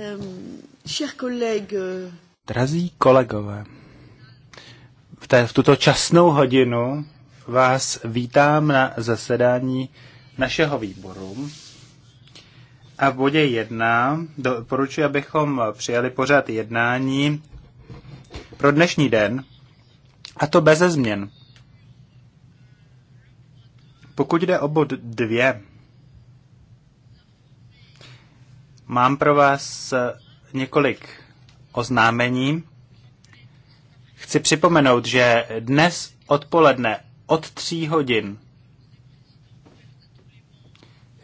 Ehm, euh, Drazí kolegové, v, té, v tuto časnou hodinu vás vítám na zasedání našeho výboru. A v bodě jedna doporučuji, abychom přijali pořád jednání pro dnešní den, a to beze změn. Pokud jde o bod dvě. Mám pro vás eh, několik oznámení. Chci připomenout, že dnes odpoledne od tří hodin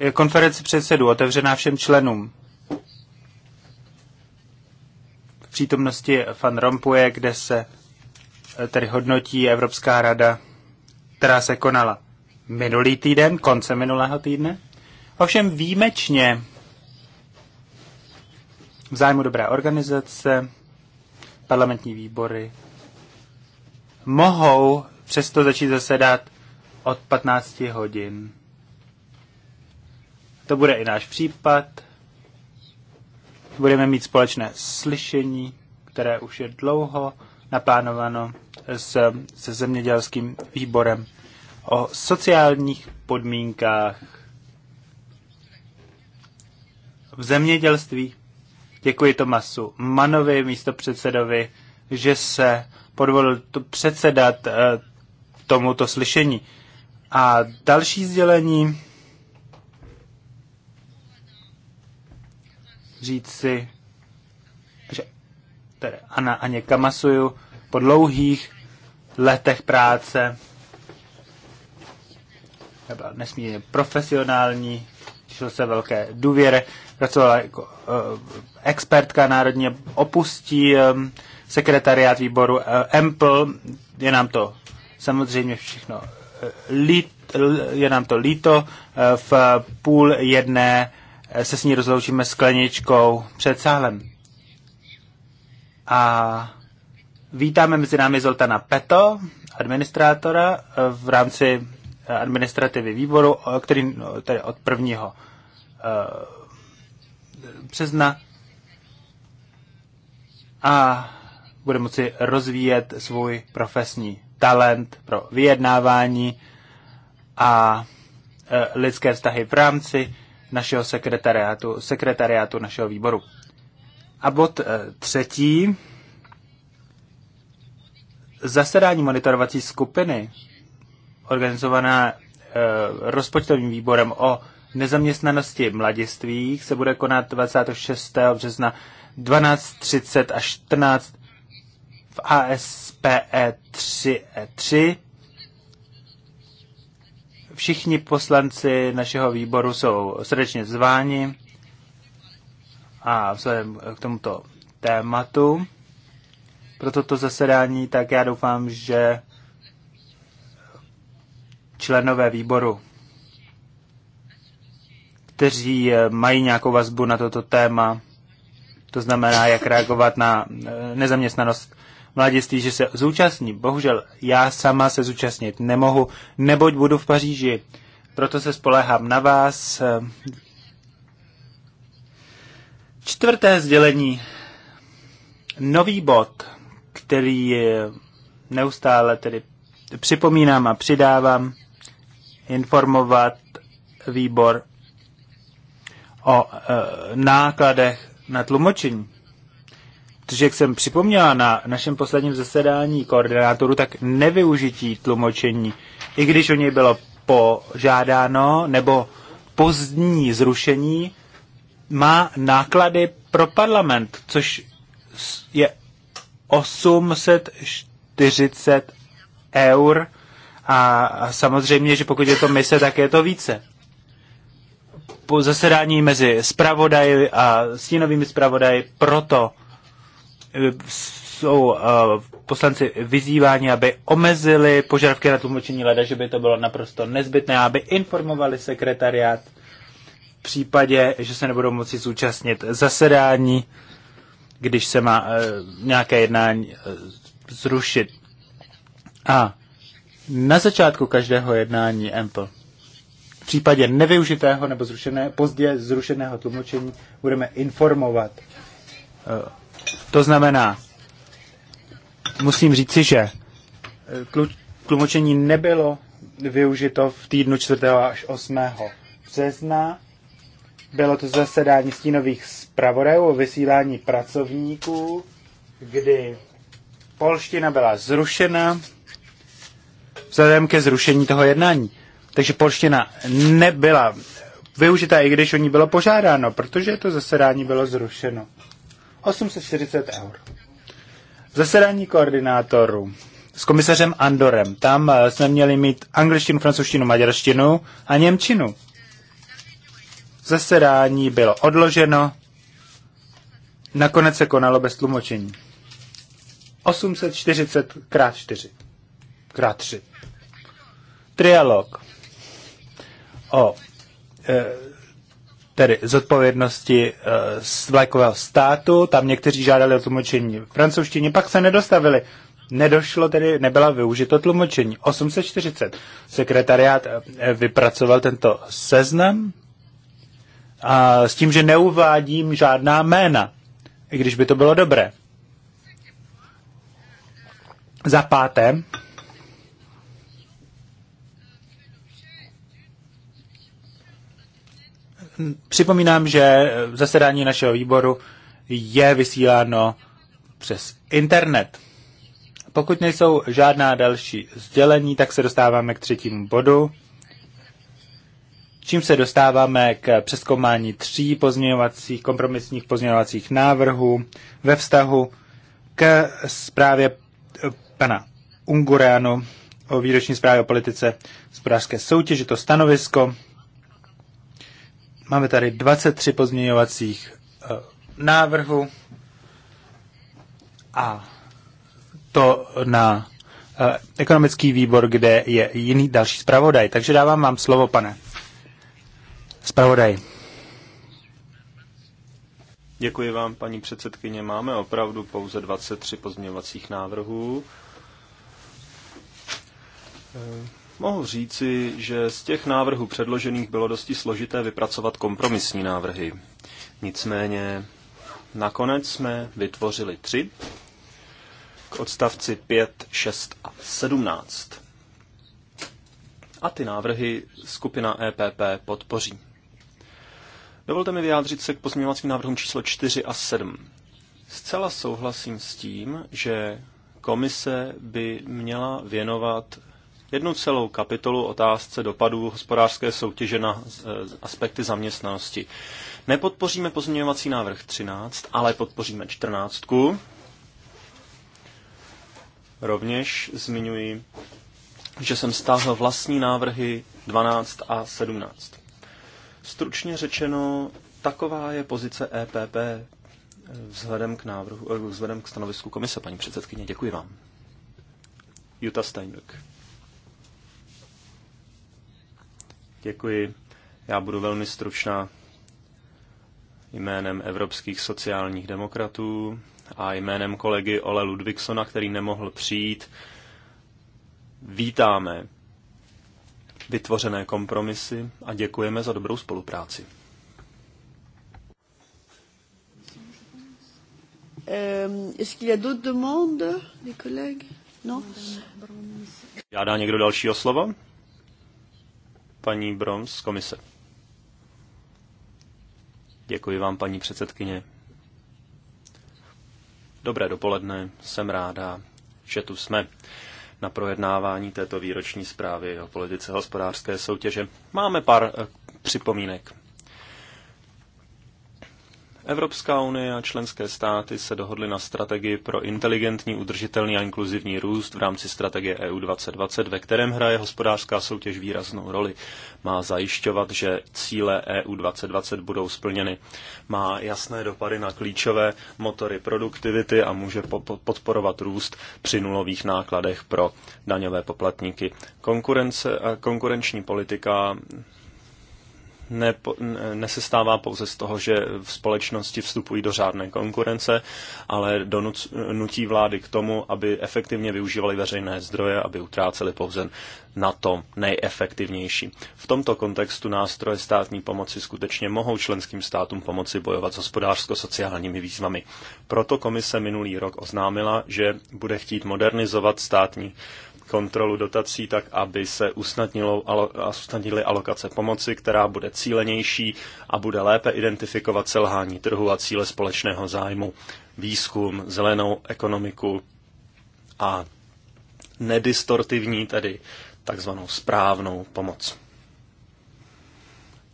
je konference předsedů otevřená všem členům v přítomnosti Van Rompuje, kde se eh, tedy hodnotí Evropská rada, která se konala minulý týden, konce minulého týdne. Ovšem výjimečně v zájmu dobré organizace parlamentní výbory mohou přesto začít zasedat od 15 hodin. To bude i náš případ. Budeme mít společné slyšení, které už je dlouho naplánováno se, se zemědělským výborem o sociálních podmínkách v zemědělství Děkuji Tomasu Manovi, místo předsedovi, že se podvolil to předsedat eh, tomuto slyšení. A další sdělení říci, že tedy Ana Aně Kamasuju po dlouhých letech práce byla nesmírně profesionální, šlo se velké důvěry pracovala jako eh, expertka národně, opustí eh, sekretariát výboru EMPL, eh, je nám to samozřejmě všechno lít, je nám to líto, v půl jedné se s ní rozloučíme skleničkou před sálem. A vítáme mezi námi Zoltana Peto, administrátora v rámci administrativy výboru, který no, tedy od 1 března a bude moci rozvíjet svůj profesní talent pro vyjednávání a e, lidské vztahy v rámci našeho sekretariátu, sekretariátu našeho výboru. A bod e, třetí. Zasedání monitorovací skupiny organizované e, rozpočtovým výborem o nezaměstnanosti mladistvých se bude konat 26. března 12.30 až 14 v ASPE 3E3. Všichni poslanci našeho výboru jsou srdečně zváni a vzhledem k tomuto tématu pro toto zasedání, tak já doufám, že členové výboru kteří eh, mají nějakou vazbu na toto téma, to znamená, jak reagovat na eh, nezaměstnanost mladiství, že se zúčastní. Bohužel já sama se zúčastnit nemohu, neboť budu v Paříži. Proto se spolehám na vás. Eh, čtvrté sdělení. Nový bod, který neustále tedy připomínám a přidávám, informovat výbor o e, nákladech na tlumočení. Protože jak jsem připomněla na našem posledním zasedání koordinátoru, tak nevyužití tlumočení, i když o něj bylo požádáno, nebo pozdní zrušení, má náklady pro parlament, což je 840 eur a samozřejmě, že pokud je to mise, tak je to více zasedání mezi zpravodaji a stínovými zpravodaji, proto eh, jsou eh, poslanci vyzýváni, aby omezili požadavky na tlumočení leda, že by to bylo naprosto nezbytné, aby informovali sekretariát v případě, že se nebudou moci zúčastnit zasedání, když se má eh, nějaké jednání zrušit. A na začátku každého jednání Ample v případě nevyužitého nebo zrušené, pozdě zrušeného tlumočení budeme informovat. Eh, to znamená, musím říci, že eh, tlumočení nebylo využito v týdnu 4. až 8. března. Bylo to zasedání stínových zpravodajů o vysílání pracovníků, kdy polština byla zrušena vzhledem ke zrušení toho jednání. Takže polština nebyla využita, i když o ní bylo požádáno, protože to zasedání bylo zrušeno. 840 eur. Zasedání koordinátorů s komisařem Andorem. Tam eh, jsme měli mít angličtinu, francouzštinu, maďarštinu a němčinu. Zasedání bylo odloženo. Nakonec se konalo bez tlumočení. 840 krát 4 krát 3. Trialog o e, tedy zodpovědnosti e, z vlajkového státu, tam někteří žádali o tlumočení v francouzštině, pak se nedostavili. Nedošlo tedy, nebyla využito tlumočení. 840. Sekretariát e, vypracoval tento seznam a s tím, že neuvádím žádná jména, i když by to bylo dobré. Za pátém, Připomínám, že zasedání našeho výboru je vysíláno přes internet. Pokud nejsou žádná další sdělení, tak se dostáváme k třetímu bodu, čím se dostáváme k přeskoumání tří pozměňovacích, kompromisních pozměňovacích návrhů ve vztahu k zprávě pana Ungureanu o výroční zprávě o politice hospodářské soutěže, to stanovisko Máme tady 23 pozměňovacích eh, návrhů a to na eh, ekonomický výbor, kde je jiný další zpravodaj. Takže dávám vám slovo, pane zpravodaj. Děkuji vám, paní předsedkyně. Máme opravdu pouze 23 pozměňovacích návrhů. Eh, Mohu říci, že z těch návrhů předložených bylo dosti složité vypracovat kompromisní návrhy. Nicméně nakonec jsme vytvořili tři k odstavci 5, 6 a 17. A ty návrhy skupina EPP podpoří. Dovolte mi vyjádřit se k pozměňovacím návrhům číslo 4 a 7. Zcela souhlasím s tím, že komise by měla věnovat jednu celou kapitolu otázce dopadů hospodářské soutěže na aspekty zaměstnanosti. Nepodpoříme pozměňovací návrh 13, ale podpoříme 14. Rovněž zmiňuji, že jsem stáhl vlastní návrhy 12 a 17. Stručně řečeno, taková je pozice EPP eh, vzhledem k, návrhu, eh, vzhledem k stanovisku komise, paní předsedkyně. Děkuji vám. Jutta Steinberg. Děkuji. Já budu velmi stručná jménem evropských sociálních demokratů a jménem kolegy Ole Ludvigsona, který nemohl přijít. Vítáme vytvořené kompromisy a děkujeme za dobrou spolupráci. Um, ce No. Žádá někdo dalšího slovo? paní Broms z komise. Děkuji vám, paní předsedkyně. Dobré dopoledne, jsem ráda, že tu jsme na projednávání této výroční zprávy o politice hospodářské soutěže. Máme pár eh, připomínek. Evropská unie a členské státy se dohodly na strategii pro inteligentní, udržitelný a inkluzivní růst v rámci strategie EU 2020, ve kterém hraje hospodářská soutěž výraznou roli. Má zajišťovat, že cíle EU 2020 budou splněny. Má jasné dopady na klíčové motory produktivity a může podporovat růst při nulových nákladech pro daňové poplatníky. Konkurence a konkurenční politika ne, nesestává pouze z toho, že v společnosti vstupují do řádné konkurence, ale donuc, nutí vlády k tomu, aby efektivně využívali veřejné zdroje, aby utráceli pouze na to nejefektivnější. V tomto kontextu nástroje státní pomoci skutečně mohou členským státům pomoci bojovat s hospodářsko-sociálními výzvami. Proto komise minulý rok oznámila, že bude chtít modernizovat státní kontrolu dotací tak, aby se usnadnilo, usnadnily alokace pomoci, která bude cílenější a bude lépe identifikovat selhání trhu a cíle společného zájmu, výzkum, zelenou ekonomiku a nedistortivní, tedy takzvanou správnou pomoc.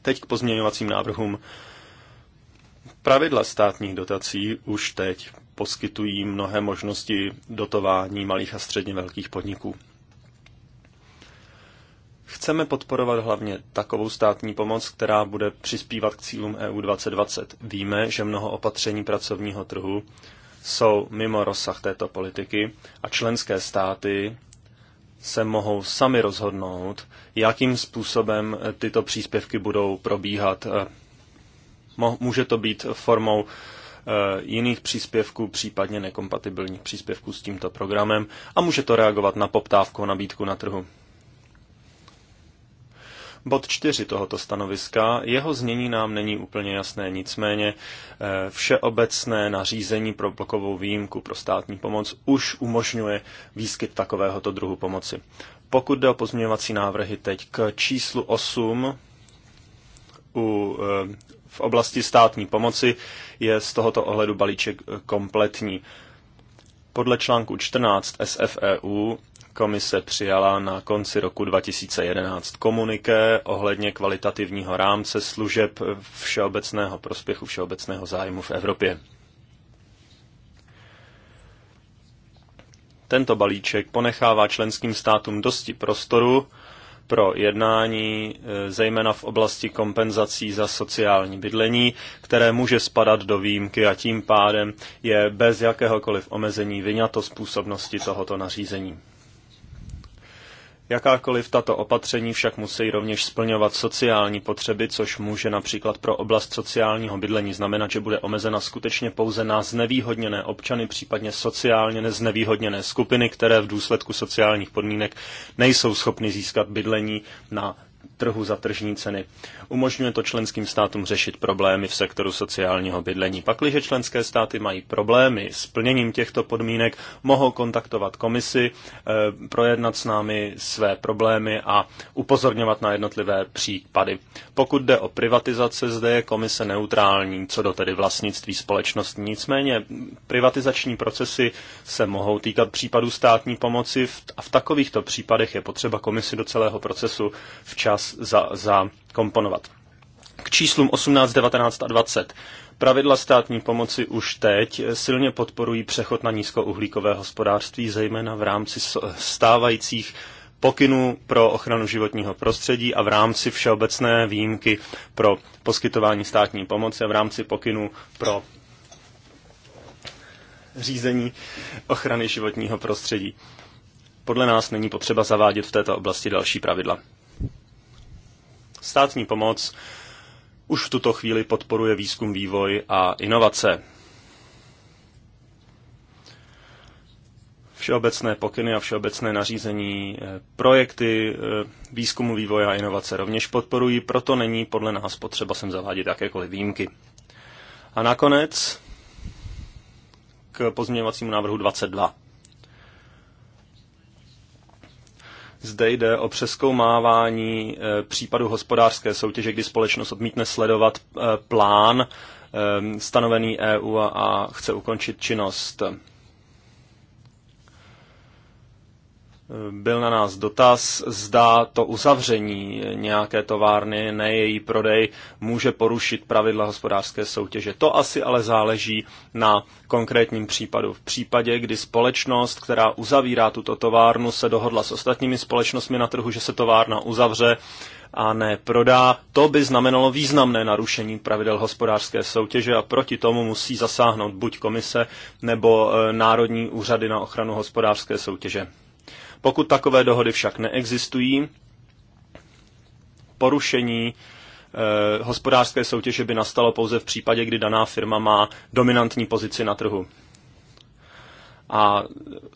Teď k pozměňovacím návrhům. Pravidla státních dotací už teď poskytují mnohé možnosti dotování malých a středně velkých podniků. Chceme podporovat hlavně takovou státní pomoc, která bude přispívat k cílům EU 2020. Víme, že mnoho opatření pracovního trhu jsou mimo rozsah této politiky a členské státy se mohou sami rozhodnout, jakým způsobem tyto příspěvky budou probíhat. Může to být formou Eh, jiných příspěvků, případně nekompatibilních příspěvků s tímto programem a může to reagovat na poptávku a nabídku na trhu. Bod 4 tohoto stanoviska, jeho znění nám není úplně jasné, nicméně eh, všeobecné nařízení pro blokovou výjimku pro státní pomoc už umožňuje výskyt takovéhoto druhu pomoci. Pokud jde o pozměňovací návrhy teď k číslu 8 u eh, v oblasti státní pomoci je z tohoto ohledu balíček kompletní. Podle článku 14 SFEU komise přijala na konci roku 2011 komuniké ohledně kvalitativního rámce služeb všeobecného prospěchu, všeobecného zájmu v Evropě. Tento balíček ponechává členským státům dosti prostoru pro jednání, e, zejména v oblasti kompenzací za sociální bydlení, které může spadat do výjimky a tím pádem je bez jakéhokoliv omezení vyňato z působnosti tohoto nařízení. Jakákoliv tato opatření však musí rovněž splňovat sociální potřeby, což může například pro oblast sociálního bydlení znamenat, že bude omezena skutečně pouze na znevýhodněné občany, případně sociálně neznevýhodněné skupiny, které v důsledku sociálních podmínek nejsou schopny získat bydlení na trhu za tržní ceny. Umožňuje to členským státům řešit problémy v sektoru sociálního bydlení. Pakliže členské státy mají problémy s plněním těchto podmínek, mohou kontaktovat komisi, eh, projednat s námi své problémy a upozorňovat na jednotlivé případy. Pokud jde o privatizace, zde je komise neutrální, co do tedy vlastnictví společnosti. Nicméně privatizační procesy se mohou týkat případů státní pomoci a v takovýchto případech je potřeba komisi do celého procesu včas zakomponovat. Za, za K číslům 18, 19 a 20. Pravidla státní pomoci už teď silně podporují přechod na nízkouhlíkové hospodářství, zejména v rámci stávajících pokynů pro ochranu životního prostředí a v rámci všeobecné výjimky pro poskytování státní pomoci a v rámci pokynů pro řízení ochrany životního prostředí. Podle nás není potřeba zavádět v této oblasti další pravidla. Státní pomoc už v tuto chvíli podporuje výzkum, vývoj a inovace. Všeobecné pokyny a všeobecné nařízení eh, projekty eh, výzkumu, vývoje a inovace rovněž podporují, proto není podle nás potřeba sem zavádět jakékoliv výjimky. A nakonec k pozměňovacímu návrhu 22. Zde jde o přeskoumávání eh, případu hospodářské soutěže, kdy společnost odmítne sledovat eh, plán eh, stanovený EU a chce ukončit činnost. byl na nás dotaz, zda to uzavření nějaké továrny, ne její prodej, může porušit pravidla hospodářské soutěže. To asi ale záleží na konkrétním případu. V případě, kdy společnost, která uzavírá tuto továrnu, se dohodla s ostatními společnostmi na trhu, že se továrna uzavře, a ne prodá, to by znamenalo významné narušení pravidel hospodářské soutěže a proti tomu musí zasáhnout buď komise nebo e, národní úřady na ochranu hospodářské soutěže. Pokud takové dohody však neexistují, porušení eh, hospodářské soutěže by nastalo pouze v případě, kdy daná firma má dominantní pozici na trhu. A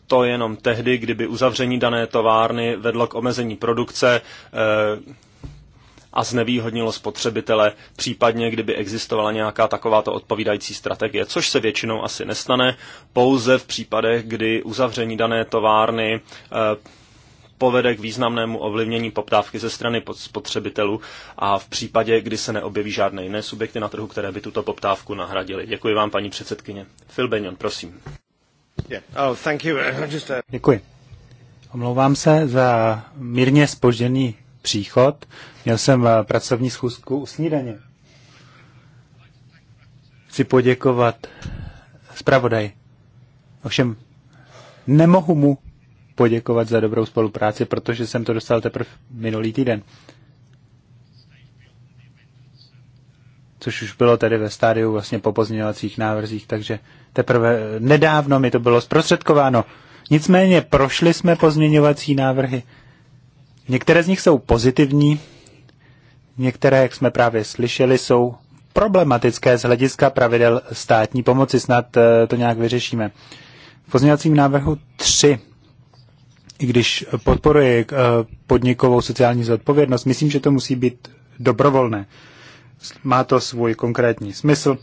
to jenom tehdy, kdyby uzavření dané továrny vedlo k omezení produkce, eh, a znevýhodnilo spotřebitele, případně kdyby existovala nějaká takováto odpovídající strategie, což se většinou asi nestane, pouze v případech, kdy uzavření dané továrny eh, povede k významnému ovlivnění poptávky ze strany spotřebitelů a v případě, kdy se neobjeví žádné jiné subjekty na trhu, které by tuto poptávku nahradily. Děkuji vám, paní předsedkyně. Phil Benion, prosím. Yeah. Oh, thank you. Just, uh... Děkuji. Omlouvám se za mírně spožděný příchod. Měl jsem eh, pracovní schůzku u snídaně. Chci poděkovat zpravodaj. Ovšem nemohu mu poděkovat za dobrou spolupráci, protože jsem to dostal teprve minulý týden. Což už bylo tedy ve stádiu vlastně po pozměňovacích návrzích, takže teprve nedávno mi to bylo zprostředkováno. Nicméně prošli jsme pozměňovací návrhy. Některé z nich jsou pozitivní, některé, jak jsme právě slyšeli, jsou problematické z hlediska pravidel státní pomoci. Snad eh, to nějak vyřešíme. V pozměňovacím návrhu 3, i když podporuje eh, podnikovou sociální zodpovědnost, myslím, že to musí být dobrovolné. Má to svůj konkrétní smysl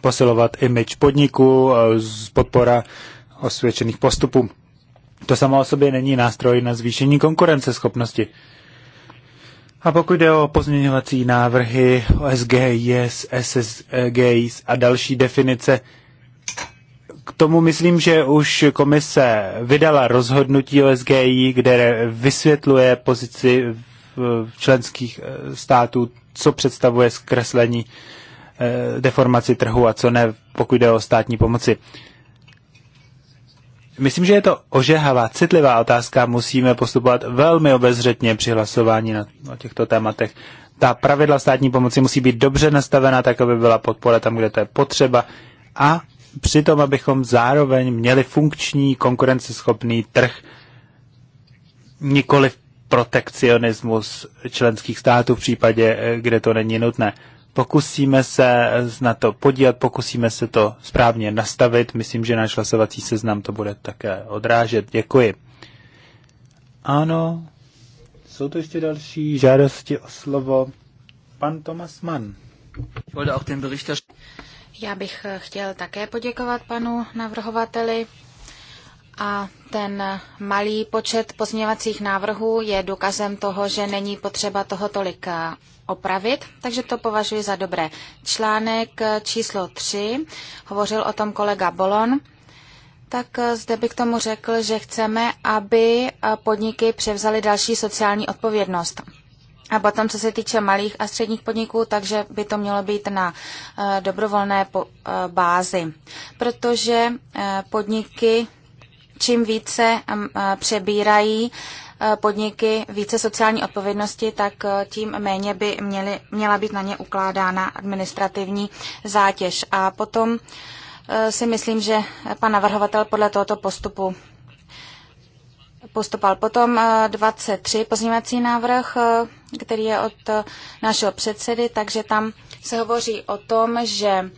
posilovat image podniku, eh, z podpora osvědčených postupů. To samo o sobě není nástroj na zvýšení konkurenceschopnosti. A pokud jde o pozměňovací návrhy, OSG, SGIS, SSGIS a další definice, k tomu myslím, že už komise vydala rozhodnutí OSG, kde vysvětluje pozici v členských eh, států, co představuje zkreslení eh, deformaci trhu a co ne, pokud jde o státní pomoci. Myslím, že je to ožehavá, citlivá otázka. Musíme postupovat velmi obezřetně při hlasování na, na těchto tématech. Ta pravidla státní pomoci musí být dobře nastavena, tak aby byla podpora tam, kde to je potřeba. A přitom, abychom zároveň měli funkční, konkurenceschopný trh, nikoli protekcionismus členských států v případě, eh, kde to není nutné. Pokusíme se na to podílet, pokusíme se to správně nastavit. Myslím, že náš hlasovací seznam to bude také odrážet. Děkuji. Ano, jsou to ještě další žádosti o slovo. Pan Thomas Mann. Já bych chtěl také poděkovat panu navrhovateli. A ten malý počet pozměňovacích návrhů je důkazem toho, že není potřeba toho tolik eh, opravit, takže to považuji za dobré. Článek eh, číslo 3, hovořil o tom kolega Bolon, tak eh, zde bych tomu řekl, že chceme, aby podniky převzaly další sociální odpovědnost. A potom, co se týče malých a středních podniků, takže by to mělo být na dobrovolné bázi, protože podniky čím více mm, eh, přebírají eh, podniky více sociální odpovědnosti, tak eh, tím méně by měly, měla být na ně ukládána administrativní zátěž. A potom si myslím, že pan navrhovatel podle tohoto postupu postupal. Potom 23 pozněvací návrh, který je od našeho předsedy, takže tam se hovoří o tom, že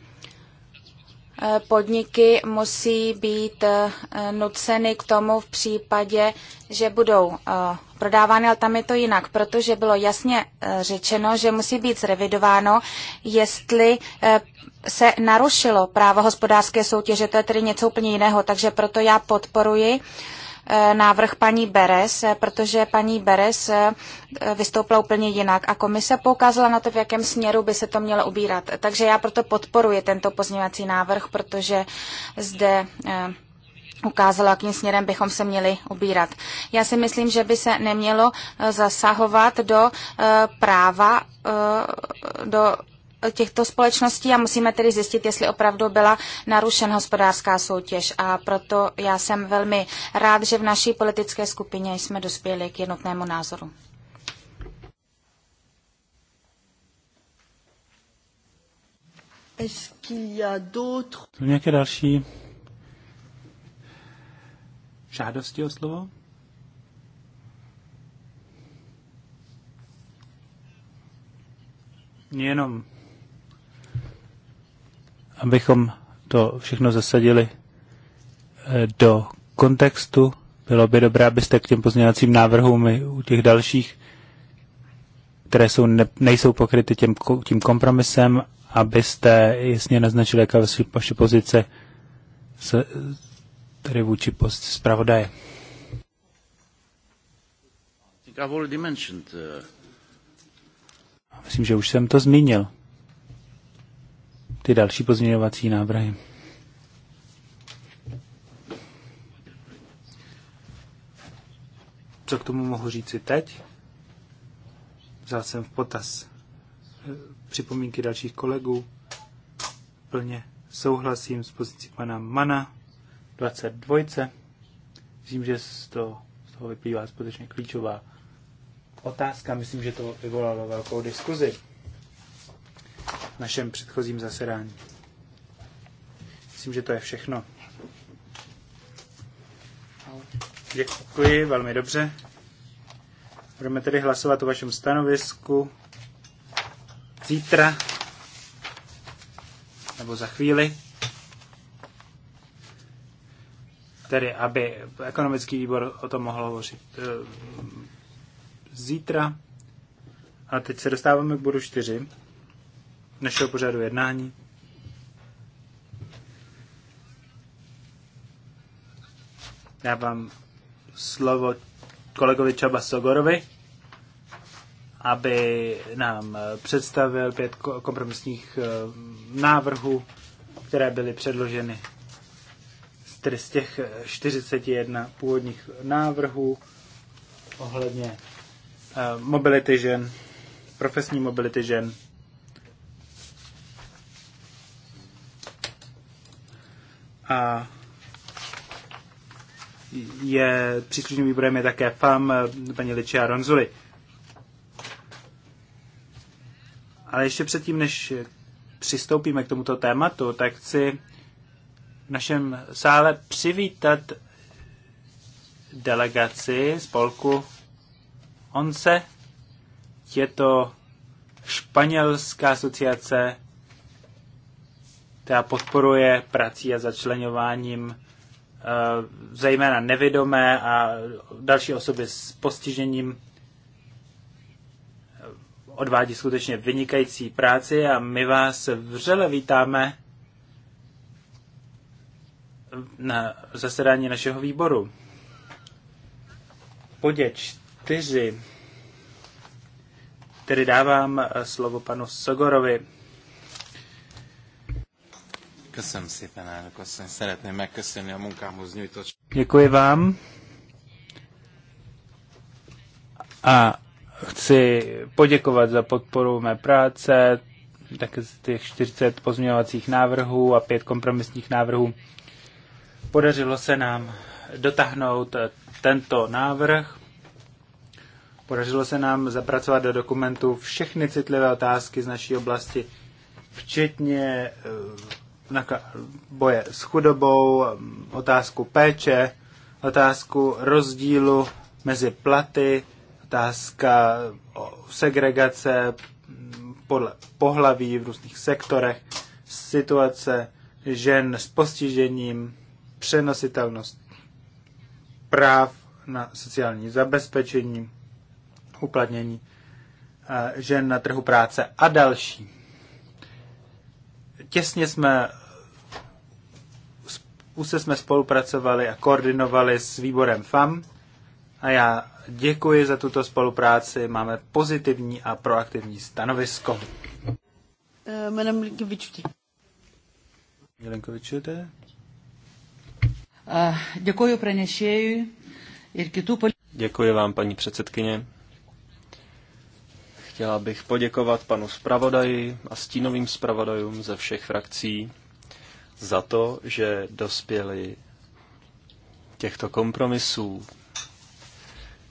podniky musí být eh, nuceny k tomu v případě, že budou eh, prodávány, ale tam je to jinak, protože bylo jasně eh, řečeno, že musí být zrevidováno, jestli se narušilo právo hospodářské soutěže, to je tedy něco úplně jiného, takže proto já podporuji uh, E, návrh paní Beres, e, protože paní Beres e, vystoupila úplně jinak a komise poukázala na to, v jakém směru by se to mělo ubírat. Takže já proto podporuji tento pozměňovací návrh, protože zde ukázala, jakým směrem bychom se měli ubírat. Já si myslím, že by se nemělo zasahovat do práva, do těchto společností a musíme tedy zjistit, jestli opravdu byla narušen hospodářská soutěž. A proto já jsem velmi rád, že v naší politické skupině jsme dospěli k jednotnému názoru. Jsou nějaké další žádosti o slovo? Jenom abychom to všechno zasadili eh, do kontextu. Bylo by dobré, abyste k těm pozměňovacím návrhům i u těch dalších, které jsou ne, nejsou pokryty těm, tím kompromisem, abyste jasně naznačili, jaká vaše pozice se, tady vůči post zpravodaje. Uh, Myslím, že už jsem to zmínil ty další pozměňovací návrhy. Co k tomu mohu si teď? Vzal jsem v potaz eh, připomínky dalších kolegů. Plně souhlasím s pozicí pana Mana 22. Myslím, že z toho, z toho vyplývá skutečně klíčová otázka. Myslím, že to vyvolalo velkou diskuzi našem předchozím zasedání. Myslím, že to je všechno. Děkuji, velmi dobře. Budeme tedy hlasovat o vašem stanovisku zítra nebo za chvíli. Tedy, aby ekonomický výbor o tom mohl hovořit eh, zítra. A teď se dostáváme k bodu 4 našeho pořadu jednání. Dávám slovo kolegovi Čaba Sogorovi, aby nám představil pět kompromisních eh, návrhů, které byly předloženy tedy z těch 41 eh, původních návrhů ohledně eh, mobility žen, profesní mobility žen, a je příslušným výborem je také FAM paní Ličia Ronzuli. Ale ještě předtím, než přistoupíme k tomuto tématu, tak chci v našem sále přivítat delegaci spolku ONCE. Je to Španělská asociace která podporuje prací a začlenováním eh, zejména nevidomé a další osoby s postižením eh, odvádí skutečně vynikající práci a my vás vřele vítáme na zasedání našeho výboru. Podě čtyři, tedy dávám eh, slovo panu Sogorovi. Köszönöm szépen, elnök asszony. Szeretném megköszönni a munkámhoz nyújtott... Děkuji vám. A chci poděkovat za podporu mé práce, také z těch 40 pozměňovacích návrhů a pět kompromisních návrhů. Podařilo se nám dotáhnout tento návrh. Podařilo se nám zapracovat do dokumentu všechny citlivé otázky z naší oblasti, včetně eh, boje s chudobou, otázku péče, otázku rozdílu mezi platy, otázka segregace mm, podle pohlaví v různých sektorech, situace žen s postižením, přenositelnost práv na sociální zabezpečení, uplatnění eh, žen na trhu práce a další. Těsně jsme úzce jsme spolupracovali a koordinovali s výborem FAM a já děkuji za tuto spolupráci. Máme pozitivní a proaktivní stanovisko. Eh, Madame Linkovičutě. Linkovičutě. Eh, děkuji prenešeju. Děkuji vám, paní předsedkyně. Chtěla bych poděkovat panu zpravodaji a stínovým zpravodajům ze všech frakcí za to, že dospěli těchto kompromisů.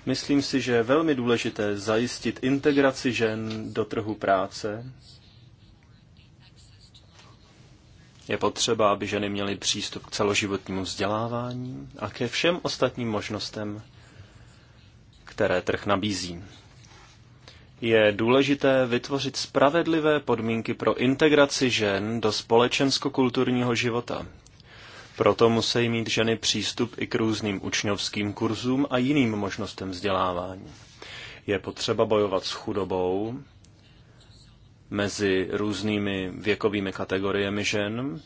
Myslím si, že je velmi důležité zajistit integraci žen do trhu práce. Je potřeba, aby ženy měly přístup k celoživotnímu vzdělávání a ke všem ostatním možnostem, které trh nabízí je důležité vytvořit spravedlivé podmínky pro integraci žen do společensko-kulturního života. Proto musí mít ženy přístup i k různým učňovským kurzům a jiným možnostem vzdělávání. Je potřeba bojovat s chudobou mezi různými věkovými kategoriemi žen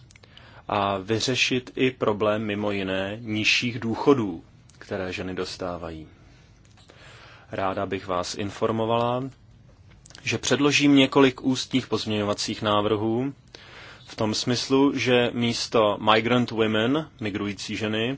a vyřešit i problém mimo jiné nižších důchodů, které ženy dostávají. Ráda bych vás informovala, že předložím několik ústních pozměňovacích návrhů v tom smyslu, že místo migrant women, migrující ženy,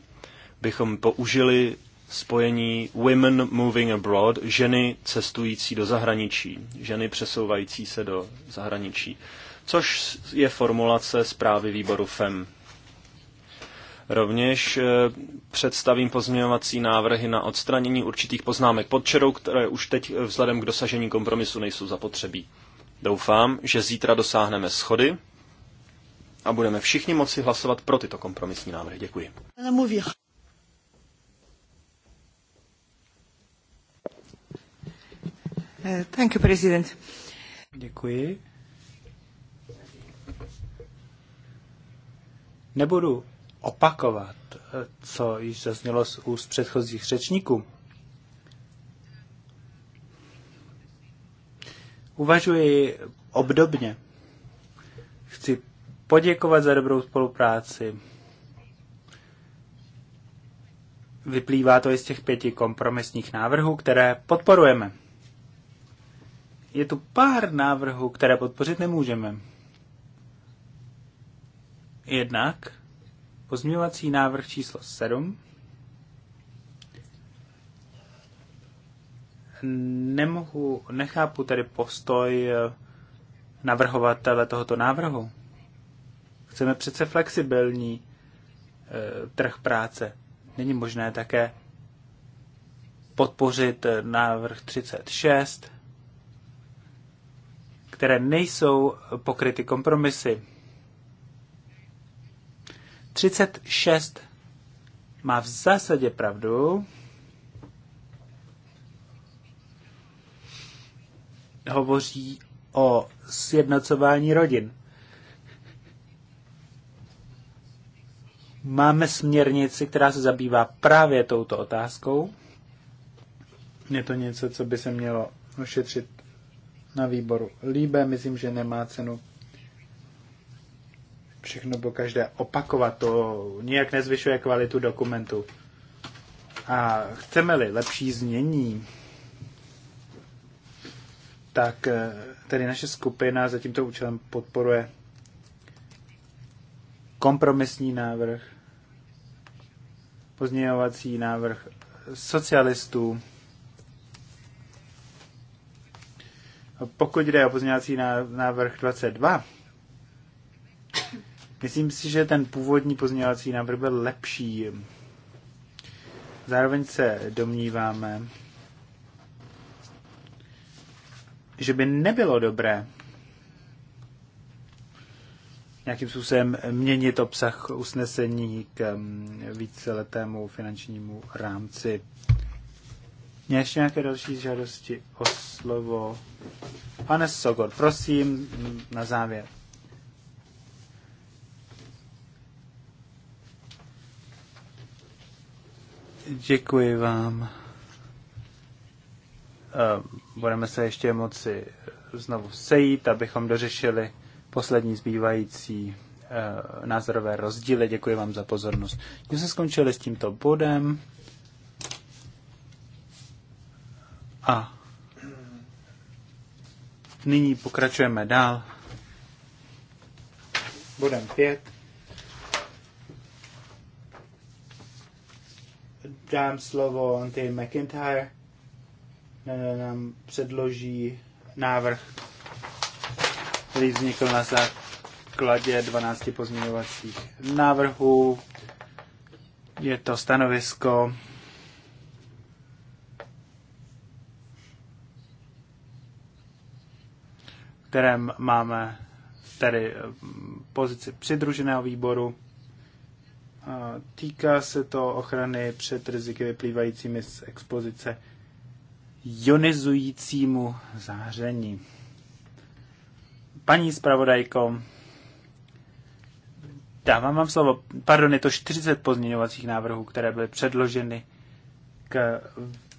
bychom použili spojení women moving abroad, ženy cestující do zahraničí, ženy přesouvající se do zahraničí, což je formulace zprávy výboru FEM. Rovněž eh, představím pozměňovací návrhy na odstranění určitých poznámek pod čerou, které už teď eh, vzhledem k dosažení kompromisu nejsou zapotřebí. Doufám, že zítra dosáhneme schody a budeme všichni moci hlasovat pro tyto kompromisní návrhy. Děkuji. Eh, thank you, President. Děkuji. Nebudu opakovat, co již zaznělo z úst předchozích řečníků. Uvažuji obdobně. Chci poděkovat za dobrou spolupráci. Vyplývá to i z těch pěti kompromisních návrhů, které podporujeme. Je tu pár návrhů, které podpořit nemůžeme. Jednak Pozměňovací návrh číslo 7. Nemohu, nechápu tedy postoj eh, navrhovatele tohoto návrhu. Chceme přece flexibilní e, trh práce. Není možné také podpořit eh, návrh 36, které nejsou pokryty kompromisy. 36 má v zásadě pravdu. Hovoří o sjednocování rodin. Máme směrnici, která se zabývá právě touto otázkou. Je to něco, co by se mělo ošetřit na výboru líbe. Myslím, že nemá cenu všechno po každé opakovat, to nijak nezvyšuje kvalitu dokumentu. A chceme-li lepší znění, tak eh, tedy naše skupina za tímto účelem podporuje kompromisní návrh, pozměňovací návrh socialistů. Pokud jde o pozměňovací návrh 22, Myslím si, že ten původní pozměňovací návrh byl lepší. Zároveň se domníváme, že by nebylo dobré nějakým způsobem měnit obsah usnesení k mm, víceletému finančnímu rámci. Mě ještě nějaké další žádosti o slovo. Pane Sogor, prosím mm, na závěr. Děkuji vám. Budeme se ještě moci znovu sejít, abychom dořešili poslední zbývající e, názorové rozdíly. Děkuji vám za pozornost. Když jsme skončili s tímto bodem. A nyní pokračujeme dál. Bodem 5. dám slovo Anty McIntyre, nám předloží návrh, který vznikl na základě 12 pozměňovacích návrhů. Je to stanovisko kterém máme tedy eh, pozici přidruženého výboru. Týká se to ochrany před riziky vyplývajícími z expozice ionizujícímu záření. Paní zpravodajko, dávám vám slovo. Pardon, je to 40 pozměňovacích návrhů, které byly předloženy k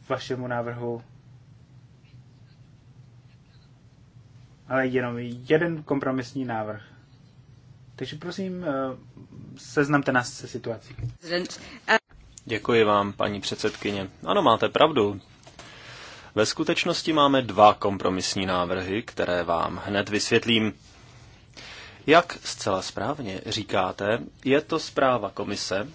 vašemu návrhu. Ale jenom jeden kompromisní návrh. Takže prosím, eh, seznamte nás se situací. Eh, Děkuji vám, paní předsedkyně. Ano, máte pravdu. Ve skutečnosti máme dva kompromisní návrhy, které vám hned vysvětlím. Jak zcela správně říkáte, je to zpráva komise,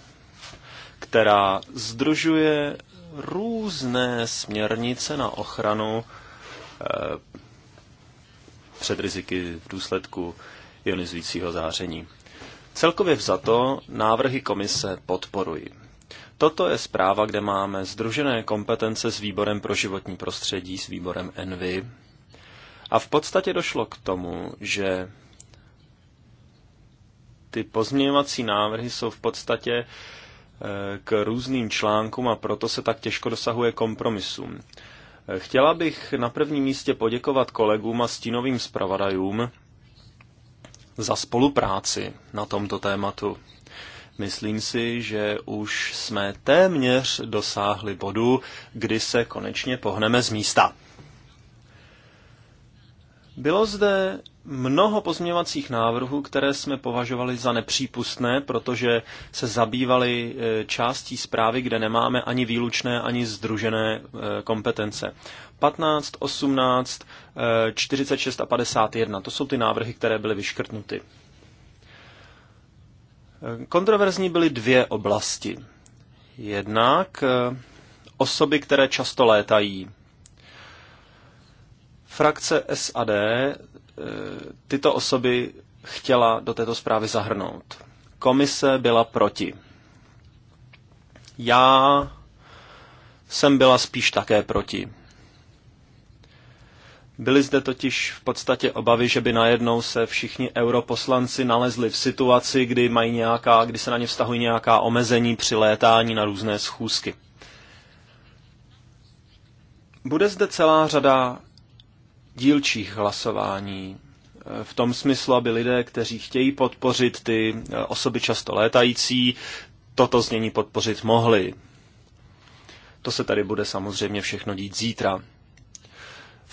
která združuje různé směrnice na ochranu eh, před riziky v důsledku eh, ionizujícího záření. Celkově vzato návrhy komise podporuji. Toto je zpráva, kde máme združené kompetence s výborem pro životní prostředí, s výborem Envy. A v podstatě došlo k tomu, že ty pozměňovací návrhy jsou v podstatě eh, k různým článkům a proto se tak těžko dosahuje kompromisům. Eh, chtěla bych na prvním místě poděkovat kolegům a stínovým zpravodajům za spolupráci na tomto tématu. Myslím si, že už jsme téměř dosáhli bodu, kdy se konečně pohneme z místa. Bylo zde mnoho pozměňovacích návrhů, které jsme považovali za nepřípustné, protože se zabývaly e, částí zprávy, kde nemáme ani výlučné, ani združené e, kompetence. 15, 18, 46 a 51. To jsou ty návrhy, které byly vyškrtnuty. Eh, kontroverzní byly dvě oblasti. Jednak eh, osoby, které často létají. Frakce SAD eh, tyto osoby chtěla do této zprávy zahrnout. Komise byla proti. Já jsem byla spíš také proti. Byly zde totiž v podstatě obavy, že by najednou se všichni europoslanci nalezli v situaci, kdy, mají nějaká, kdy se na ně vztahují nějaká omezení při létání na různé schůzky. Bude zde celá řada dílčích hlasování eh, v tom smyslu, aby lidé, kteří chtějí podpořit ty eh, osoby často létající, toto znění podpořit mohli. To se tady bude samozřejmě všechno dít zítra.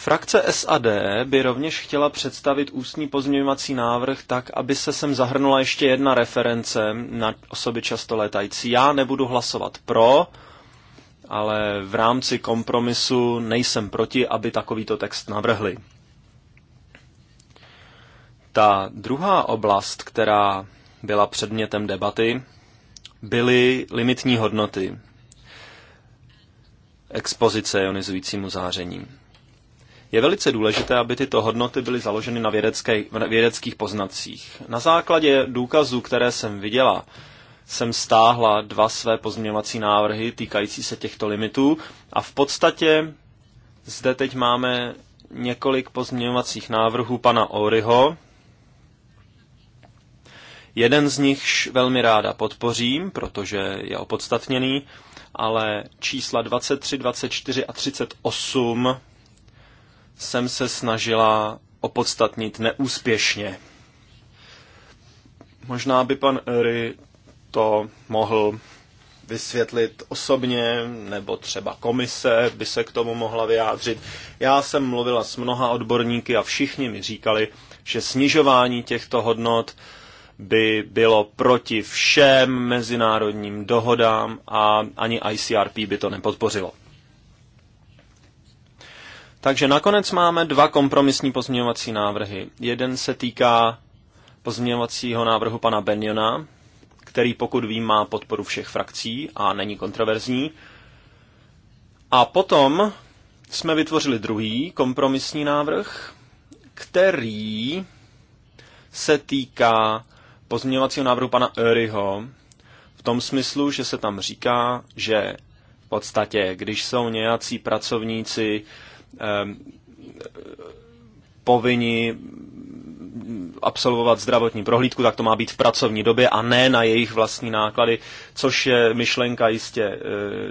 Frakce SAD by rovněž chtěla představit ústní pozměňovací návrh tak, aby se sem zahrnula ještě jedna reference na osoby často létající. Já nebudu hlasovat pro, ale v rámci kompromisu nejsem proti, aby takovýto text navrhli. Ta druhá oblast, která byla předmětem debaty, byly limitní hodnoty expozice ionizujícímu zářením. Je velice důležité, aby tyto hodnoty byly založeny na vědecké, vědeckých poznacích. Na základě důkazů, které jsem viděla, jsem stáhla dva své pozměňovací návrhy týkající se těchto limitů a v podstatě zde teď máme několik pozměňovacích návrhů pana Oryho. Jeden z nich velmi ráda podpořím, protože je opodstatněný, ale čísla 23, 24 a 38 jsem se snažila opodstatnit neúspěšně. Možná by pan Ery to mohl vysvětlit osobně, nebo třeba komise by se k tomu mohla vyjádřit. Já jsem mluvila s mnoha odborníky a všichni mi říkali, že snižování těchto hodnot by bylo proti všem mezinárodním dohodám a ani ICRP by to nepodpořilo. Takže nakonec máme dva kompromisní pozměňovací návrhy. Jeden se týká pozměňovacího návrhu pana Benjona, který pokud vím má podporu všech frakcí a není kontroverzní. A potom jsme vytvořili druhý kompromisní návrh, který se týká pozměňovacího návrhu pana Öryho v tom smyslu, že se tam říká, že v podstatě, když jsou nějací pracovníci Ehm, povinni absolvovat zdravotní prohlídku, tak to má být v pracovní době a ne na jejich vlastní náklady, což je myšlenka jistě eh,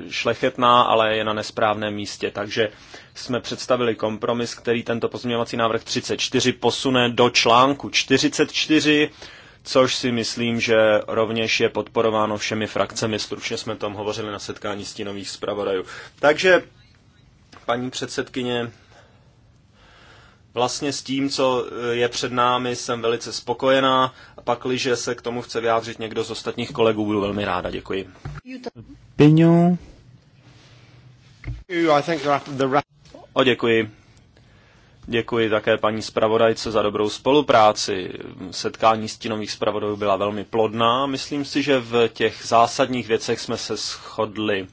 šlechetná, ale je na nesprávném místě. Takže jsme představili kompromis, který tento pozměňovací návrh 34 posune do článku 44, což si myslím, že rovněž je podporováno všemi frakcemi. Stručně jsme tam hovořili na setkání stínových zpravodajů. Takže paní předsedkyně. Vlastně s tím, co e, je před námi, jsem velice spokojená. A pakliže se k tomu chce vyjádřit někdo z ostatních kolegů, budu velmi ráda. Děkuji. Piňu. O, děkuji. Děkuji také paní zpravodajce za dobrou spolupráci. Setkání stínových zpravodajů byla velmi plodná. Myslím si, že v těch zásadních věcech jsme se shodli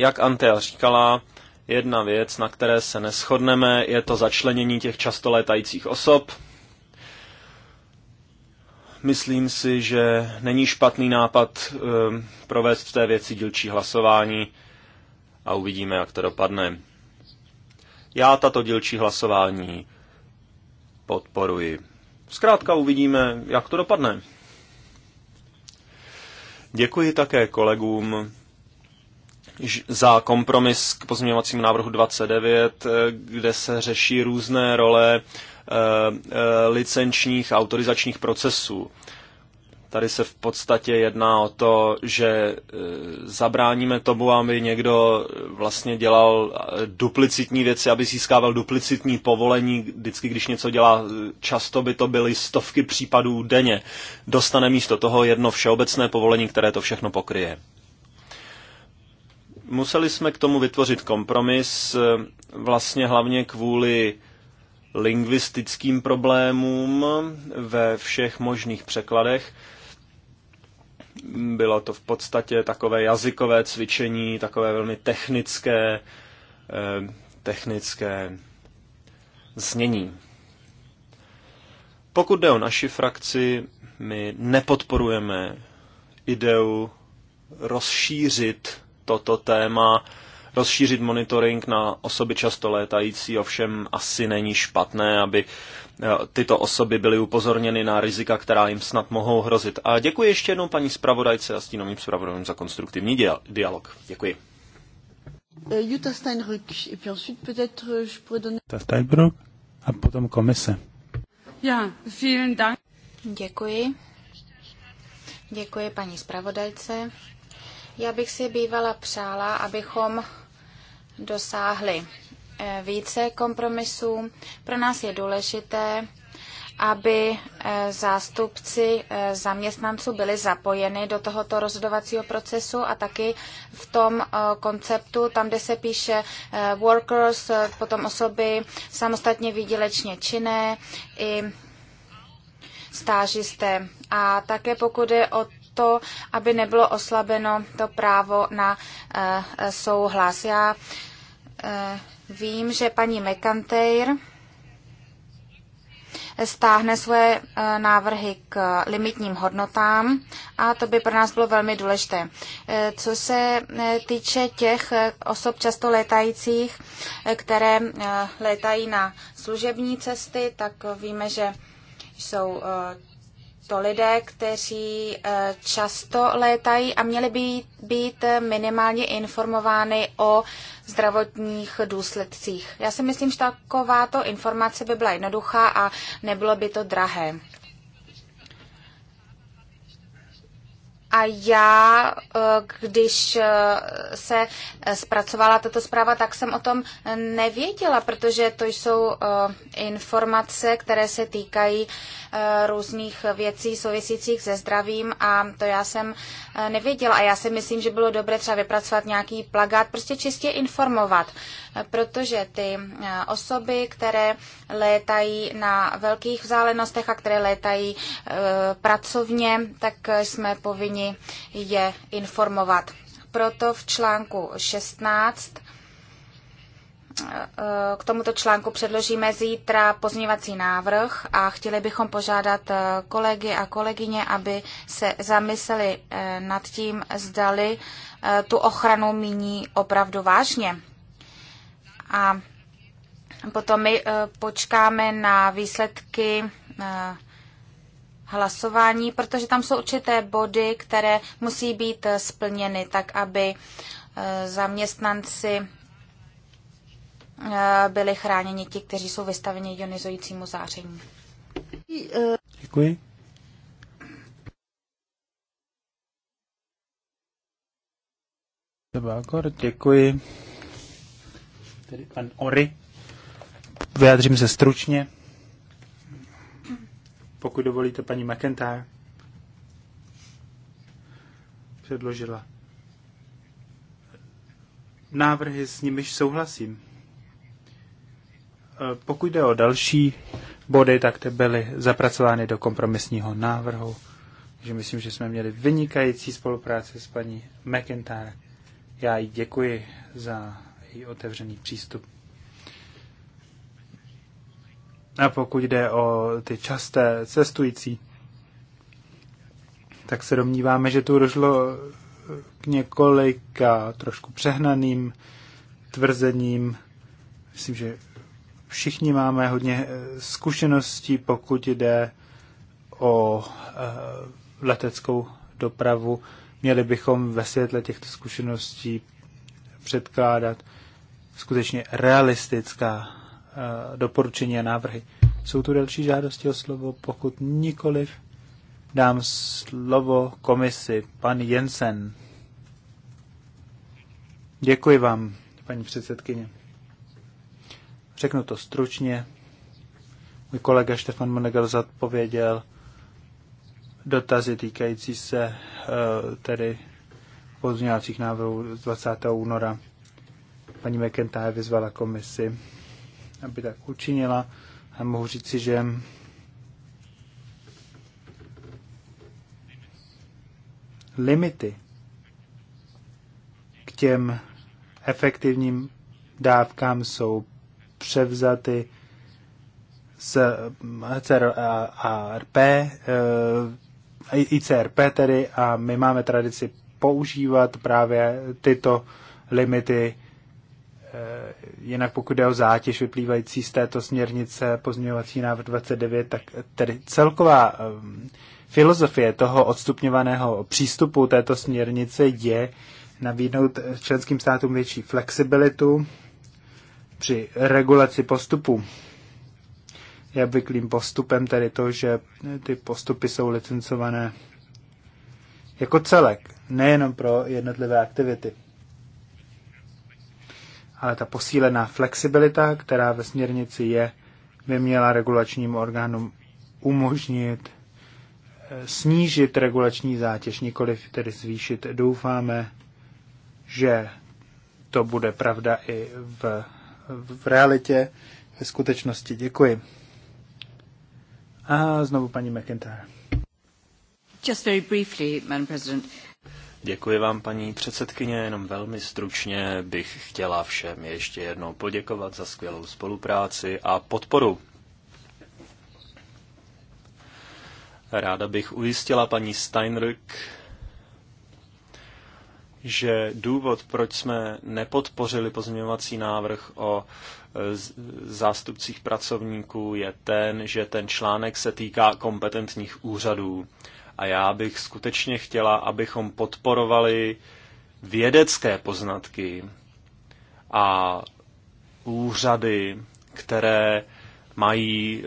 jak Antea říkala, jedna věc, na které se neschodneme, je to začlenění těch často létajících osob. Myslím si, že není špatný nápad um, provést v té věci dílčí hlasování a uvidíme, jak to dopadne. Já tato dílčí hlasování podporuji. Zkrátka uvidíme, jak to dopadne. Děkuji také kolegům za kompromis k pozměňovacímu návrhu 29, eh, kde se řeší různé role eh, eh, licenčních a autorizačních procesů. Tady se v podstatě jedná o to, že zabráníme tomu, aby někdo vlastně dělal duplicitní věci, aby získával duplicitní povolení. Vždycky, když něco dělá, často by to byly stovky případů denně. Dostane místo toho jedno všeobecné povolení, které to všechno pokryje. Museli jsme k tomu vytvořit kompromis, eh, vlastně hlavně kvůli lingvistickým problémům ve všech možných překladech. Bylo to v podstatě takové jazykové cvičení, takové velmi technické, eh, technické znění. Pokud jde o naši frakci, my nepodporujeme ideu rozšířit toto téma. Rozšířit monitoring na osoby často létající ovšem asi není špatné, aby eh, tyto osoby byly upozorněny na rizika, která jim snad mohou hrozit. A děkuji ještě jednou paní zpravodajce a stínovým zpravodajům za konstruktivní dialog. Děkuji. Eh, Jutta Steinbrück, et puis ensuite peut-être euh, je pourrais donner... Jutta Steinbrück a potom komise. Ja, vielen Dank. Děkuji. Děkuji paní zpravodajce já bych si bývala přála, abychom dosáhli eh, více kompromisů. Pro nás je důležité, aby eh, zástupci eh, zaměstnanců byli zapojeni do tohoto rozhodovacího procesu a taky v tom konceptu, tam, kde se píše workers, potom osoby samostatně výdělečně činné i stážisté. A také pokud je o to, aby nebylo oslabeno to právo na eh, eh, souhlas. Já eh, vím, že paní McIntyre stáhne svoje návrhy k limitním hodnotám a to by pro nás bylo velmi důležité. Co se týče těch osob často létajících, které létají na služební cesty, tak víme, že jsou to lidé, kteří eh, často létají a měli by být minimálně informovány o zdravotních důsledcích. Já si myslím, že takováto informace by byla jednoduchá a nebylo by to drahé. A já, eh, když eh, se eh, zpracovala tato zpráva, tak jsem o tom nevěděla, protože to jsou informace, které se týkají různých věcí souvisících se zdravím a to já jsem nevěděla. A já si myslím, že bylo dobré třeba vypracovat nějaký plagát, prostě čistě informovat, protože ty osoby, které létají na velkých vzdálenostech a které létají pracovně, tak jsme povinni povinni je informovat. Proto v článku 16 eh, k tomuto článku předložíme zítra pozměňovací návrh a chtěli bychom požádat eh, kolegy a kolegyně, aby se zamysleli eh, nad tím, zdali tu ochranu míní opravdu vážně. A potom my počkáme na výsledky hlasování, protože tam jsou určité body, které musí být eh, splněny, tak aby eh, zaměstnanci eh, byli chráněni ti, kteří jsou vystaveni ionizujícímu záření. Děkuji. děkuji. Tedy pan Ory. Vyjádřím se stručně pokud dovolíte, paní McIntyre předložila návrhy, s nimiž souhlasím. E, pokud jde o další body, tak ty byly zapracovány do kompromisního návrhu. Takže myslím, že jsme měli vynikající spolupráci s paní McIntyre. Já jí děkuji za její otevřený přístup. A pokud jde o ty časté cestující, tak se domníváme, že tu došlo k několika trošku přehnaným tvrzením. Myslím, že všichni máme hodně eh, zkušeností, pokud jde o eh, leteckou dopravu. Měli bychom ve světle těchto zkušeností předkládat skutečně realistická doporučení a návrhy. Jsou tu další žádosti o slovo? Pokud nikoliv, dám slovo komisi, pan Jensen. Děkuji vám, paní předsedkyně. Řeknu to stručně. Můj kolega Štefan Monegal zadpověděl dotazy týkající se e, tedy pozměňovacích návrhů z 20. února. Paní McIntyre vyzvala komisi aby tak učinila. A mohu říci, že limity k těm efektivním dávkám jsou převzaty z CRP eh, ICRP tedy, a my máme tradici používat právě tyto limity Eh, jinak pokud je o zátěž vyplývající z této směrnice pozměňovací návrh 29, tak tedy celková eh, filozofie toho odstupňovaného přístupu této směrnice je nabídnout členským státům větší flexibilitu při regulaci postupu. Je obvyklým postupem tedy to, že ty postupy jsou licencované jako celek, nejenom pro jednotlivé aktivity ale ta posílená flexibilita, která ve směrnici je, by měla regulačním orgánům umožnit eh, snížit regulační zátěž, nikoliv tedy zvýšit. Doufáme, že to bude pravda i v, v realitě, ve skutečnosti. Děkuji. A znovu paní McIntyre. Just very briefly, Madam President. Děkuji vám, paní předsedkyně. Jenom velmi stručně bych chtěla všem ještě jednou poděkovat za skvělou spolupráci a podporu. Ráda bych ujistila paní Steinrück, že důvod, proč jsme nepodpořili pozměňovací návrh o e, zástupcích pracovníků, je ten, že ten článek se týká kompetentních úřadů a já bych skutečně chtěla, abychom podporovali vědecké poznatky a úřady, které mají e,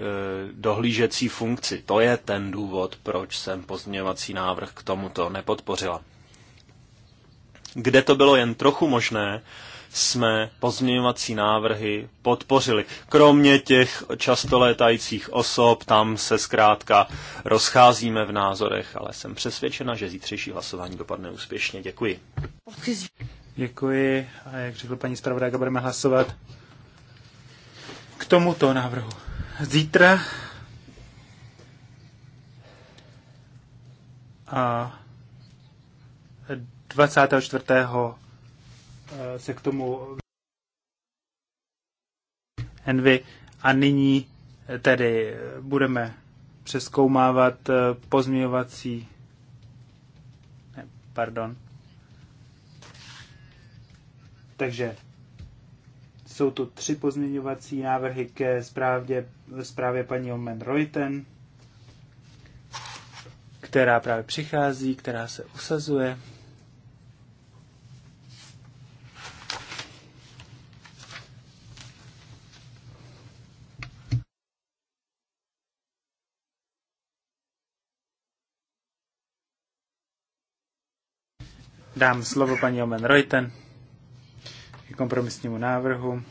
dohlížecí funkci. To je ten důvod, proč jsem pozměňovací návrh k tomuto nepodpořila. Kde to bylo jen trochu možné, jsme pozměňovací návrhy podpořili. Kromě těch často létajících osob, tam se zkrátka rozcházíme v názorech, ale jsem přesvědčena, že zítřejší hlasování dopadne úspěšně. Děkuji. Děkuji. A jak řekl paní zpravodajka, budeme hlasovat k tomuto návrhu. Zítra a 24. Eh, se k tomu Envy a nyní eh, tedy budeme přeskoumávat eh, pozměňovací ne, pardon takže jsou tu tři pozměňovací návrhy ke zprávě, zprávě paní Omen Reuten, která právě přichází, která se usazuje. dám slovo paní Omen Reuten k kompromisnímu návrhu,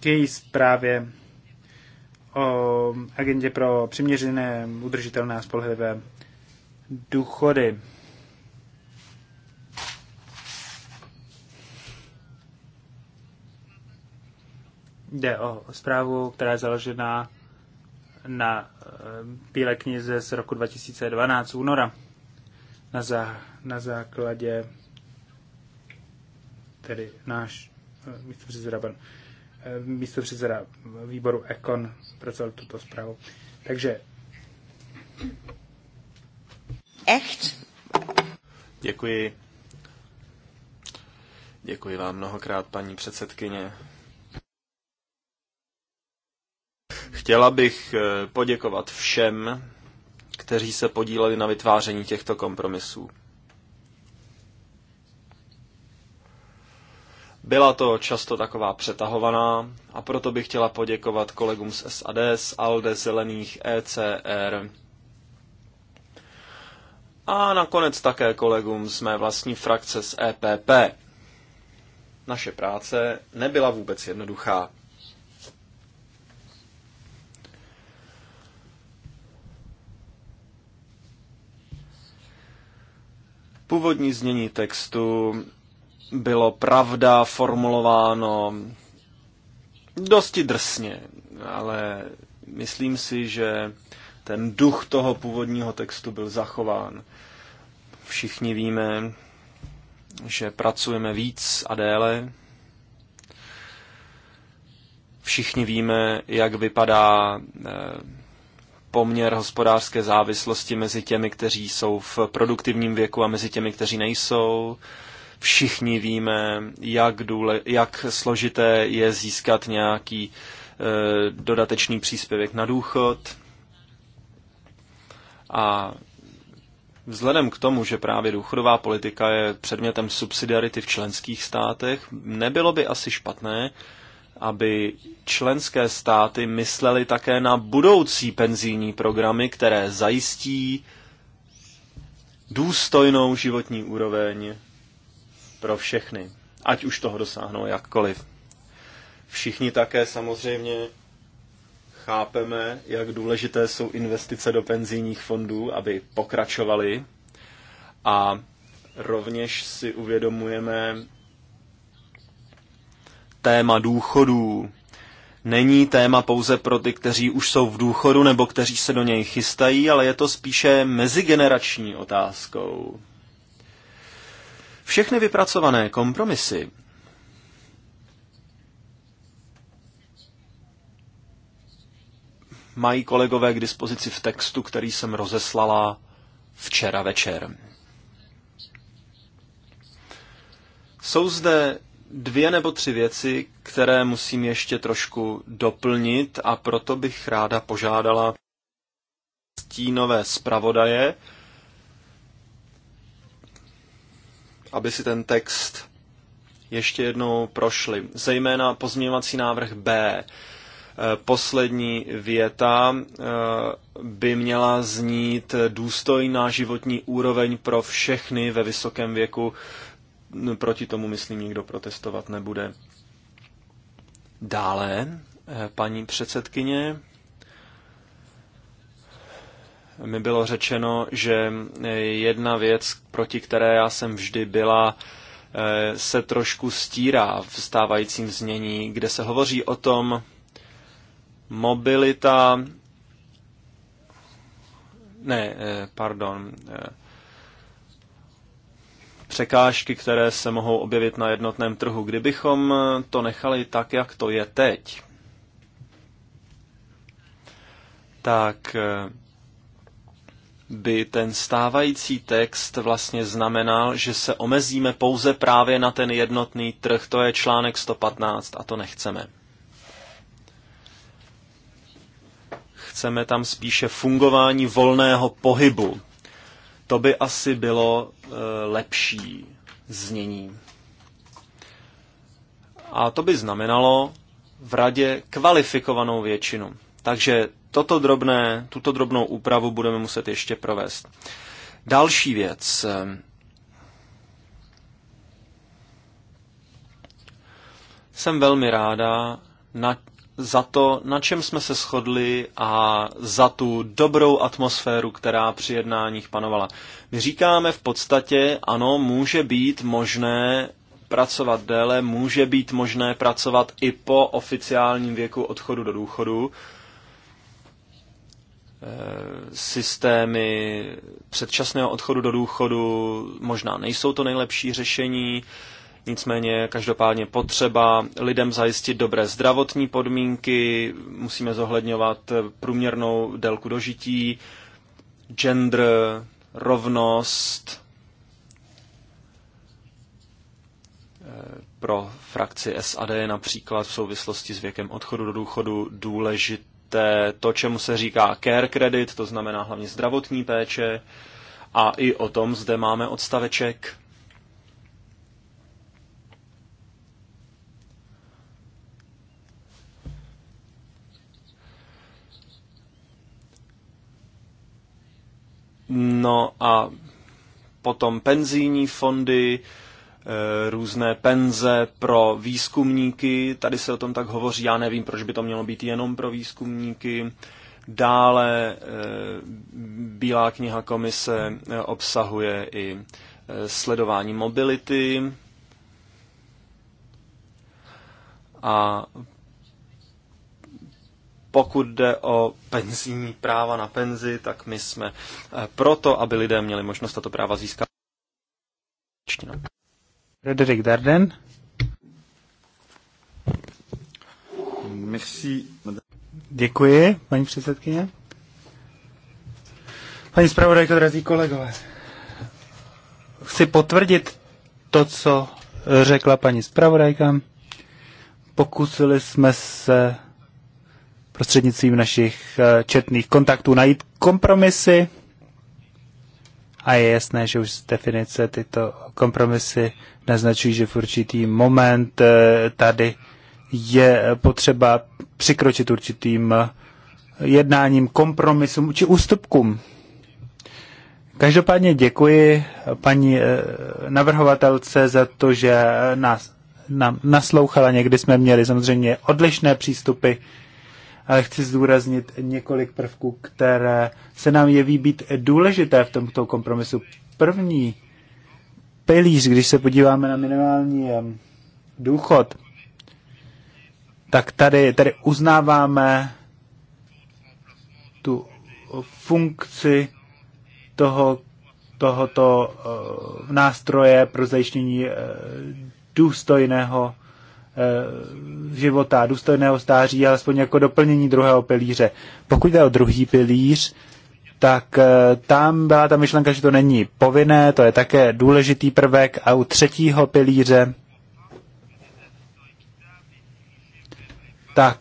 k její zprávě o agendě pro přiměřené, udržitelné a spolehlivé důchody. Jde o zprávu, která je založena na eh, Bílé knize z roku 2012 února na, zá, na základě tedy náš eh, místo předseda, pan, eh, místo předseda výboru Ekon pracoval tuto zprávu. Takže Echt. Děkuji. Děkuji vám mnohokrát, paní předsedkyně. Chtěla bych eh, poděkovat všem, kteří se podíleli na vytváření těchto kompromisů. Byla to často taková přetahovaná a proto bych chtěla poděkovat kolegům z SAD, z ALDE, Zelených, ECR a nakonec také kolegům z mé vlastní frakce z EPP. Naše práce nebyla vůbec jednoduchá. Původní znění textu bylo pravda formulováno dosti drsně, ale myslím si, že ten duch toho původního textu byl zachován. Všichni víme, že pracujeme víc a déle. Všichni víme, jak vypadá eh, poměr hospodářské závislosti mezi těmi, kteří jsou v produktivním věku a mezi těmi, kteří nejsou. Všichni víme, jak, důle, jak složité je získat nějaký e, dodatečný příspěvek na důchod. A Vzhledem k tomu, že právě důchodová politika je předmětem subsidiarity v členských státech, nebylo by asi špatné, aby členské státy myslely také na budoucí penzijní programy, které zajistí důstojnou životní úroveň pro všechny, ať už toho dosáhnou jakkoliv. Všichni také samozřejmě chápeme, jak důležité jsou investice do penzijních fondů, aby pokračovaly. A rovněž si uvědomujeme téma důchodů není téma pouze pro ty, kteří už jsou v důchodu nebo kteří se do něj chystají, ale je to spíše mezigenerační otázkou. Všechny vypracované kompromisy mají kolegové k dispozici v textu, který jsem rozeslala včera večer. Jsou zde dvě nebo tři věci, které musím ještě trošku doplnit a proto bych ráda požádala stínové zpravodaje, aby si ten text ještě jednou prošli. Zejména pozměňovací návrh B. Eh, poslední věta eh, by měla znít eh, důstojná životní úroveň pro všechny ve vysokém věku proti tomu, myslím, nikdo protestovat nebude. Dále, eh, paní předsedkyně, mi bylo řečeno, že eh, jedna věc, proti které já jsem vždy byla, eh, se trošku stírá v stávajícím znění, kde se hovoří o tom mobilita. Ne, pardon překážky, které se mohou objevit na jednotném trhu. Kdybychom to nechali tak, jak to je teď, tak eh, by ten stávající text vlastně znamenal, že se omezíme pouze právě na ten jednotný trh. To je článek 115 a to nechceme. Chceme tam spíše fungování volného pohybu. To by asi bylo Eh, lepší znění. A to by znamenalo v radě kvalifikovanou většinu. Takže toto drobné, tuto drobnou úpravu budeme muset ještě provést. Další věc. Jsem velmi ráda, nad za to, na čem jsme se shodli a za tu dobrou atmosféru, která při jednáních panovala. My říkáme v podstatě, ano, může být možné pracovat déle, může být možné pracovat i po oficiálním věku odchodu do důchodu. Eh, systémy předčasného odchodu do důchodu možná nejsou to nejlepší řešení Nicméně je každopádně potřeba lidem zajistit dobré zdravotní podmínky, musíme zohledňovat průměrnou délku dožití, gender, rovnost. Eh, pro frakci SAD například v souvislosti s věkem odchodu do důchodu důležité to, čemu se říká care credit, to znamená hlavně zdravotní péče. A i o tom zde máme odstaveček No a potom penzijní fondy, e, různé penze pro výzkumníky, tady se o tom tak hovoří, já nevím, proč by to mělo být jenom pro výzkumníky. Dále e, Bílá kniha komise e, obsahuje i sledování mobility a pokud jde o penzijní práva na penzi, tak my jsme eh, proto, aby lidé měli možnost tato práva získat. Frederik Darden. Merci. Děkuji, paní předsedkyně. Paní zpravodajko, drazí kolegové, chci potvrdit to, co řekla paní zpravodajka. Pokusili jsme se prostřednictvím našich eh, četných kontaktů najít kompromisy. A je jasné, že už z definice tyto kompromisy naznačují, že v určitý moment eh, tady je potřeba přikročit určitým eh, jednáním, kompromisům či ústupkům. Každopádně děkuji paní navrhovatelce za to, že nás, nám naslouchala. Někdy jsme měli samozřejmě odlišné přístupy ale chci zdůraznit několik prvků, které se nám jeví být důležité v tomto kompromisu. První pilíř, když se podíváme na minimální důchod, tak tady, tady uznáváme tu funkci toho, tohoto eh, nástroje pro zajištění eh, důstojného Eh, života, důstojného stáří, alespoň jako doplnění druhého pilíře. Pokud jde o druhý pilíř, tak eh, tam byla ta myšlenka, že to není povinné, to je také důležitý prvek a u třetího pilíře tak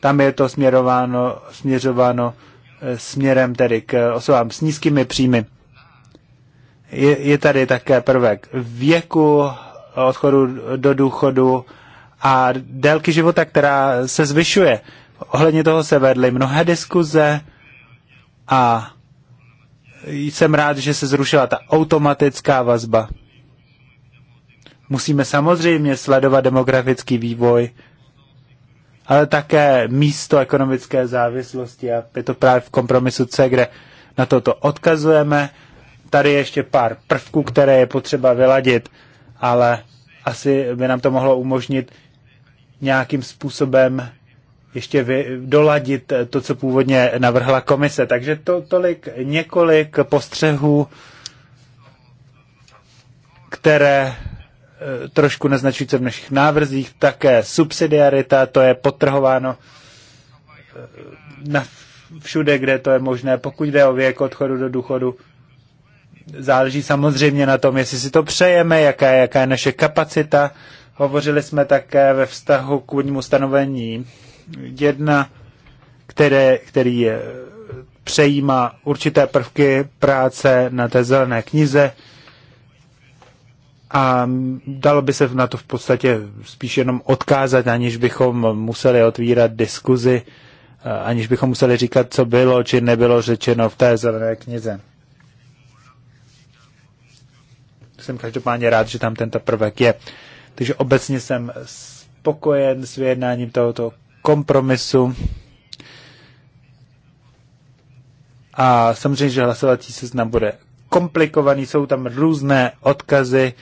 tam je to směrováno, směřováno eh, směrem tedy k osobám s nízkými příjmy. Je, je tady také prvek věku, odchodu do důchodu a délky života, která se zvyšuje. Ohledně toho se vedly mnohé diskuze a jsem rád, že se zrušila ta automatická vazba. Musíme samozřejmě sledovat demografický vývoj, ale také místo ekonomické závislosti a je to právě v kompromisu C, kde na toto odkazujeme. Tady ještě pár prvků, které je potřeba vyladit ale asi by nám to mohlo umožnit nějakým způsobem ještě vy, doladit to, co původně navrhla komise. Takže to tolik několik postřehů, které e, trošku naznačují, co v našich návrzích. Také subsidiarita, to je potrhováno e, na všude, kde to je možné. Pokud jde o věk odchodu do důchodu, záleží samozřejmě na tom, jestli si to přejeme, jaká je, jaká je naše kapacita. Hovořili jsme také ve vztahu k úvodnímu stanovení jedna, které, který je, eh, přejímá určité prvky práce na té zelené knize a dalo by se na to v podstatě spíš jenom odkázat, aniž bychom museli otvírat diskuzi, eh, aniž bychom museli říkat, co bylo či nebylo řečeno v té zelené knize. jsem každopádně rád, že tam tento prvek je. Takže obecně jsem spokojen s vyjednáním tohoto kompromisu. A samozřejmě, že hlasovací seznam bude komplikovaný, jsou tam různé odkazy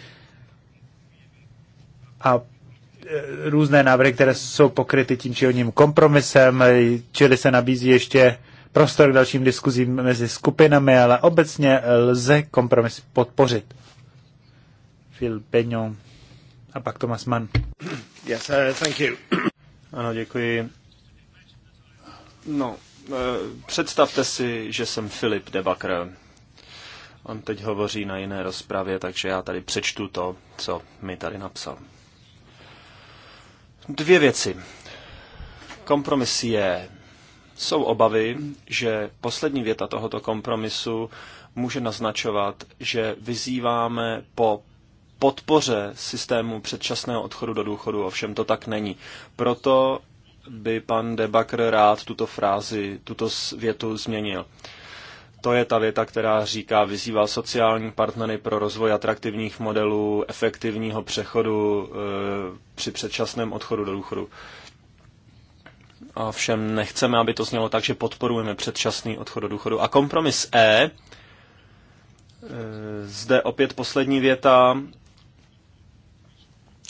a e, různé návrhy, které jsou pokryty tím či oním kompromisem, čili se nabízí ještě prostor k dalším diskuzím mezi skupinami, ale obecně lze kompromis podpořit. Phil a pak Thomas Mann. Yes, uh, thank you. Ano, děkuji. No, eh, představte si, že jsem Filip Debakr. On teď hovoří na jiné rozpravě, takže já tady přečtu to, co mi tady napsal. Dvě věci. Kompromis je. Jsou obavy, že poslední věta tohoto kompromisu může naznačovat, že vyzýváme po podpoře systému předčasného odchodu do důchodu, ovšem to tak není. Proto by pan Debakr rád tuto frázi, tuto větu změnil. To je ta věta, která říká, vyzývá sociální partnery pro rozvoj atraktivních modelů efektivního přechodu e, při předčasném odchodu do důchodu. A všem nechceme, aby to znělo tak, že podporujeme předčasný odchod do důchodu. A kompromis E, e zde opět poslední věta,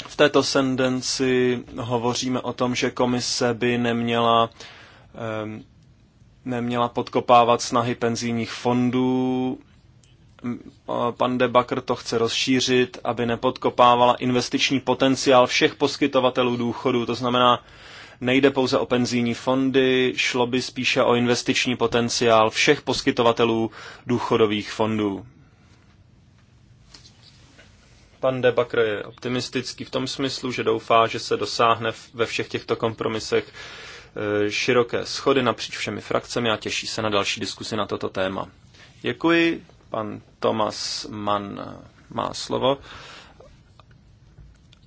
v této sendenci hovoříme o tom, že komise by neměla, neměla podkopávat snahy penzijních fondů. Pan De Bakr to chce rozšířit, aby nepodkopávala investiční potenciál všech poskytovatelů důchodů. To znamená, nejde pouze o penzijní fondy, šlo by spíše o investiční potenciál všech poskytovatelů důchodových fondů. Pan Debakr je optimistický v tom smyslu, že doufá, že se dosáhne ve všech těchto kompromisech eh, široké schody napříč všemi frakcemi a těší se na další diskusi na toto téma. Děkuji. Pan Tomas Mann eh, má slovo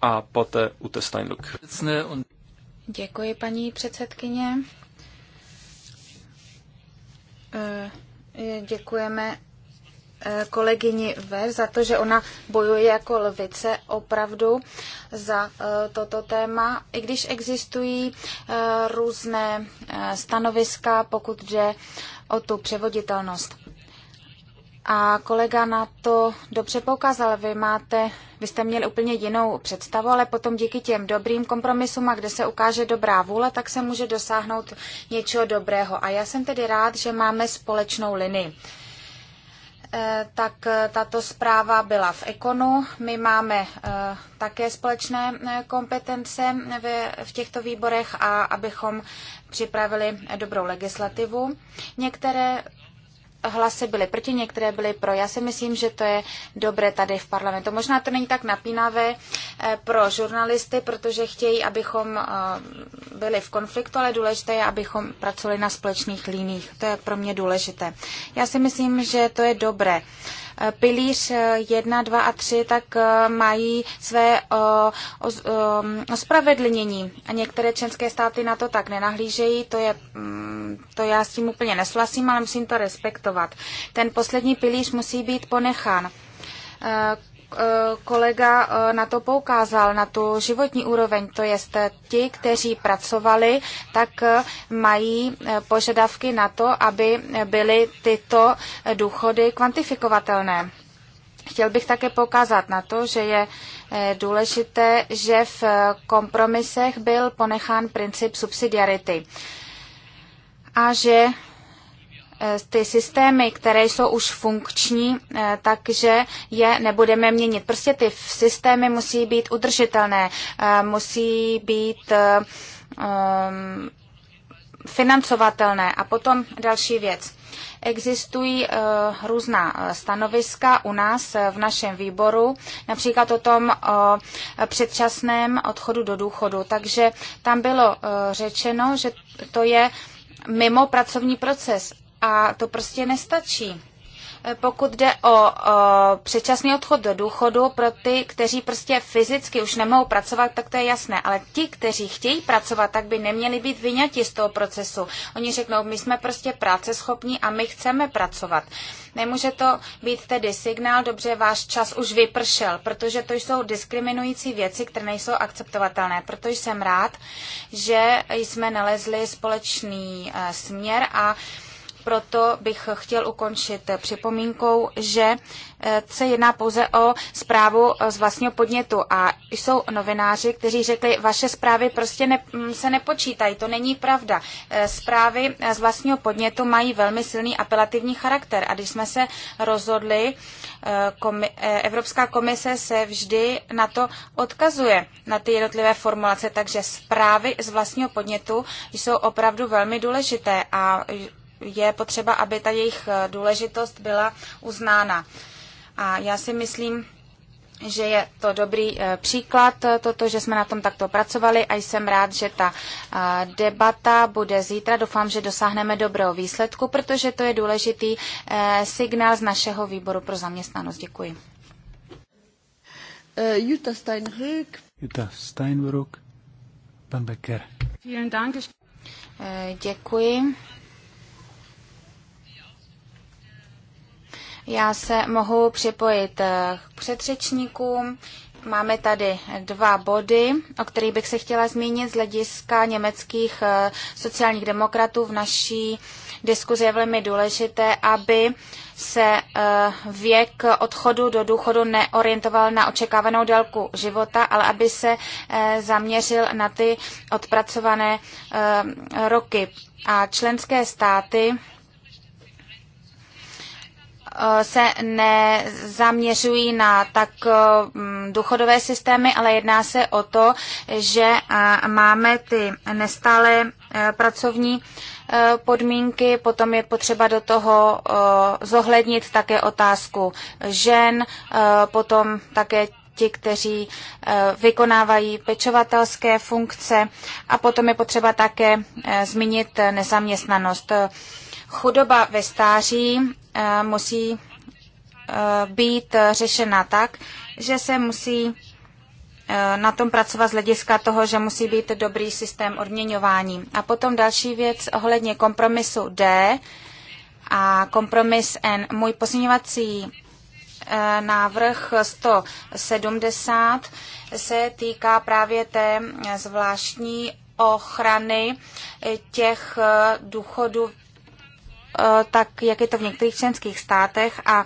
a poté Ute Steinluk. Děkuji, paní předsedkyně. Eh, děkujeme kolegyni Ver za to, že ona bojuje jako lvice opravdu za eh, toto téma, i když existují eh, různé eh, stanoviska, pokud jde o tu převoditelnost. A kolega na to dobře poukázal. Vy máte, vy jste měli úplně jinou představu, ale potom díky těm dobrým kompromisům a kde se ukáže dobrá vůle, tak se může dosáhnout něčeho dobrého. A já jsem tedy rád, že máme společnou linii. Eh, tak eh, tato zpráva byla v Ekonu. My máme eh, také společné kompetence v těchto výborech a abychom připravili dobrou legislativu. Některé hlasy byly proti, některé byly pro. Já si myslím, že to je dobré tady v parlamentu. Možná to není tak napínavé eh, pro žurnalisty, protože chtějí, abychom eh, byli v konfliktu, ale důležité je, abychom pracovali na společných líních. To je pro mě důležité. Já si myslím, že to je dobré pilíř 1, 2 a 3, tak eh, mají své eh, eh, ospravedlnění. A některé členské státy na to tak nenahlížejí, to, je, mm, to já s tím úplně neslasím, ale musím to respektovat. Ten poslední pilíř musí být ponechán Eh, kolega eh, na to poukázal, na tu životní úroveň, to je eh, ti, kteří pracovali, tak mají požadavky na to, aby byly tyto důchody kvantifikovatelné. Chtěl bych také poukázat na to, že je důležité, že v kompromisech byl ponechán princip subsidiarity a že Eh, ty systémy, které jsou už funkční, eh, takže je nebudeme měnit. Prostě ty systémy musí být udržitelné, eh, musí být financovatelné. A potom další věc. Existují uh, různá stanoviska u nás v našem výboru, například o tom uh, předčasném odchodu do důchodu. Takže tam bylo uh, řečeno, že to je mimo pracovní proces a to prostě nestačí. Eh, pokud jde o, o předčasný odchod do důchodu pro ty, kteří prostě fyzicky už nemohou pracovat, tak to je jasné. Ale ti, kteří chtějí pracovat, tak by neměli být vyňati z toho procesu. Oni řeknou, my jsme prostě práceschopní a my chceme pracovat. Nemůže to být tedy signál, dobře, váš čas už vypršel, protože to jsou diskriminující věci, které nejsou akceptovatelné. Proto jsem rád, že jsme nalezli společný eh, směr a proto bych chtěl ukončit připomínkou, že eh, se jedná pouze o zprávu eh, z vlastního podnětu a jsou novináři, kteří řekli, vaše zprávy prostě ne, mm, se nepočítají, to není pravda. Eh, zprávy z vlastního podnětu mají velmi silný apelativní charakter a když jsme se rozhodli, komi, Evropská komise se vždy na to odkazuje, na ty jednotlivé formulace, takže zprávy z vlastního podnětu jsou opravdu velmi důležité a je potřeba, aby ta jejich eh, důležitost byla uznána. A já si myslím, že je to dobrý eh, příklad, toto, že jsme na tom takto pracovali a jsem rád, že ta eh, debata bude zítra. Doufám, že dosáhneme dobrého výsledku, protože to je důležitý signál z našeho výboru pro zaměstnanost. Děkuji. Jutta Steinbrück. Jutta Steinbrück, pan Becker. Děkuji. Já se mohu připojit eh, k předřečníkům. Máme tady dva body, o kterých bych se chtěla zmínit z hlediska německých eh, sociálních demokratů. V naší diskuzi je velmi důležité, aby se eh, věk odchodu do důchodu neorientoval na očekávanou délku života, ale aby se zaměřil na ty odpracované roky. A členské státy Eh, se nezaměřují na tak eh, mm, důchodové systémy, ale jedná se o to, že máme ty nestále eh, pracovní podmínky, potom je potřeba do toho zohlednit také otázku žen, potom také ti, kteří vykonávají pečovatelské funkce a potom je potřeba také zmínit nezaměstnanost. Chudoba ve stáří Eh, musí eh, být řešena tak, že se musí eh, na tom pracovat z hlediska toho, že musí být dobrý systém odměňování. A potom další věc ohledně kompromisu D a kompromis N. Můj pozměňovací návrh 170 se týká právě té zvláštní ochrany těch důchodů Eh, tak jak je to v některých členských státech. A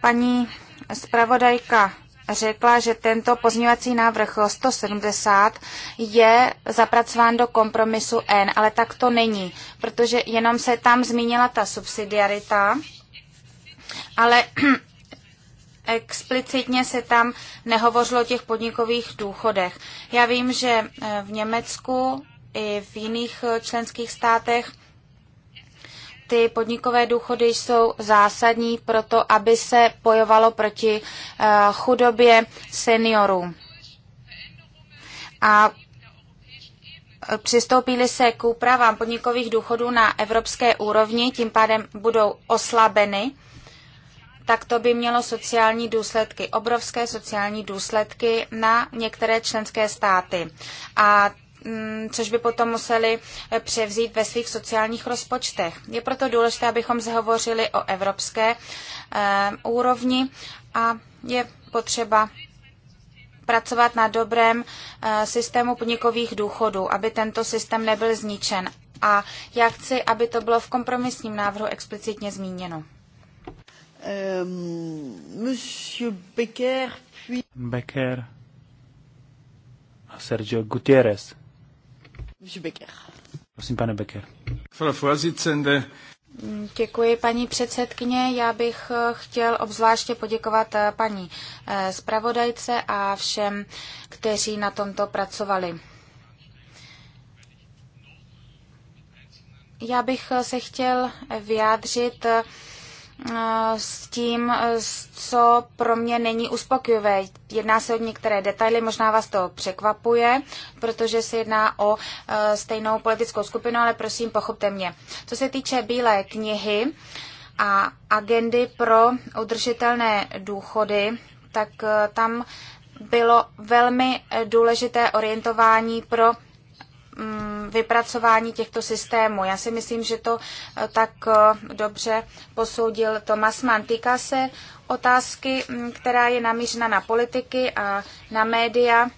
paní zpravodajka řekla, že tento pozměňovací návrh 170 je zapracován do kompromisu N, ale tak to není, protože jenom se tam zmínila ta subsidiarita, ale explicitně se tam nehovořilo o těch podnikových důchodech. Já vím, že eh, v Německu i v jiných eh, členských státech ty podnikové důchody jsou zásadní pro to, aby se bojovalo proti eh, chudobě seniorů. A eh, přistoupili se k úpravám podnikových důchodů na evropské úrovni, tím pádem budou oslabeny, tak to by mělo sociální důsledky, obrovské sociální důsledky na některé členské státy. A Mm, což by potom museli eh, převzít ve svých sociálních rozpočtech. Je proto důležité, abychom zhovořili o evropské eh, úrovni a je potřeba pracovat na dobrém eh, systému podnikových důchodů, aby tento systém nebyl zničen. A já chci, aby to bylo v kompromisním návrhu explicitně zmíněno. Ehm, monsieur Becker, Becker a Sergio Gutierrez. Prosím, pane Becker. Děkuji, paní předsedkyně. Já bych eh, chtěl obzvláště poděkovat eh, paní eh, zpravodajce a všem, kteří na tomto pracovali. Já bych se chtěl vyjádřit s tím, co pro mě není uspokojivé. Jedná se o některé detaily, možná vás to překvapuje, protože se jedná o e, stejnou politickou skupinu, ale prosím, pochopte mě. Co se týče Bílé knihy a agendy pro udržitelné důchody, tak e, tam bylo velmi důležité orientování pro Mm, vypracování těchto systémů. Já si myslím, že to eh, tak eh, dobře posoudil Tomas Mann. Týká se otázky, mm, která je namířena na politiky a na média.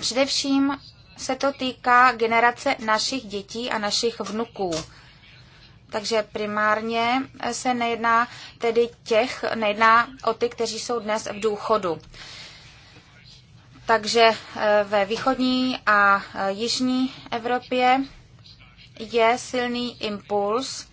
Především se to týká generace našich dětí a našich vnuků. Takže primárně se nejedná tedy těch, nejedná o ty, kteří jsou dnes v důchodu. Takže eh, ve východní a eh, jižní Evropě je silný impuls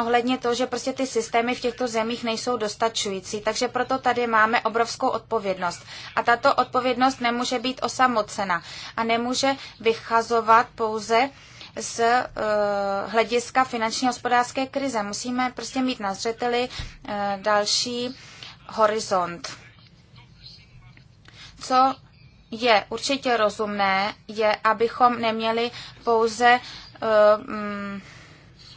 ohledně toho, že prostě ty systémy v těchto zemích nejsou dostačující. Takže proto tady máme obrovskou odpovědnost. A tato odpovědnost nemůže být osamocena a nemůže vychazovat pouze z uh, hlediska finanční hospodářské krize. Musíme prostě mít na zřeteli uh, další horizont. Co je určitě rozumné, je, abychom neměli pouze, eh, mm,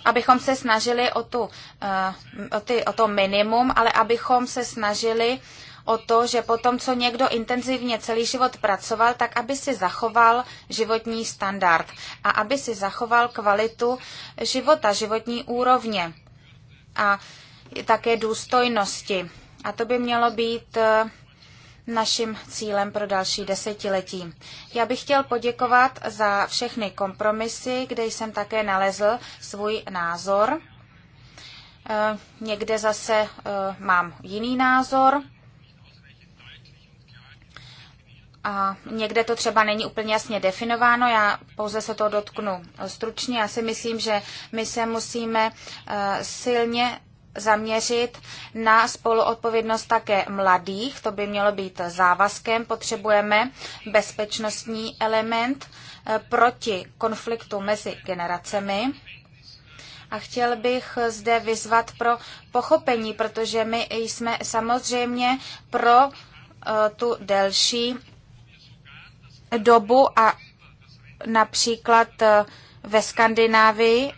abychom se snažili o, tu, eh, o, ty, o to minimum, ale abychom se snažili o to, že potom, co někdo intenzivně celý život pracoval, tak aby si zachoval životní standard a aby si zachoval kvalitu života, životní úrovně a také důstojnosti. A to by mělo být eh, naším cílem pro další desetiletí. Já bych chtěl poděkovat za všechny kompromisy, kde jsem také nalezl svůj názor. E, někde zase e, mám jiný názor. A někde to třeba není úplně jasně definováno, já pouze se to dotknu stručně. Já si myslím, že my se musíme e, silně zaměřit na spoluodpovědnost také mladých. To by mělo být závazkem. Potřebujeme bezpečnostní element eh, proti konfliktu mezi generacemi. A chtěl bych zde vyzvat pro pochopení, protože my jsme samozřejmě pro eh, tu delší dobu a například eh, ve Skandinávii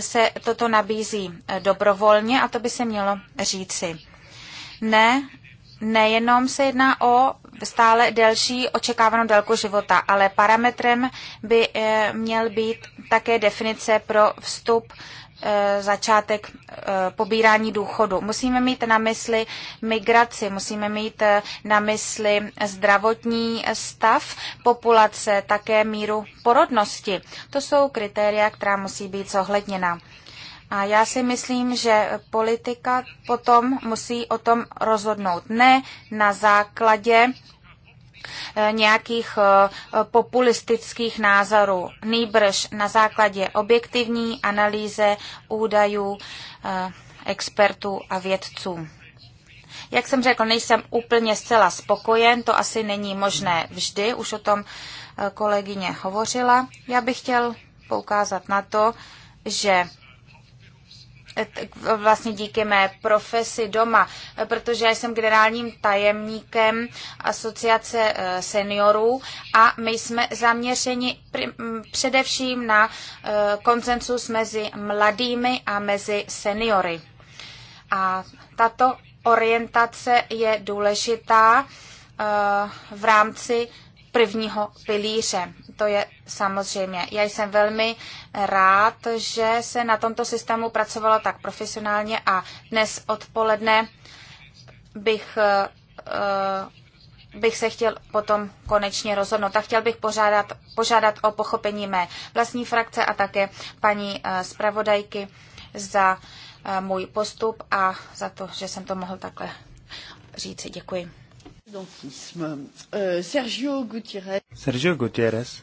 se toto nabízí eh, dobrovolně a to by se mělo říci. Ne, nejenom se jedná o stále delší očekávanou délku života, ale parametrem by eh, měl být také definice pro vstup Eh, začátek eh, pobírání důchodu. Musíme mít na mysli migraci, musíme mít eh, na mysli zdravotní stav populace, také míru porodnosti. To jsou kritéria, která musí být zohledněna. A já si myslím, že politika potom musí o tom rozhodnout. Ne na základě Eh, nějakých eh, populistických názorů, nýbrž na základě objektivní analýze údajů eh, expertů a vědců. Jak jsem řekl, nejsem úplně zcela spokojen, to asi není možné vždy, už o tom kolegyně hovořila. Já bych chtěl poukázat na to, že Eh, vlastně díky mé profesi doma, protože já jsem generálním tajemníkem asociace eh, seniorů a my jsme zaměřeni především na eh, koncensus mezi mladými a mezi seniory. A tato orientace je důležitá v rámci prvního pilíře to je samozřejmě. Já jsem velmi rád, že se na tomto systému pracovalo tak profesionálně a dnes odpoledne bych, eh, eh, bych se chtěl potom konečně rozhodnout. A chtěl bych požádat, požádat o pochopení mé vlastní frakce a také paní eh, zpravodajky za můj postup a za to, že jsem to mohl takhle říci. Děkuji. Sergio Gutierrez. Euh, Sergio Gutiérrez.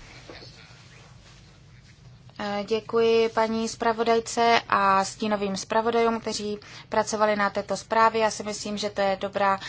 Děkuji paní zpravodajce a stínovým zpravodajům, kteří pracovali na této zprávě. Já si myslím, že to je dobrá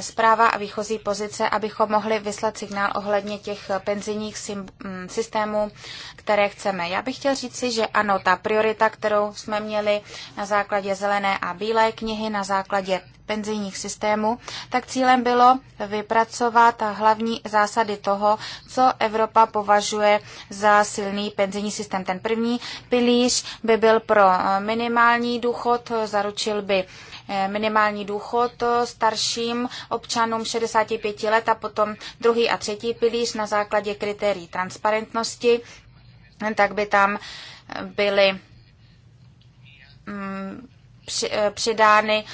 zpráva a výchozí pozice, abychom mohli vyslat signál ohledně těch penzijních mm, systémů, které chceme. Já bych chtěl říci, že ano, ta priorita, kterou jsme měli na základě zelené a bílé knihy, na základě penzijních systémů, tak cílem bylo vypracovat hlavní zásady toho, co Evropa považuje za silný penzijní systém, ten první pilíř by byl pro eh, minimální důchod, zaručil by eh, minimální důchod eh, starším občanům 65 let a potom druhý a třetí pilíř na základě kritérií transparentnosti, tak by tam byly mm, přidány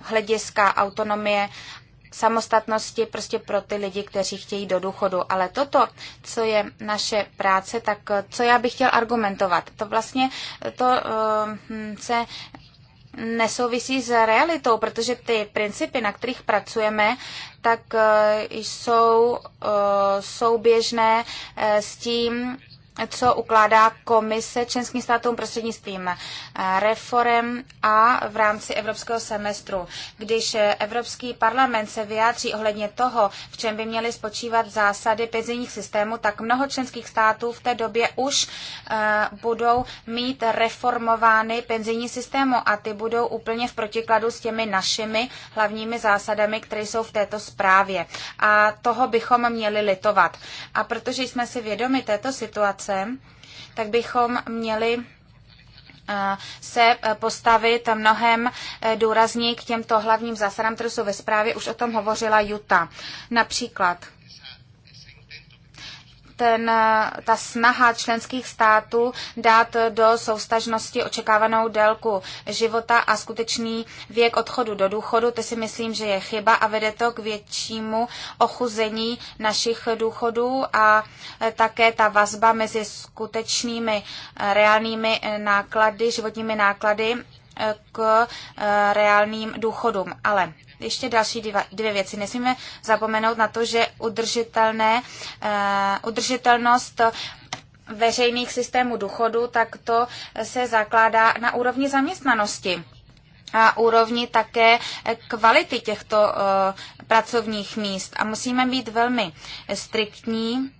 hlediska autonomie samostatnosti prostě pro ty lidi, kteří chtějí do důchodu. Ale toto, co je naše práce, tak eh, co já bych chtěl argumentovat, to vlastně eh, to uh, se nesouvisí s realitou, protože ty principy, na kterých pracujeme, tak jsou souběžné s tím, co ukládá komise členským státům prostřednictvím eh, reform a v rámci evropského semestru. Když eh, Evropský parlament se vyjádří ohledně toho, v čem by měly spočívat zásady penzijních systémů, tak mnoho členských států v té době už eh, budou mít reformovány penzijní systémy a ty budou úplně v protikladu s těmi našimi hlavními zásadami, které jsou v této zprávě. A toho bychom měli litovat. A protože jsme si vědomi této situace, práce, tak bychom měli eh, se postavit mnohem eh, důrazněji k těmto hlavním zásadám, které jsou ve zprávě, už o tom hovořila Juta. Například ten, eh, ta snaha členských států dát do soustažnosti očekávanou délku života a skutečný věk odchodu do důchodu, to si myslím, že je chyba a vede to k většímu ochuzení našich důchodů a eh, také ta vazba mezi skutečnými eh, reálnými náklady, životními náklady k reálným důchodům. Ale ještě další dva, dvě věci. Nesmíme zapomenout na to, že udržitelné, uh, udržitelnost veřejných systémů důchodu, tak to se zakládá na úrovni zaměstnanosti a úrovni také kvality těchto uh, pracovních míst. A musíme být velmi striktní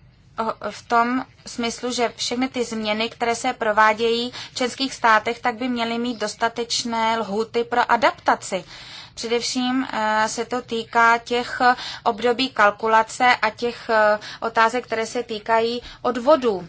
v tom smyslu, že všechny ty změny, které se provádějí v českých státech, tak by měly mít dostatečné lhuty pro adaptaci. Uh, Především eh, se to týká těch eh, období kalkulace a těch eh, otázek, které se týkají odvodů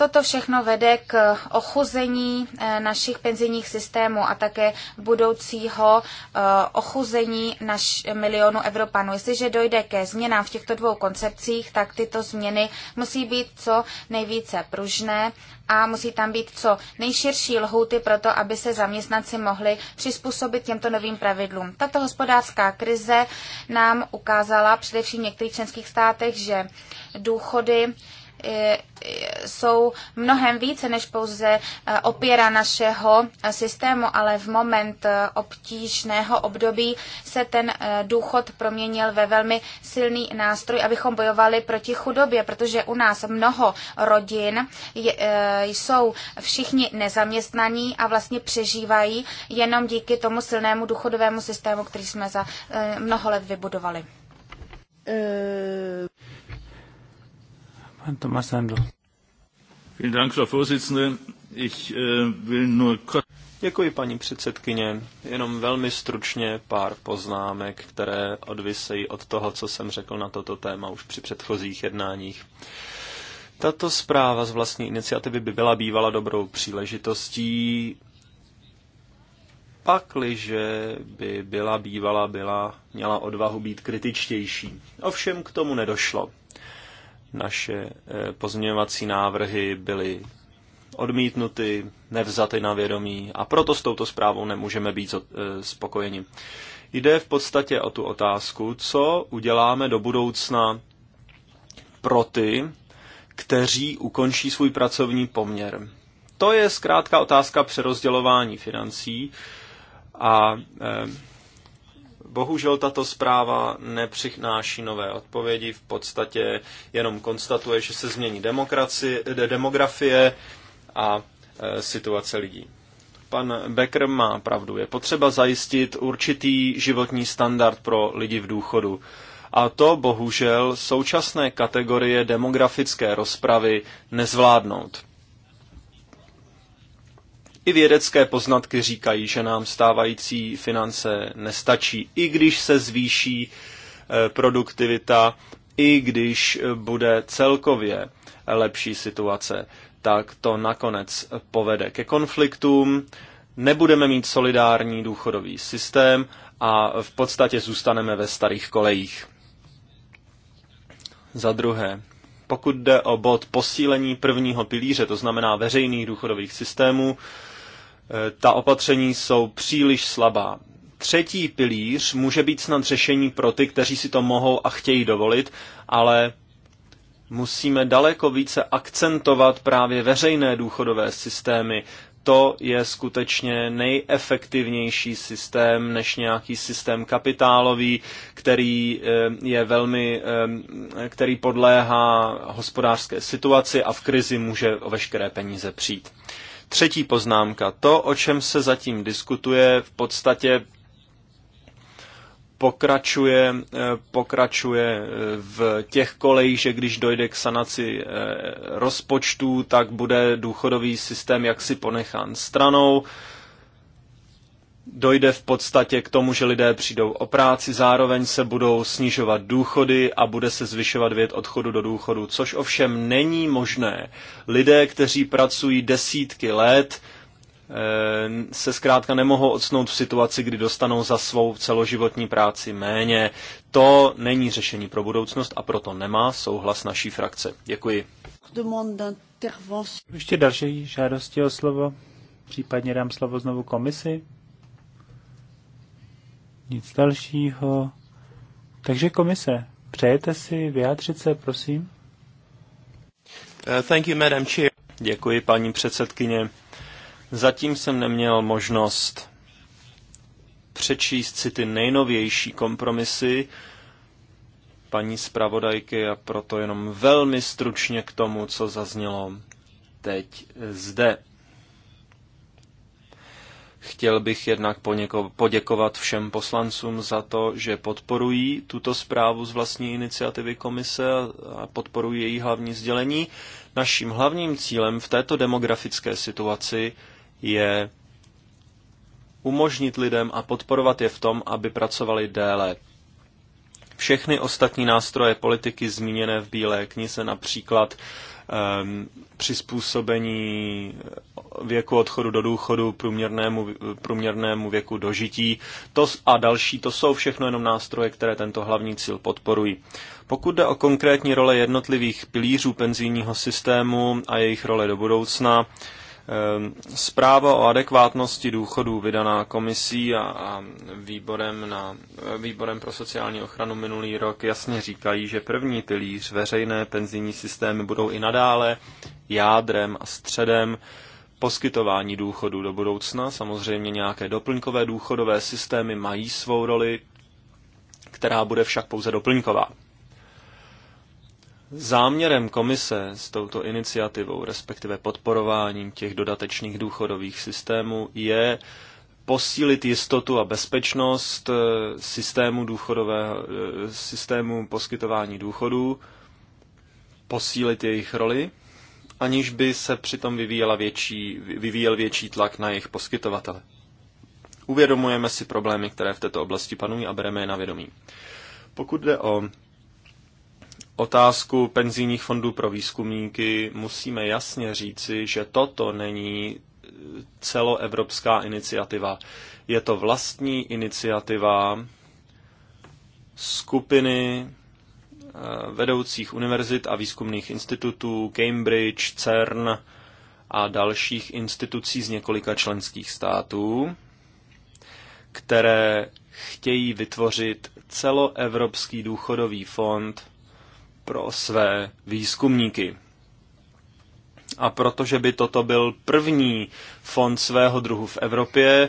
Toto všechno vede k ochuzení eh, našich penzijních systémů a také budoucího eh, ochuzení naš, milionu Evropanů. Jestliže dojde ke změnám v těchto dvou koncepcích, tak tyto změny musí být co nejvíce pružné a musí tam být co nejširší lhouty pro to, aby se zaměstnanci mohli přizpůsobit těmto novým pravidlům. Tato hospodářská krize nám ukázala především v některých členských státech, že důchody E, jsou mnohem více než pouze e, opěra našeho systému, ale v moment e, obtížného období se ten důchod proměnil ve velmi silný nástroj, abychom bojovali proti chudobě, protože u nás mnoho rodin jsou všichni nezaměstnaní a vlastně přežívají jenom díky tomu silnému důchodovému systému, který jsme za mnoho let vybudovali. Äh, Děkuji, paní předsedkyně. Jenom velmi stručně pár poznámek, které odvisejí od toho, co jsem řekl na toto téma už při předchozích jednáních. Tato zpráva z vlastní iniciativy by byla bývala dobrou příležitostí, pakliže by byla bývala, byla, měla odvahu být kritičtější. Ovšem k tomu nedošlo. Naše eh, pozměňovací návrhy byly odmítnuty, nevzaty na vědomí a proto s touto zprávou nemůžeme být eh, spokojeni. Jde v podstatě o tu otázku, co uděláme do budoucna pro ty, kteří ukončí svůj pracovní poměr. To je zkrátka otázka přerozdělování financí a eh, Bohužel tato zpráva nepřichnáší nové odpovědi, v podstatě jenom konstatuje, že se změní demografie a e, situace lidí. Pan Becker má pravdu. Je potřeba zajistit určitý životní standard pro lidi v důchodu. A to bohužel současné kategorie demografické rozpravy nezvládnout. I vědecké poznatky říkají, že nám stávající finance nestačí, i když se zvýší eh, produktivita, i když eh, bude celkově lepší situace, tak to nakonec povede ke konfliktům, nebudeme mít solidární důchodový systém a v podstatě zůstaneme ve starých kolejích. Za druhé, pokud jde o bod posílení prvního pilíře, to znamená veřejných důchodových systémů, ta opatření jsou příliš slabá. Třetí pilíř může být snad řešení pro ty, kteří si to mohou a chtějí dovolit, ale musíme daleko více akcentovat právě veřejné důchodové systémy. To je skutečně nejefektivnější systém než nějaký systém kapitálový, který eh, je velmi, eh, který podléhá hospodářské situaci a v krizi může o veškeré peníze přijít. Třetí poznámka. To, o čem se zatím diskutuje, v podstatě pokračuje, eh, pokračuje eh, v těch kolejích, že když dojde k sanaci eh, rozpočtů, tak bude důchodový systém jaksi ponechán stranou dojde v podstatě k tomu, že lidé přijdou o práci, zároveň se budou snižovat důchody a bude se zvyšovat věd odchodu do důchodu, což ovšem není možné. Lidé, kteří pracují desítky let, eh, se zkrátka nemohou odsnout v situaci, kdy dostanou za svou celoživotní práci méně. To není řešení pro budoucnost a proto nemá souhlas naší frakce. Děkuji. Ještě další žádosti o slovo. Případně dám slovo znovu komisi nic dalšího. Takže komise, přejete si vyjádřit se, prosím? Uh, thank you, Madam Chair. Děkuji, paní předsedkyně. Zatím jsem neměl možnost přečíst si ty nejnovější kompromisy paní zpravodajky a proto jenom velmi stručně k tomu, co zaznělo teď zde. Chtěl bych jednak poděkovat všem poslancům za to, že podporují tuto zprávu z vlastní iniciativy komise a podporují její hlavní sdělení. Naším hlavním cílem v této demografické situaci je umožnit lidem a podporovat je v tom, aby pracovali déle. Všechny ostatní nástroje politiky zmíněné v Bílé knize, například Ehm, přizpůsobení věku odchodu do důchodu, průměrnému, průměrnému věku dožití to a další. To jsou všechno jenom nástroje, které tento hlavní cíl podporují. Pokud jde o konkrétní role jednotlivých pilířů penzijního systému a jejich role do budoucna, Ehm, zpráva o adekvátnosti důchodů vydaná komisí a, a výborem, na, e, výborem pro sociální ochranu minulý rok jasně říkají, že první pilíř veřejné penzijní systémy budou i nadále jádrem a středem poskytování důchodů do budoucna. Samozřejmě nějaké doplňkové důchodové systémy mají svou roli, která bude však pouze doplňková. Záměrem komise s touto iniciativou, respektive podporováním těch dodatečných důchodových systémů, je posílit jistotu a bezpečnost eh, systému, důchodového, eh, systému poskytování důchodů, posílit jejich roli, aniž by se přitom vyvíjela větší, vyvíjel větší tlak na jejich poskytovatele. Uvědomujeme si problémy, které v této oblasti panují a bereme je na vědomí. Pokud jde o otázku penzijních fondů pro výzkumníky musíme jasně říci, že toto není eh, celoevropská iniciativa. Je to vlastní iniciativa skupiny eh, vedoucích univerzit a výzkumných institutů Cambridge, CERN a dalších institucí z několika členských států, které chtějí vytvořit celoevropský důchodový fond pro své výzkumníky. A protože by toto byl první fond svého druhu v Evropě,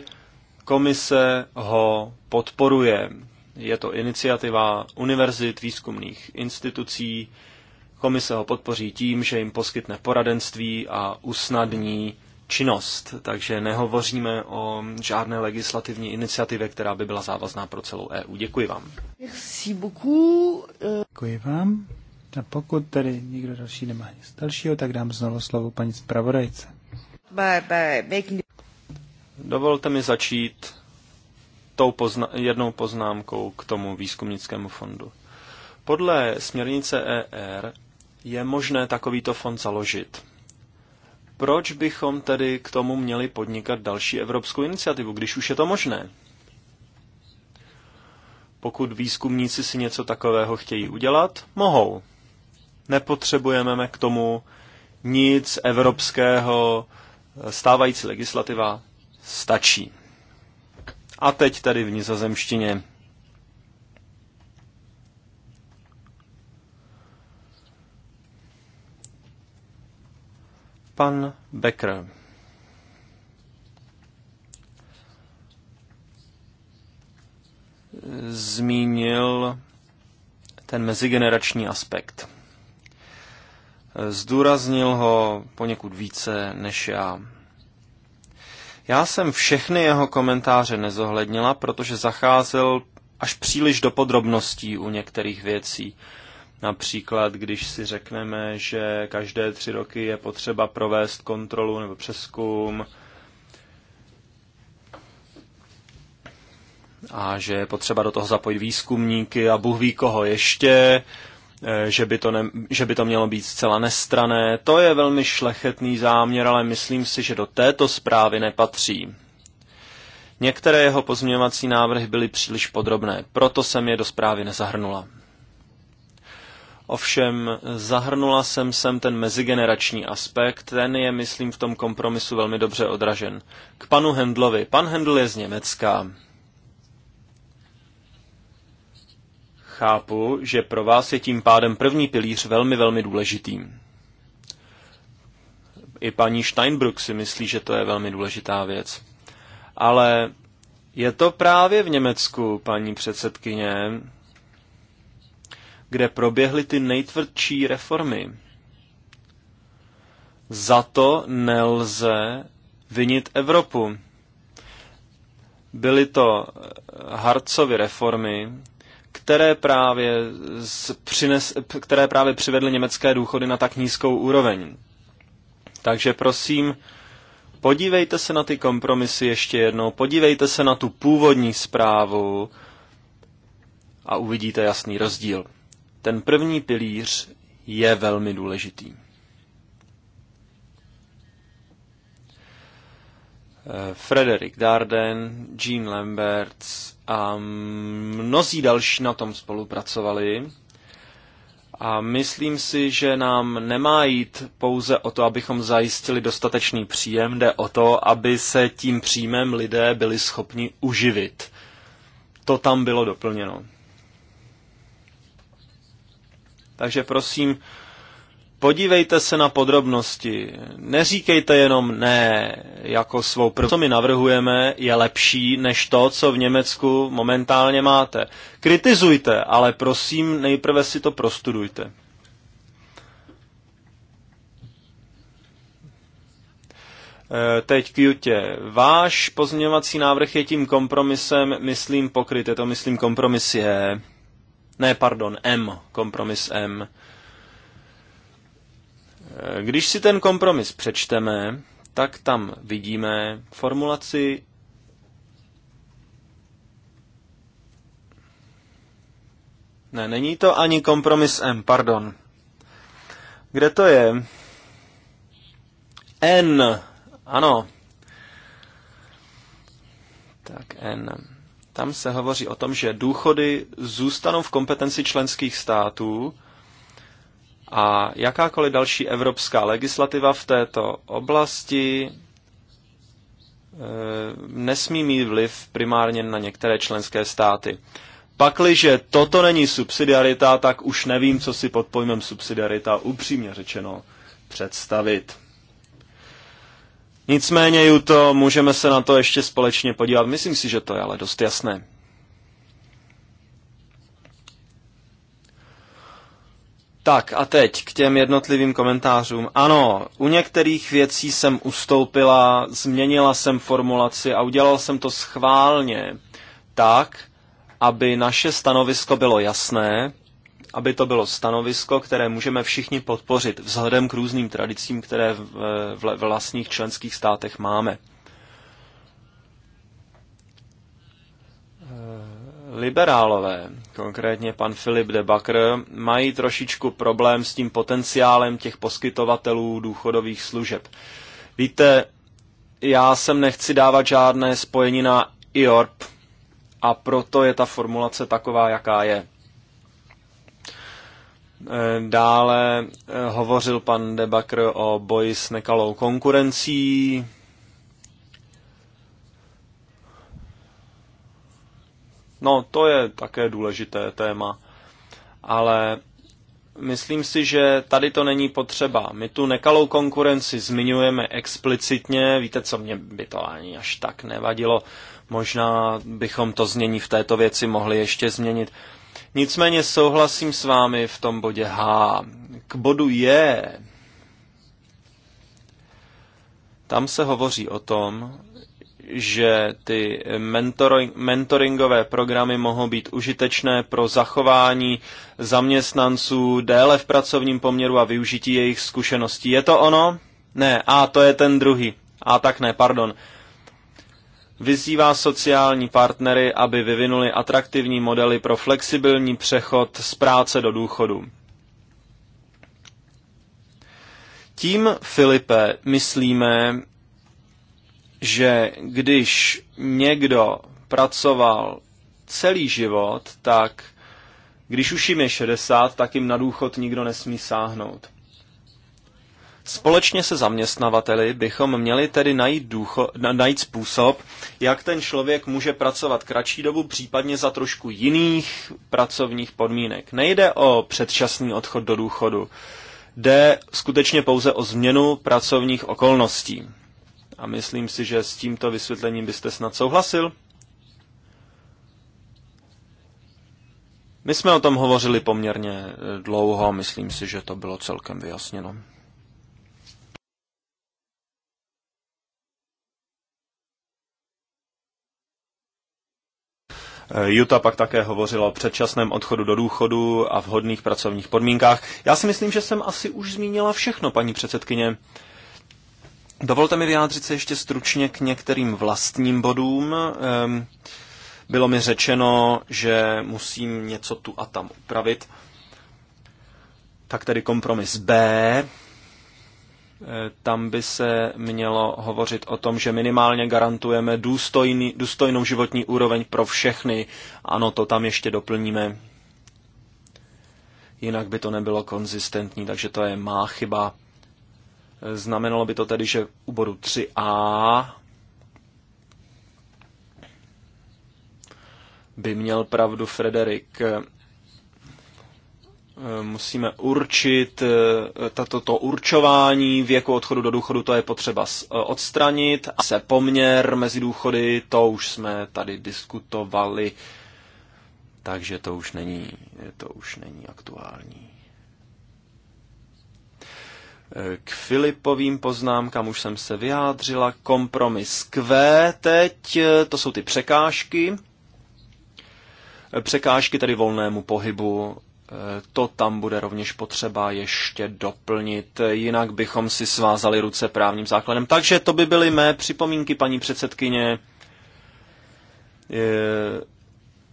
komise ho podporuje. Je to iniciativa univerzit, výzkumných institucí. Komise ho podpoří tím, že jim poskytne poradenství a usnadní činnost. Takže nehovoříme o žádné legislativní iniciativě, která by byla závazná pro celou EU. Děkuji vám. Děkuji vám. A pokud tedy nikdo další nemá nic dalšího, tak dám znovu slovo paní zpravodajce. Dovolte mi začít tou pozna- jednou poznámkou k tomu výzkumnickému fondu. Podle směrnice ER je možné takovýto fond založit. Proč bychom tedy k tomu měli podnikat další evropskou iniciativu, když už je to možné? Pokud výzkumníci si něco takového chtějí udělat, mohou. Nepotřebujeme k tomu nic evropského, stávající legislativa stačí. A teď tady v nizozemštině. Pan Becker. Zmínil ten mezigenerační aspekt. Zdůraznil ho poněkud více než já. Já jsem všechny jeho komentáře nezohlednila, protože zacházel až příliš do podrobností u některých věcí. Například, když si řekneme, že každé tři roky je potřeba provést kontrolu nebo přeskum a že je potřeba do toho zapojit výzkumníky a Bůh ví koho ještě, Eh, že by, to ne, že by to mělo být zcela nestrané. To je velmi šlechetný záměr, ale myslím si, že do této zprávy nepatří. Některé jeho pozměňovací návrhy byly příliš podrobné, proto jsem je do zprávy nezahrnula. Ovšem zahrnula jsem sem ten mezigenerační aspekt, ten je, myslím, v tom kompromisu velmi dobře odražen. K panu Hendlovi. Pan Hendl je z Německa. Chápu, že pro vás je tím pádem první pilíř velmi, velmi důležitým. I paní Steinbrück si myslí, že to je velmi důležitá věc. Ale je to právě v Německu, paní předsedkyně, kde proběhly ty nejtvrdší reformy. Za to nelze vinit Evropu. Byly to Harcovy reformy, které právě, přines, které právě přivedly německé důchody na tak nízkou úroveň. Takže prosím, podívejte se na ty kompromisy ještě jednou, podívejte se na tu původní zprávu a uvidíte jasný rozdíl. Ten první pilíř je velmi důležitý. Frederick Darden, Jean Lambert a mnozí další na tom spolupracovali. A myslím si, že nám nemá jít pouze o to, abychom zajistili dostatečný příjem, jde o to, aby se tím příjmem lidé byli schopni uživit. To tam bylo doplněno. Takže prosím, Podívejte se na podrobnosti. Neříkejte jenom ne jako svou první. Co my navrhujeme, je lepší než to, co v Německu momentálně máte. Kritizujte, ale prosím, nejprve si to prostudujte. E, teď k Jutě. Váš pozměňovací návrh je tím kompromisem, myslím, pokryt. Je to, myslím, kompromis je... Ne, pardon, M. Kompromis M. Když si ten kompromis přečteme, tak tam vidíme formulaci Ne, není to ani kompromis M, pardon. Kde to je? N, ano. Tak N. Tam se hovoří o tom, že důchody zůstanou v kompetenci členských států a jakákoliv další evropská legislativa v této oblasti eh, nesmí mít vliv primárně na některé členské státy. Pakliže toto není subsidiarita, tak už nevím, co si pod pojmem subsidiarita upřímně řečeno představit. Nicméně, Juto, můžeme se na to ještě společně podívat. Myslím si, že to je ale dost jasné. Tak a teď k těm jednotlivým komentářům. Ano, u některých věcí jsem ustoupila, změnila jsem formulaci a udělal jsem to schválně tak, aby naše stanovisko bylo jasné, aby to bylo stanovisko, které můžeme všichni podpořit vzhledem k různým tradicím, které v vlastních členských státech máme. liberálové, konkrétně pan Filip de Bakr, mají trošičku problém s tím potenciálem těch poskytovatelů důchodových služeb. Víte, já sem nechci dávat žádné spojení na IORP a proto je ta formulace taková, jaká je. Eh, dále eh, hovořil pan Debakr o boji s nekalou konkurencí, No, to je také důležité téma, ale myslím si, že tady to není potřeba. My tu nekalou konkurenci zmiňujeme explicitně, víte co, mě by to ani až tak nevadilo, možná bychom to změní v této věci mohli ještě změnit. Nicméně souhlasím s vámi v tom bodě H. K bodu je. Tam se hovoří o tom, že ty mentoringové programy mohou být užitečné pro zachování zaměstnanců déle v pracovním poměru a využití jejich zkušeností. Je to ono? Ne, a to je ten druhý. A tak ne, pardon. Vyzývá sociální partnery, aby vyvinuli atraktivní modely pro flexibilní přechod z práce do důchodu. Tím, Filipe, myslíme, že když někdo pracoval celý život, tak když už jim je 60, tak jim na důchod nikdo nesmí sáhnout. Společně se zaměstnavateli bychom měli tedy najít, důcho, najít způsob, jak ten člověk může pracovat kratší dobu, případně za trošku jiných pracovních podmínek. Nejde o předčasný odchod do důchodu, jde skutečně pouze o změnu pracovních okolností. A myslím si, že s tímto vysvětlením byste snad souhlasil. My jsme o tom hovořili poměrně eh, dlouho, myslím si, že to bylo celkem vyjasněno. Eh, Juta pak také hovořila o předčasném odchodu do důchodu a vhodných pracovních podmínkách. Já si myslím, že jsem asi už zmínila všechno, paní předsedkyně. Dovolte mi vyjádřit se ještě stručně k některým vlastním bodům. Ehm, bylo mi řečeno, že musím něco tu a tam upravit. Tak tedy kompromis B. Eh, tam by se mělo hovořit o tom, že minimálně garantujeme důstojný, důstojnou životní úroveň pro všechny. Ano, to tam ještě doplníme. Jinak by to nebylo konzistentní, takže to je má chyba Znamenalo by to tedy, že u bodu 3a by měl pravdu Frederik. Musíme určit eh, tato to určování věku odchodu do důchodu, to je potřeba eh, odstranit. A se poměr mezi důchody, to už jsme tady diskutovali, takže to už není, to už není aktuální. K Filipovým poznámkám už jsem se vyjádřila. Kompromis Q teď, to jsou ty překážky. Překážky tedy volnému pohybu, to tam bude rovněž potřeba ještě doplnit, jinak bychom si svázali ruce právním základem. Takže to by byly mé připomínky, paní předsedkyně.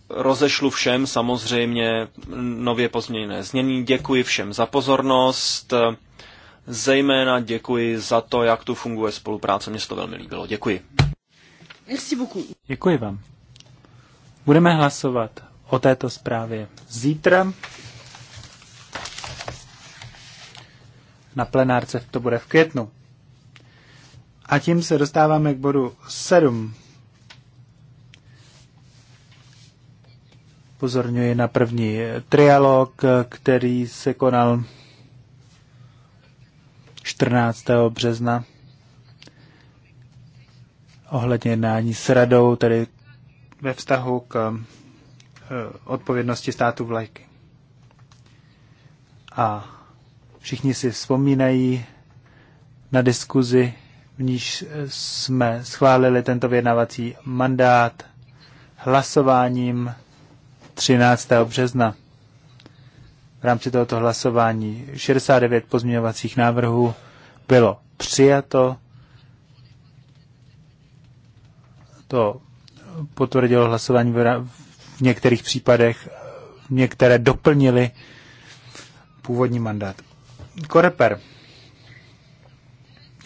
Rozešlu všem samozřejmě nově pozměněné znění. Děkuji všem za pozornost. Zejména děkuji za to, jak tu funguje spolupráce. Mně se to velmi líbilo. Děkuji. Merci beaucoup. Děkuji vám. Budeme hlasovat o této zprávě zítra. Na plenárce to bude v květnu. A tím se dostáváme k bodu 7. Pozorňuji na první trialog, který se konal 14. března ohledně jednání s radou, tedy ve vztahu k eh, odpovědnosti státu vlajky. A všichni si vzpomínají na diskuzi, v níž jsme schválili tento vyjednávací mandát hlasováním 13. března v rámci tohoto hlasování 69 pozměňovacích návrhů bylo přijato. To potvrdilo hlasování v některých případech, některé doplnili původní mandát. Koreper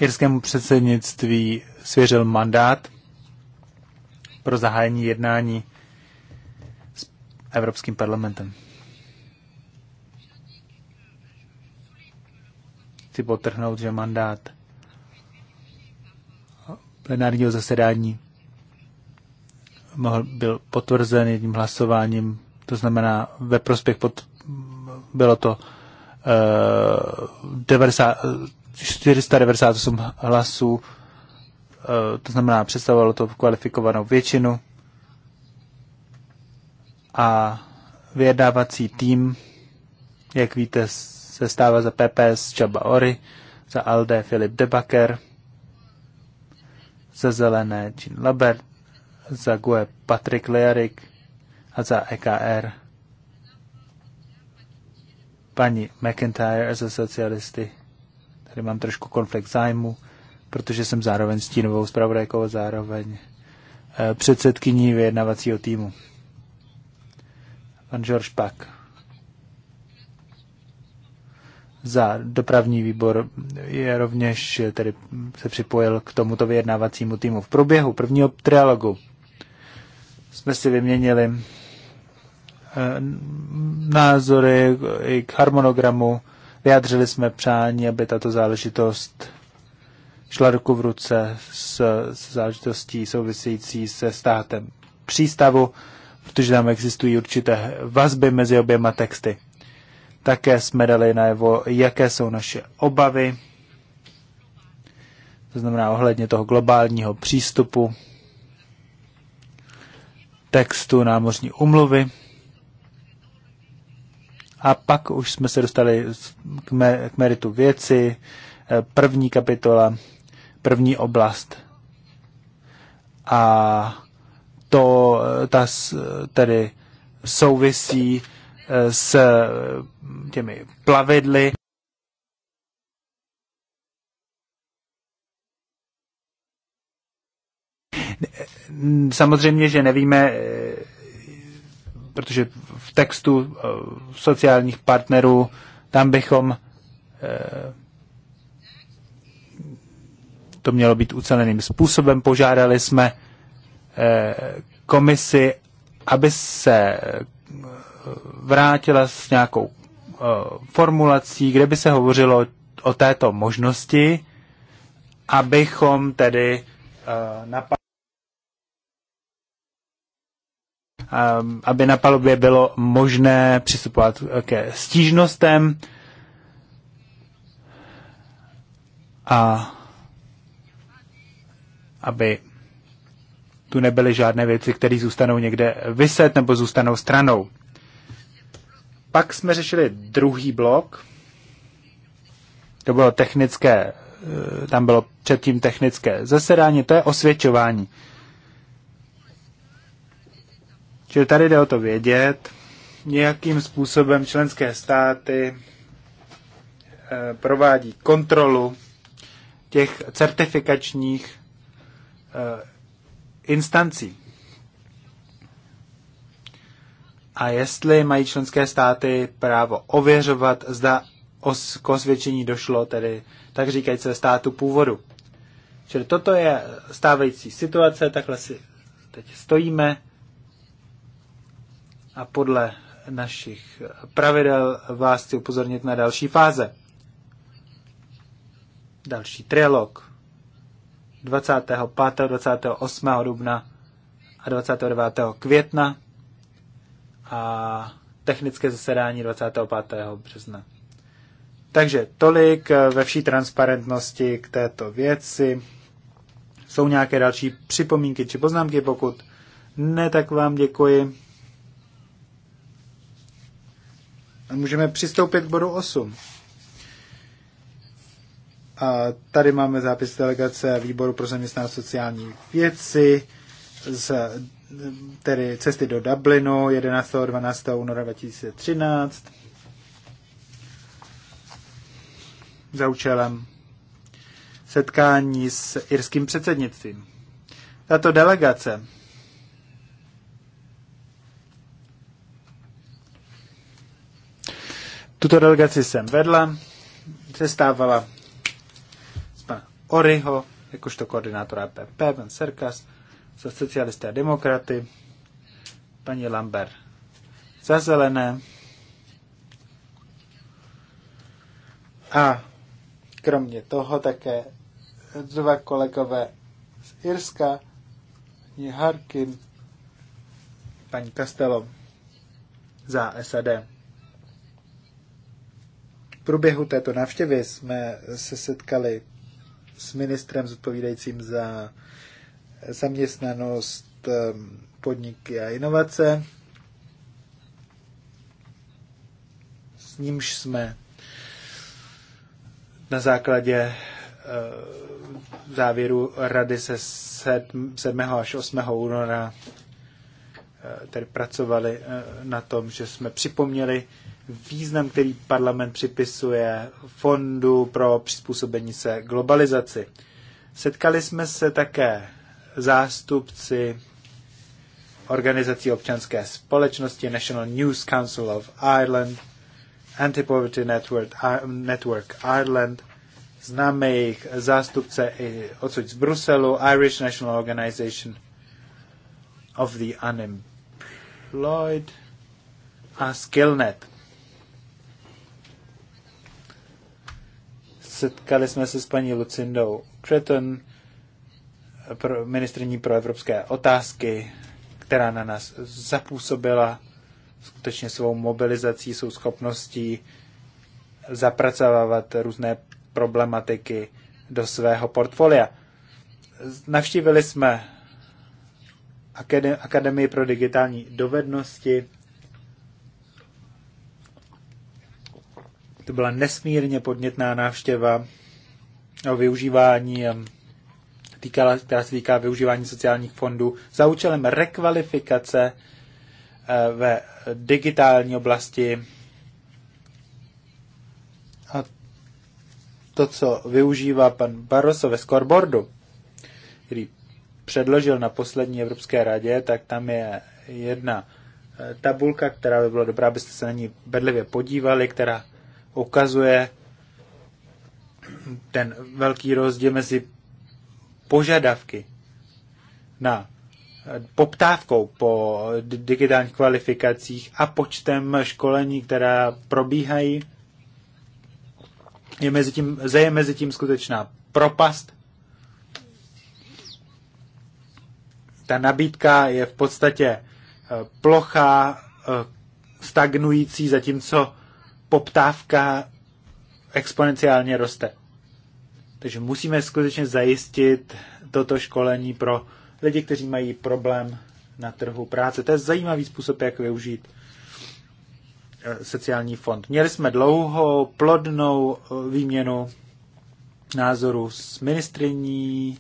jirskému předsednictví svěřil mandát pro zahájení jednání s Evropským parlamentem. chci potrhnout, že mandát plenárního zasedání mohl, byl potvrzen jedním hlasováním, to znamená ve prospěch pod, bylo to uh, 90, 498 hlasů, uh, to znamená představovalo to kvalifikovanou většinu a vyjednávací tým, jak víte, se stává za PPS Čaba Ory, za ALDE Filip Debaker, za Zelené Jean Labert, za GUE Patrick Learik a za EKR paní McIntyre za socialisty. Tady mám trošku konflikt zájmu, protože jsem zároveň stínovou zpravodajkou, zároveň eh, předsedkyní vyjednavacího týmu. Pan George Pak za dopravní výbor je rovněž eh, tedy se připojil k tomuto vyjednávacímu týmu. V průběhu prvního trialogu jsme si vyměnili eh, názory i k harmonogramu. Vyjádřili jsme přání, aby tato záležitost šla ruku v ruce s, s záležitostí související se státem přístavu, protože tam existují určité vazby mezi oběma texty. Také jsme dali najevo, jaké jsou naše obavy, to znamená ohledně toho globálního přístupu, textu námořní umluvy. A pak už jsme se dostali k, me, k meritu věci, eh, první kapitola, první oblast. A to eh, ta tedy souvisí Eh, s eh, těmi plavidly. Eh, samozřejmě, že nevíme, protože v textu sociálních partnerů tam bychom to mělo být uceleným způsobem. Požádali jsme komisi, aby se vrátila s nějakou eh, formulací, kde by se hovořilo o této možnosti, abychom tedy eh, napadli eh, aby na palubě bylo možné přistupovat ke stížnostem a aby tu nebyly žádné věci, které zůstanou někde vyset nebo zůstanou stranou. Pak jsme řešili druhý blok. To bylo technické, eh, tam bylo předtím technické zasedání, to je osvědčování. Čili tady jde o to vědět, jakým způsobem členské státy eh, provádí kontrolu těch certifikačních eh, instancí. a jestli mají členské státy právo ověřovat, zda os, k osvědčení došlo, tedy tak říkají se státu původu. Čili toto je stávající situace, takhle si teď stojíme a podle našich pravidel vás chci upozornit na další fáze. Další trilog 25. 28. dubna a 29. května a technické zasedání 25. března. Takže tolik eh, ve vší transparentnosti k této věci. Jsou nějaké další připomínky či poznámky? Pokud ne, tak vám děkuji. A můžeme přistoupit k bodu 8. A tady máme zápis delegace výboru pro zaměstnání sociální věci z tedy cesty do Dublinu 11. a 12. února 2013 za účelem setkání s irským předsednictvím. Tato delegace Tuto delegaci jsem vedla, přestávala z pana Oriho, jakožto koordinátora PP, pan Serkas, za socialisté a demokraty, paní Lambert za zelené. A kromě toho také dva kolegové z Irska, paní Harkin, paní Castello za SAD. V průběhu této návštěvy jsme se setkali s ministrem zodpovídajícím za zaměstnanost, podniky a inovace, s nímž jsme na základě eh, závěru rady se 7. až 8. února eh, tedy pracovali eh, na tom, že jsme připomněli význam, který parlament připisuje fondu pro přizpůsobení se globalizaci. Setkali jsme se také zástupci organizací občanské společnosti National News Council of Ireland, Anti-Poverty Network, Network Ireland, známe jejich zástupce i odsud z Bruselu, Irish National Organization of the Unemployed a Skillnet. Setkali jsme se s paní Lucindou Creton, pro ministrní pro evropské otázky, která na nás zapůsobila skutečně svou mobilizací, svou schopností zapracovávat různé problematiky do svého portfolia. Navštívili jsme Akademii pro digitální dovednosti. To byla nesmírně podnětná návštěva o využívání týkala, která se týká využívání sociálních fondů za účelem rekvalifikace eh, ve digitální oblasti. A to, co využívá pan Barroso ve scoreboardu, který předložil na poslední Evropské radě, tak tam je jedna eh, tabulka, která by byla dobrá, abyste se na ní bedlivě podívali, která ukazuje ten velký rozdíl mezi požadavky na eh, poptávkou po digitálních kvalifikacích a počtem školení, která probíhají, je mezi tím, je mezi tím skutečná propast. Ta nabídka je v podstatě eh, plochá, eh, stagnující, zatímco poptávka exponenciálně roste. Takže musíme skutečně zajistit toto školení pro lidi, kteří mají problém na trhu práce. To je zajímavý způsob, jak využít eh, sociální fond. Měli jsme dlouhou, plodnou eh, výměnu názoru s ministriní,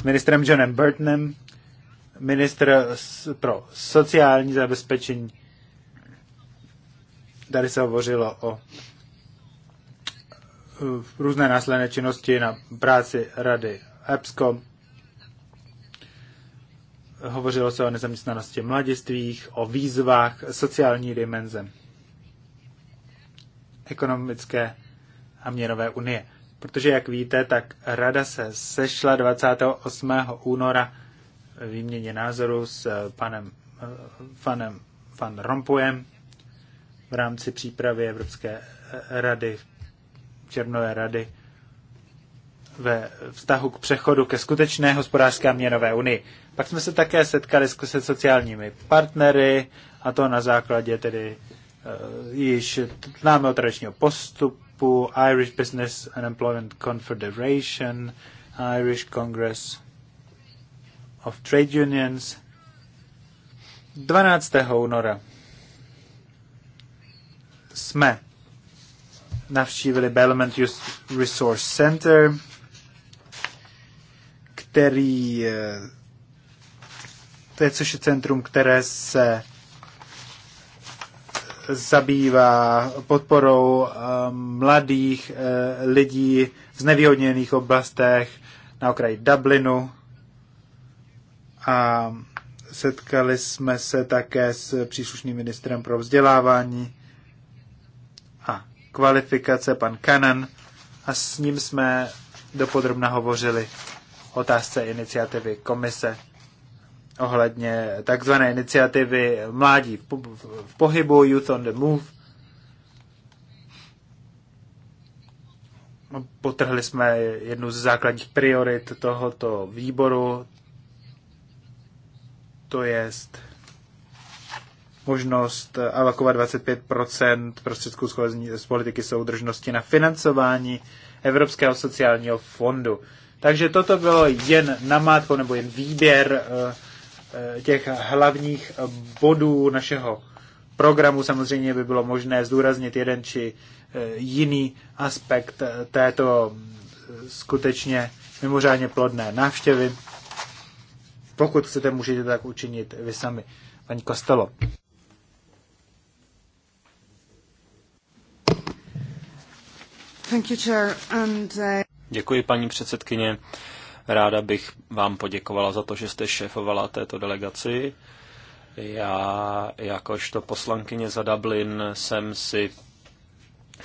s ministrem Johnem Burtonem, ministr pro sociální zabezpečení. Tady se hovořilo o v eh, různé následné činnosti na práci rady EPSCO. Hovořilo se o nezaměstnanosti mladistvích, o výzvách sociální dimenze ekonomické a měnové unie. Protože, jak víte, tak rada se sešla 28. února výměně názoru s eh, panem, panem eh, Van Rompuyem v rámci přípravy Evropské rady v Černové rady ve vztahu k přechodu ke skutečné hospodářské a měnové unii. Pak jsme se také setkali se sociálními partnery, a to na základě tedy uh, již známého tradičního postupu Irish Business and Employment Confederation, Irish Congress of Trade Unions 12. února jsme navštívili Belmont Resource Center, který, eh, to je což je centrum, které se zabývá podporou eh, mladých eh, lidí v znevýhodněných oblastech na okraji Dublinu. A setkali jsme se také s příslušným ministrem pro vzdělávání kvalifikace, pan Kanan, a s ním jsme dopodrobna hovořili otázce iniciativy komise ohledně takzvané iniciativy Mládí v pohybu, Youth on the Move. Potrhli jsme jednu z základních priorit tohoto výboru, to jest možnost alokovat 25 prostředků z politiky soudržnosti na financování Evropského sociálního fondu. Takže toto bylo jen namátko nebo jen výběr eh, eh, těch hlavních eh, bodů našeho programu. Samozřejmě by bylo možné zdůraznit jeden či jiný aspekt této skutečně mimořádně plodné návštěvy. Pokud chcete, můžete tak učinit vy sami. Paní Kostelo. Uh, Děkuji, paní předsedkyně. Ráda bych vám poděkovala za to, že jste šéfovala této delegaci. Já jakožto poslankyně za Dublin jsem si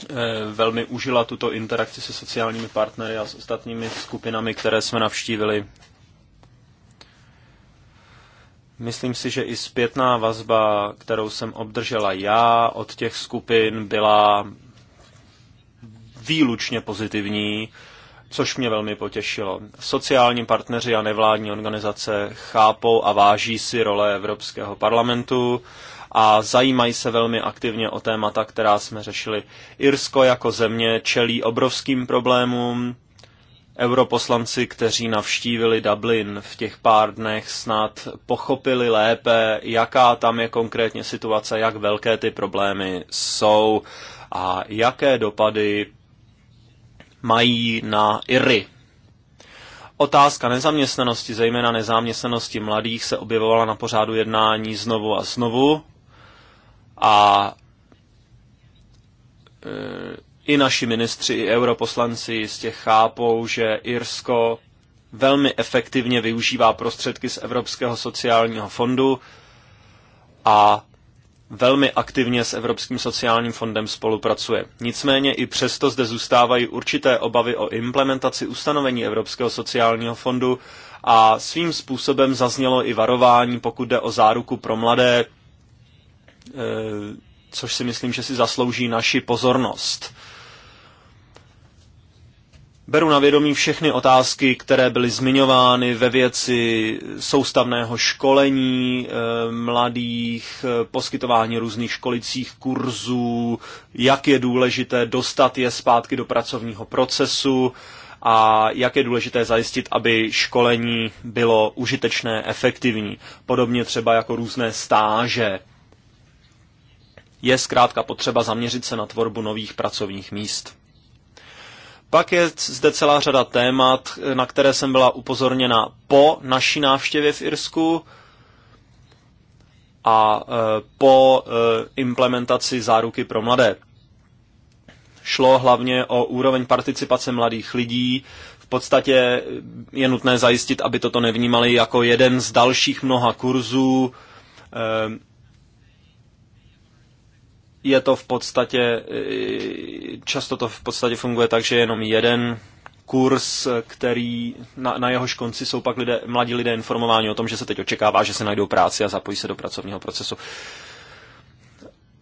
eh, velmi užila tuto interakci se sociálními partnery a s ostatními skupinami, které jsme navštívili. Myslím si, že i zpětná vazba, kterou jsem obdržela já od těch skupin, byla výlučně pozitivní, což mě velmi potěšilo. Sociální partneři a nevládní organizace chápou a váží si role Evropského parlamentu a zajímají se velmi aktivně o témata, která jsme řešili. Irsko jako země čelí obrovským problémům. Europoslanci, kteří navštívili Dublin v těch pár dnech, snad pochopili lépe, jaká tam je konkrétně situace, jak velké ty problémy jsou a jaké dopady mají na IRY. Otázka nezaměstnanosti, zejména nezaměstnanosti mladých, se objevovala na pořádu jednání znovu a znovu a e, i naši ministři, i europoslanci jistě chápou, že Irsko velmi efektivně využívá prostředky z Evropského sociálního fondu a velmi aktivně s Evropským sociálním fondem spolupracuje. Nicméně i přesto zde zůstávají určité obavy o implementaci ustanovení Evropského sociálního fondu a svým způsobem zaznělo i varování, pokud jde o záruku pro mladé, eh, což si myslím, že si zaslouží naši pozornost. Beru na vědomí všechny otázky, které byly zmiňovány ve věci soustavného školení eh, mladých, eh, poskytování různých školicích kurzů, jak je důležité dostat je zpátky do pracovního procesu a jak je důležité zajistit, aby školení bylo užitečné, efektivní. Podobně třeba jako různé stáže. Je zkrátka potřeba zaměřit se na tvorbu nových pracovních míst. Pak je zde celá řada témat, na které jsem byla upozorněna po naší návštěvě v Irsku a e, po e, implementaci záruky pro mladé. Šlo hlavně o úroveň participace mladých lidí. V podstatě je nutné zajistit, aby toto nevnímali jako jeden z dalších mnoha kurzů, e, je to v podstatě, eh, často to v podstatě funguje tak, že je jenom jeden kurz, který na, na jehož konci jsou pak lidé, mladí lidé informováni o tom, že se teď očekává, že se najdou práci a zapojí se do pracovního procesu.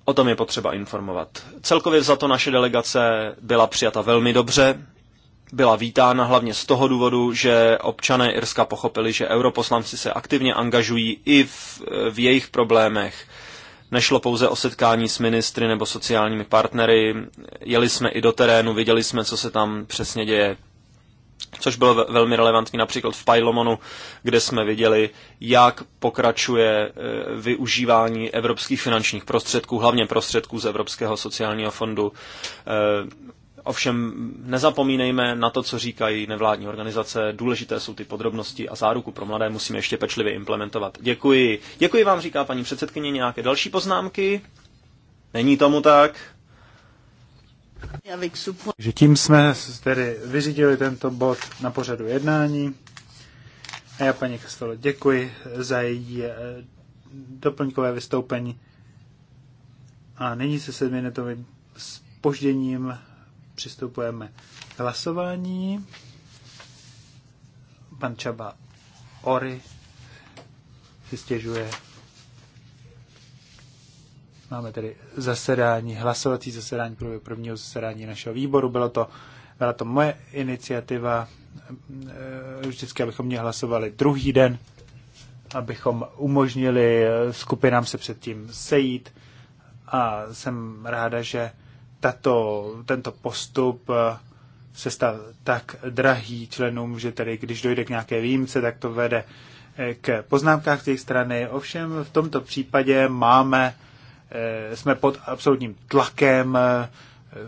O tom je potřeba informovat. Celkově za to naše delegace byla přijata velmi dobře, byla vítána hlavně z toho důvodu, že občané Irska pochopili, že europoslanci se aktivně angažují i v, v jejich problémech Nešlo pouze o setkání s ministry nebo sociálními partnery, jeli jsme i do terénu, viděli jsme, co se tam přesně děje, což bylo velmi relevantní například v Pajlomonu, kde jsme viděli, jak pokračuje e, využívání evropských finančních prostředků, hlavně prostředků z Evropského sociálního fondu e, Ovšem nezapomínejme na to, co říkají nevládní organizace. Důležité jsou ty podrobnosti a záruku pro mladé musíme ještě pečlivě implementovat. Děkuji. Děkuji vám, říká paní předsedkyně. Nějaké další poznámky? Není tomu tak? Že tím jsme tedy vyřídili tento bod na pořadu jednání. A já paní Kastolo děkuji za její eh, doplňkové vystoupení. A nyní se sedminetovým spožděním přistupujeme k hlasování. Pan Čaba Ory si stěžuje. Máme tedy zasedání, hlasovací zasedání pro prvního zasedání našeho výboru. Bylo to, byla to moje iniciativa. Eh, vždycky, abychom mě hlasovali druhý den, abychom umožnili eh, skupinám se předtím sejít. A jsem ráda, že tato, tento postup eh, se stal tak drahý členům, že tedy když dojde k nějaké výjimce, tak to vede eh, k poznámkách té strany. Ovšem v tomto případě máme, eh, jsme pod absolutním tlakem,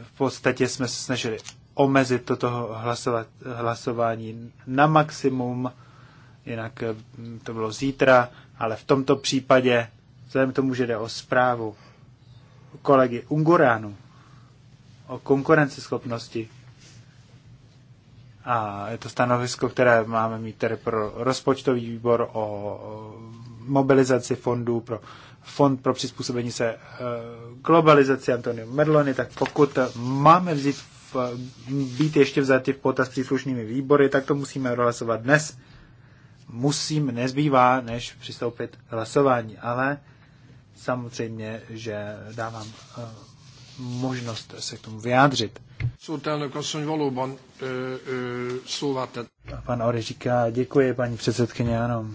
v podstatě jsme se snažili omezit toto hlasovat, hlasování na maximum, jinak to bylo zítra, ale v tomto případě, vzhledem k tomu, že jde o zprávu kolegy Unguránu, o konkurenceschopnosti. A je to stanovisko, které máme mít tedy pro rozpočtový výbor o mobilizaci fondů pro fond pro přizpůsobení se eh, globalizaci Antonio Merlony, tak pokud máme vzít v, být ještě vzati v potaz příslušnými výbory, tak to musíme odhlasovat dnes. Musím, nezbývá, než přistoupit k hlasování, ale samozřejmě, že dávám eh, možnost se k tomu vyjádřit. A pan Ore říká, děkuji paní předsedkyně, ano.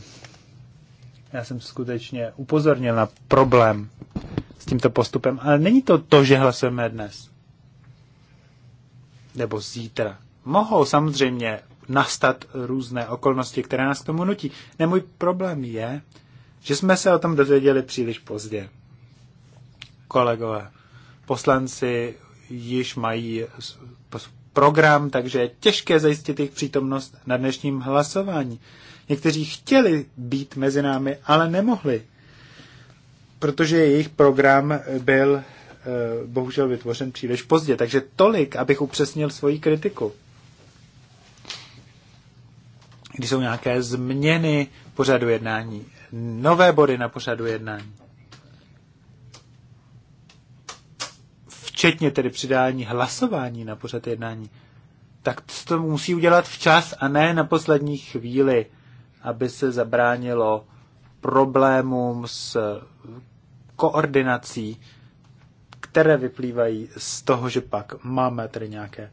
Já jsem skutečně upozornil na problém s tímto postupem, ale není to to, že hlasujeme dnes. Nebo zítra. Mohou samozřejmě nastat různé okolnosti, které nás k tomu nutí. Nemůj problém je, že jsme se o tom dozvěděli příliš pozdě. Kolegové, poslanci již mají program, takže je těžké zajistit jejich přítomnost na dnešním hlasování. Někteří chtěli být mezi námi, ale nemohli, protože jejich program byl eh, bohužel vytvořen příliš pozdě. Takže tolik, abych upřesnil svoji kritiku. Když jsou nějaké změny pořadu jednání, nové body na pořadu jednání, včetně tedy přidání hlasování na pořad jednání, tak to musí udělat včas a ne na poslední chvíli, aby se zabránilo problémům s koordinací, které vyplývají z toho, že pak máme tedy nějaké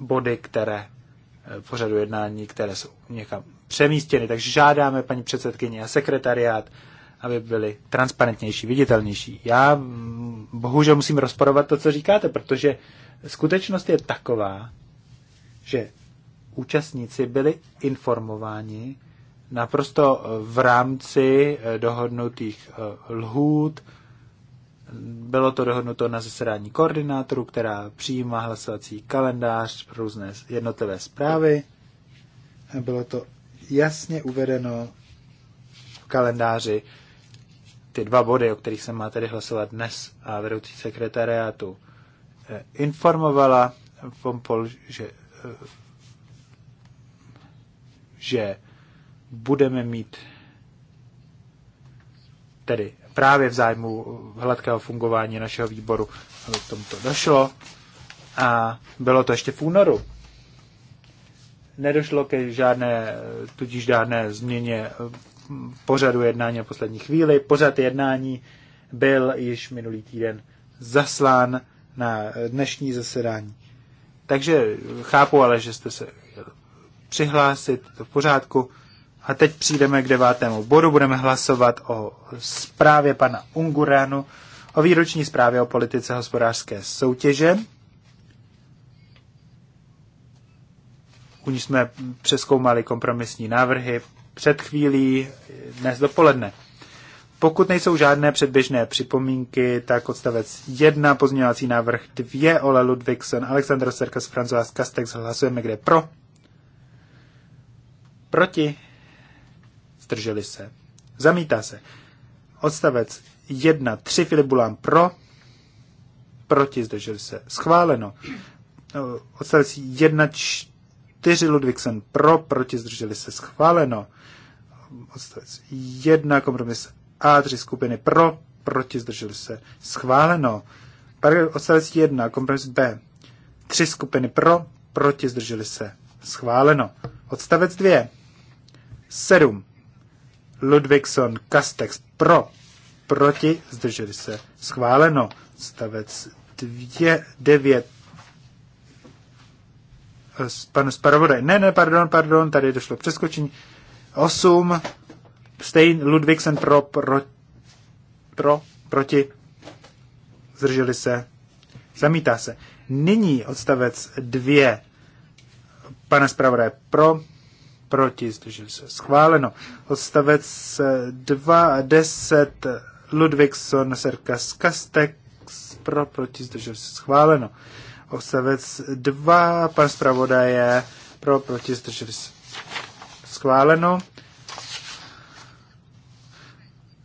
body, které eh, pořadu jednání, které jsou někam přemístěny. Takže žádáme paní předsedkyni a sekretariát, aby byly transparentnější, viditelnější. Já mm, bohužel musím rozporovat to, co říkáte, protože skutečnost je taková, že účastníci byli informováni naprosto eh, v rámci eh, dohodnutých eh, lhůt. Bylo to dohodnuto na zasedání koordinátoru, která přijímá hlasovací kalendář pro různé jednotlivé zprávy. Bylo to jasně uvedeno v kalendáři ty dva body, o kterých se má tedy hlasovat dnes a vedoucí sekretariátu eh, informovala Pompol, že, eh, že budeme mít tedy právě v zájmu hladkého fungování našeho výboru k to došlo a bylo to ještě v únoru. Nedošlo ke žádné, tudíž žádné změně eh, pořadu jednání na poslední chvíli. Pořad jednání byl již minulý týden zaslán na dnešní zasedání. Takže chápu ale, že jste se přihlásit, to v pořádku. A teď přijdeme k devátému bodu, budeme hlasovat o zprávě pana Unguránu, o výroční zprávě o politice hospodářské soutěže. U ní jsme přeskoumali kompromisní návrhy před chvílí dnes dopoledne. Pokud nejsou žádné předběžné připomínky, tak odstavec 1, pozměňovací návrh 2, Ole Ludvigson, Alexander Serkas, Francois Kastex, hlasujeme kde pro. Proti. Zdrželi se. Zamítá se. Odstavec 1, 3, Filibulán pro. Proti, zdrželi se. Schváleno. No, odstavec 1, 4, 4 Ludvigsen pro, proti zdrželi se schváleno. Odstavec 1 kompromis A3 skupiny pro, proti zdrželi se schváleno. Odstavec 1 kompromis B. 3 skupiny pro, proti zdrželi se schváleno. Odstavec 2. 7. Ludvigson Kastex pro, proti zdrželi se schváleno. Odstavec 2, 9 panu zpravodaj. Ne, ne, pardon, pardon, tady došlo přeskočení. 8. stejn Ludvigsen pro, pro, pro, proti. Zdrželi se. Zamítá se. Nyní odstavec 2. pane zpravodaj, pro, proti, zdrželi se. Schváleno. Odstavec 2 eh, a 10. Ludvigson, Serkas, pro, proti, zdrželi se. Schváleno. Osavec 2, pan zpravodaje pro, proti, zdrželi Schváleno.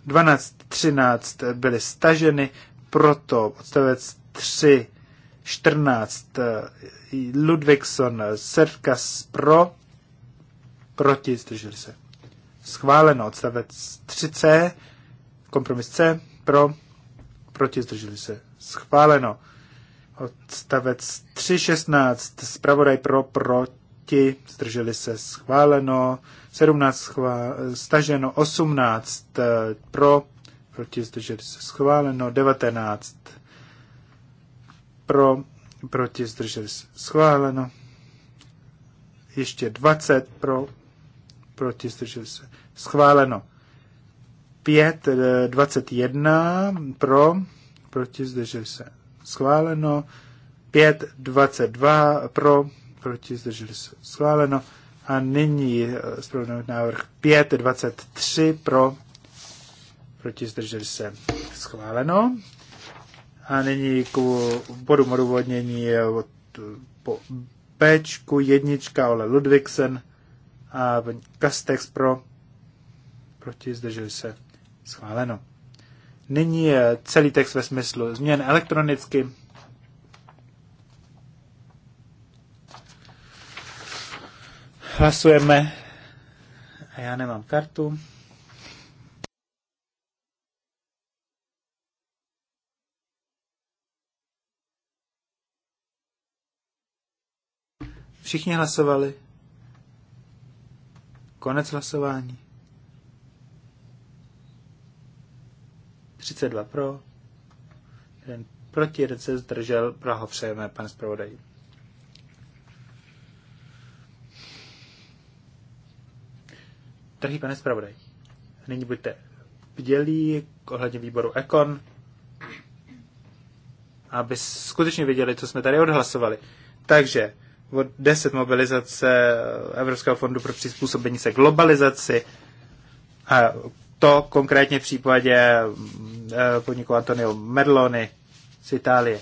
12, 13 byly staženy, proto odstavec 3, 14 Ludvigson, Serkas pro, proti, zdrželi se. Schváleno odstavec 3C, kompromis C, pro, proti, zdrželi se. Schváleno odstavec 3.16, zpravodaj pro, proti, zdrželi se schváleno, 17 schvá, staženo, 18 eh, pro, proti, zdrželi se schváleno, 19 pro, proti, zdrželi se schváleno, ještě 20 pro, proti, zdrželi se schváleno, 5, 21 eh, pro, proti, zdrželi se schváleno. 5.22 pro, proti zdrželi se schváleno. A nyní eh, zpravodajový návrh 5.23 pro, proti zdrželi se schváleno. A nyní k bodu odůvodnění eh, od, eh, po Bčku jednička Ole Ludvigsen a Kastex pro, proti zdrželi se schváleno. Nyní je celý text ve smyslu změn elektronicky. Hlasujeme. A já nemám kartu. Všichni hlasovali. Konec hlasování. 32 pro, jeden proti, jeden se zdržel. přejeme, pane zpravodaj. Drahý pane zpravodaj, nyní buďte bdělí ohledně výboru Ekon, aby skutečně věděli, co jsme tady odhlasovali. Takže od 10 mobilizace Evropského fondu pro přizpůsobení se globalizaci a to konkrétně v případě eh, podniku Antonio Merlony z Itálie.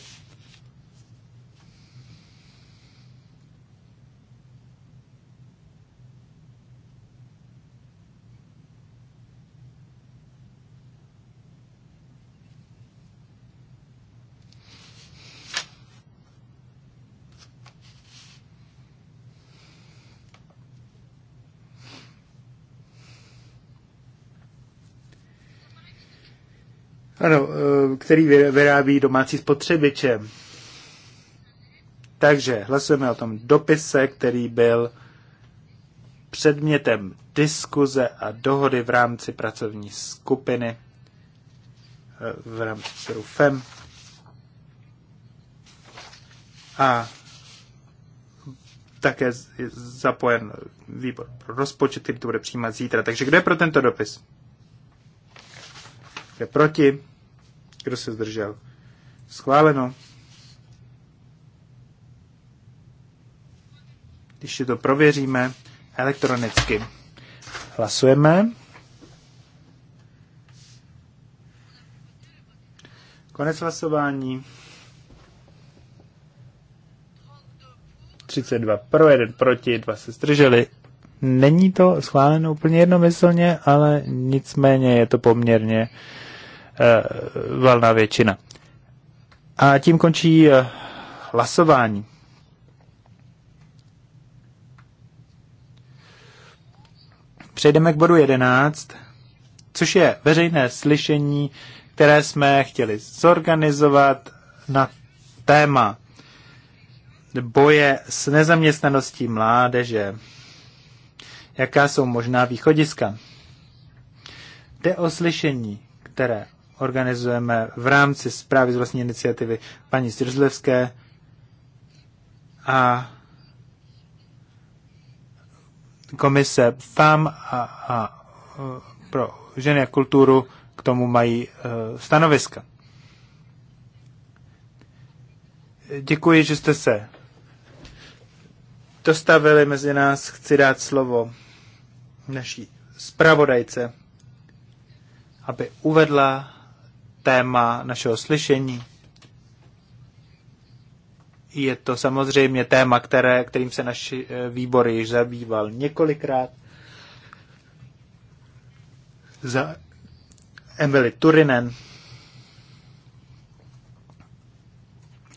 ano, eh, který vyrábí domácí spotřebiče. Takže hlasujeme o tom dopise, který byl předmětem diskuze a dohody v rámci pracovní skupiny, eh, v rámci FEM. A také zapojen výbor pro rozpočet, který to bude přijímat zítra. Takže kdo je pro tento dopis? Kdo je proti? Kdo se zdržel? Schváleno. si to prověříme elektronicky. Hlasujeme. Konec hlasování. 32 pro, 1 proti, 2 se zdrželi. Není to schváleno úplně jednomyslně, ale nicméně je to poměrně Eh, valná většina. A tím končí eh, hlasování. Přejdeme k bodu 11, což je veřejné slyšení, které jsme chtěli zorganizovat na téma boje s nezaměstnaností mládeže. Jaká jsou možná východiska? Jde o slyšení, které organizujeme v rámci zprávy z vlastní iniciativy paní Zdrzlevské a komise FAM a, a e, pro ženy a kulturu k tomu mají e, stanoviska. Děkuji, že jste se dostavili mezi nás. Chci dát slovo naší zpravodajce, aby uvedla téma našeho slyšení. Je to samozřejmě téma, které, kterým se náš eh, výbor již zabýval několikrát. Za Emily Turinen,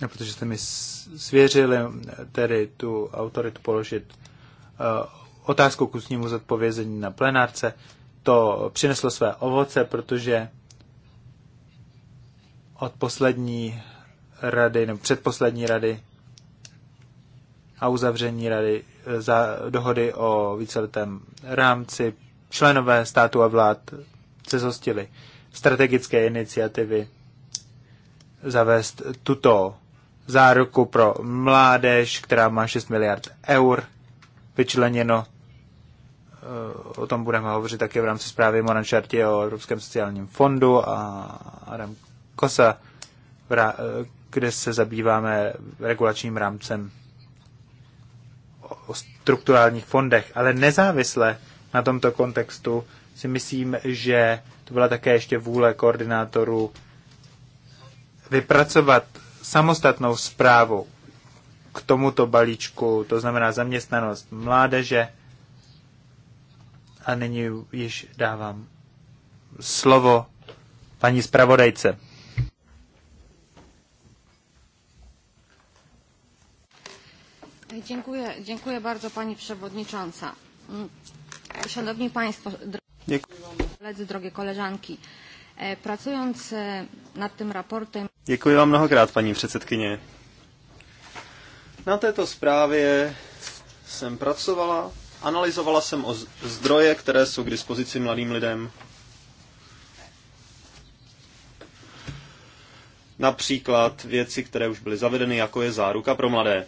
no, protože jste mi svěřili eh, tedy tu autoritu položit uh, otázku k ústnímu zodpovězení na plenárce, to přineslo své ovoce, protože od poslední rady, nebo předposlední rady a uzavření rady eh, za dohody o víceletém rámci členové státu a vlád se zhostili strategické iniciativy zavést tuto záruku pro mládež, která má 6 miliard eur vyčleněno. Eh, o tom budeme hovořit také v rámci zprávy Moran Chartier o Evropském sociálním fondu a Adam COSA, kde se zabýváme regulačním rámcem o strukturálních fondech, ale nezávisle na tomto kontextu si myslím, že to byla také ještě vůle koordinátorů vypracovat samostatnou zprávu k tomuto balíčku, to znamená zaměstnanost mládeže. A nyní již dávám slovo paní zpravodajce. Dziękuję, dziękuję bardzo Pani Przewodnicząca. Mm, Szanowni Państwo, drogi koledzy, drogie koleżanki, e, pracując e, nad tym raportem... Děkuji vám mnohokrát, pani předsedkyně. Na této zprávě jsem pracovala, analyzovala jsem o zdroje, které jsou k dispozici mladým lidem. Například věci, které už byly zavedeny, jako je záruka pro mladé.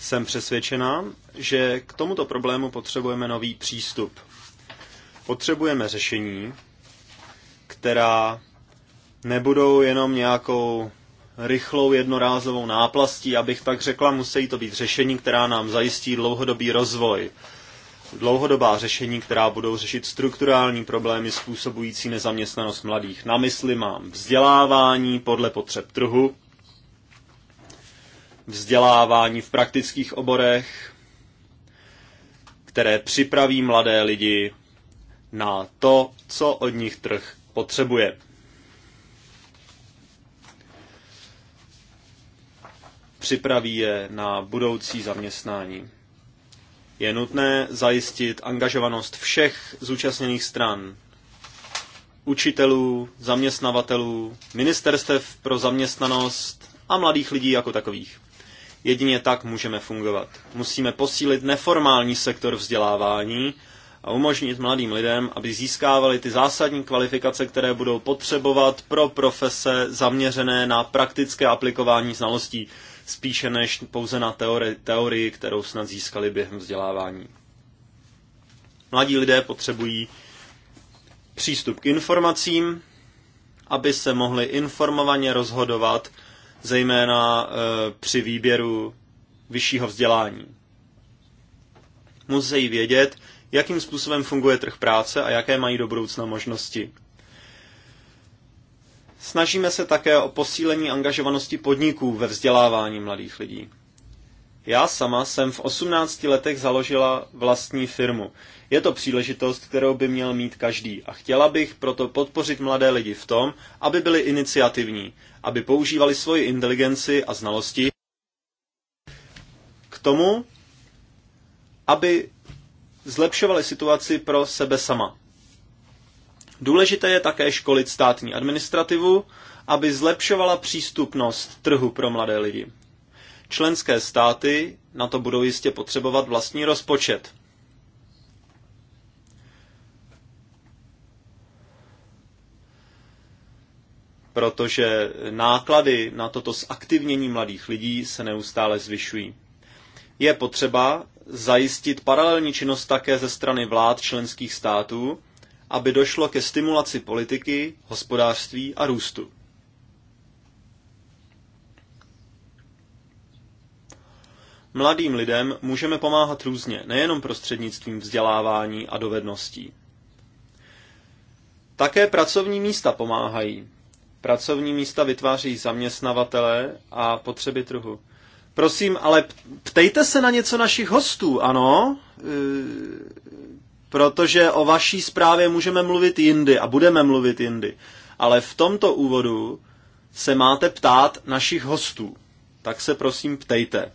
Jsem přesvědčená, že k tomuto problému potřebujeme nový přístup. Potřebujeme řešení, která nebudou jenom nějakou rychlou jednorázovou náplastí, abych tak řekla, musí to být řešení, která nám zajistí dlouhodobý rozvoj. Dlouhodobá řešení, která budou řešit strukturální problémy způsobující nezaměstnanost mladých. Na mysli mám vzdělávání podle potřeb trhu, vzdělávání v praktických oborech, které připraví mladé lidi na to, co od nich trh potřebuje. Připraví je na budoucí zaměstnání. Je nutné zajistit angažovanost všech zúčastněných stran, učitelů, zaměstnavatelů, ministerstev pro zaměstnanost a mladých lidí jako takových. Jedině tak můžeme fungovat. Musíme posílit neformální sektor vzdělávání a umožnit mladým lidem, aby získávali ty zásadní kvalifikace, které budou potřebovat pro profese zaměřené na praktické aplikování znalostí, spíše než pouze na teori- teorii, kterou snad získali během vzdělávání. Mladí lidé potřebují přístup k informacím, aby se mohli informovaně rozhodovat zejména eh, při výběru vyššího vzdělání. Musí vědět, jakým způsobem funguje trh práce a jaké mají do budoucna možnosti. Snažíme se také o posílení angažovanosti podniků ve vzdělávání mladých lidí. Já sama jsem v 18 letech založila vlastní firmu. Je to příležitost, kterou by měl mít každý a chtěla bych proto podpořit mladé lidi v tom, aby byli iniciativní, aby používali svoji inteligenci a znalosti k tomu, aby zlepšovali situaci pro sebe sama. Důležité je také školit státní administrativu, aby zlepšovala přístupnost trhu pro mladé lidi. Členské státy na to budou jistě potřebovat vlastní rozpočet. protože náklady na toto zaktivnění mladých lidí se neustále zvyšují. Je potřeba zajistit paralelní činnost také ze strany vlád členských států, aby došlo ke stimulaci politiky, hospodářství a růstu. Mladým lidem můžeme pomáhat různě, nejenom prostřednictvím vzdělávání a dovedností. Také pracovní místa pomáhají. Pracovní místa vytváří zaměstnavatele a potřeby trhu. Prosím, ale ptejte se na něco našich hostů, ano? E, protože o vaší zprávě můžeme mluvit jindy a budeme mluvit jindy. Ale v tomto úvodu se máte ptát našich hostů. Tak se prosím ptejte.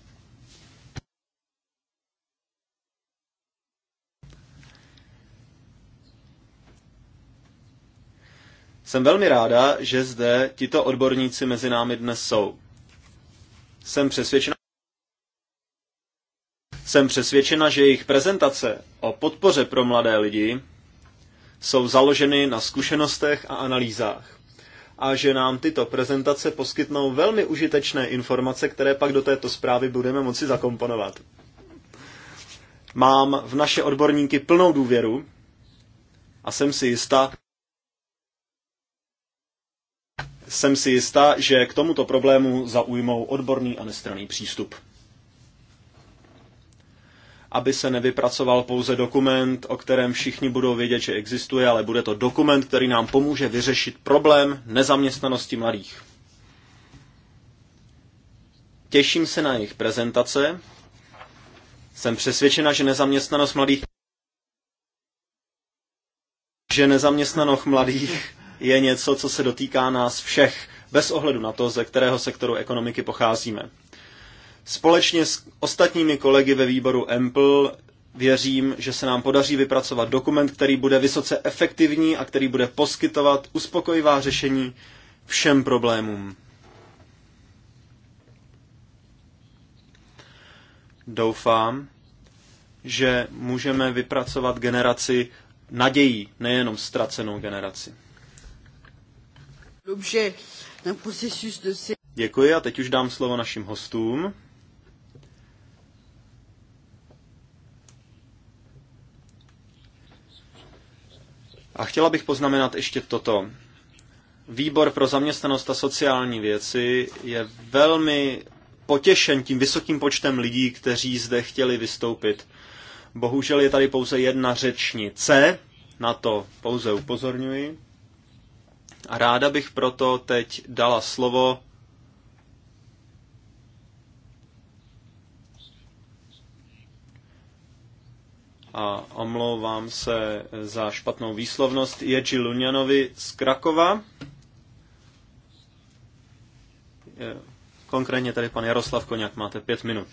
Jsem velmi ráda, že zde tito odborníci mezi námi dnes jsou. Jsem přesvědčena, jsem přesvědčena, že jejich prezentace o podpoře pro mladé lidi jsou založeny na zkušenostech a analýzách a že nám tyto prezentace poskytnou velmi užitečné informace, které pak do této zprávy budeme moci zakomponovat. Mám v naše odborníky plnou důvěru a jsem si jistá, jsem si jistá, že k tomuto problému zaujmou odborný a nestranný přístup. Aby se nevypracoval pouze dokument, o kterém všichni budou vědět, že existuje, ale bude to dokument, který nám pomůže vyřešit problém nezaměstnanosti mladých. Těším se na jejich prezentace. Jsem přesvědčena, že nezaměstnanost mladých že nezaměstnanost mladých je něco, co se dotýká nás všech, bez ohledu na to, ze kterého sektoru ekonomiky pocházíme. Společně s ostatními kolegy ve výboru EMPL věřím, že se nám podaří vypracovat dokument, který bude vysoce efektivní a který bude poskytovat uspokojivá řešení všem problémům. Doufám, že můžeme vypracovat generaci nadějí, nejenom ztracenou generaci. Děkuji a teď už dám slovo našim hostům. A chtěla bych poznamenat ještě toto. Výbor pro zaměstnanost a sociální věci je velmi potěšen tím vysokým počtem lidí, kteří zde chtěli vystoupit. Bohužel je tady pouze jedna řečnice, na to pouze upozorňuji. A ráda bych proto teď dala slovo a omlouvám se za špatnou výslovnost Ječi Lunjanovi z Krakova. Konkrétně tady pan Jaroslav Koněk, máte pět minut.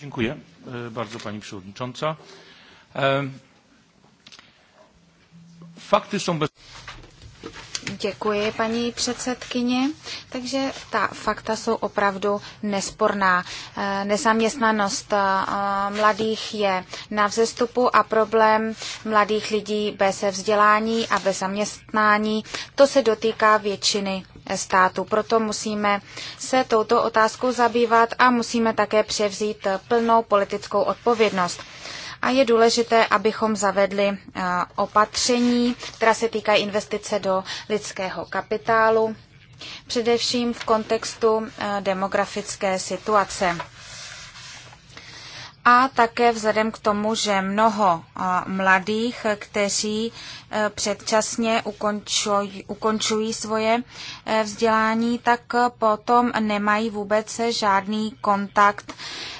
Dziękuję e, bardzo Pani Przewodnicząca. E, fakty są bez... Děkuji, paní předsedkyně. Takže ta fakta jsou opravdu nesporná. E, nezaměstnanost mladých je na vzestupu a problém mladých lidí bez vzdělání a bez zaměstnání, to se dotýká většiny Státu, Proto musíme se touto otázkou zabývat a musíme také převzít plnou politickou odpovědnost. A je důležité, abychom zavedli eh, opatření, která se týkají investice do lidského kapitálu, především v kontextu eh, demografické situace a také vzhledem k tomu, že mnoho mladých, kteří e, předčasně ukončují, ukončují svoje e, vzdělání, tak potom nemají vůbec žádný kontakt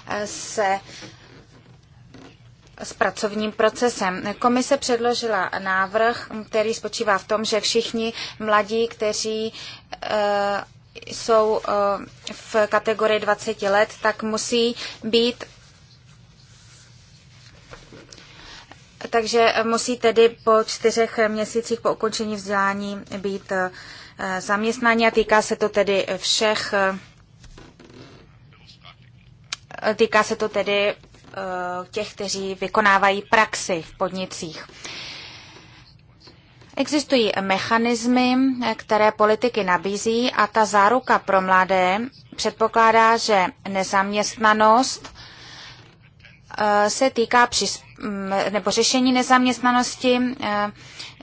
e, se s pracovním procesem. Komise předložila návrh, který spočívá v tom, že všichni mladí, kteří jsou v kategorii 20 let, tak musí být Takže musí tedy po čtyřech měsících po ukončení vzdělání být eh, zaměstnání a týká se to tedy všech eh, týká se to tedy eh, těch, kteří vykonávají praxi v podnicích. Existují mechanismy, které politiky nabízí a ta záruka pro mladé předpokládá, že nezaměstnanost se týká přizpůsobení nebo řešení nezaměstnanosti e,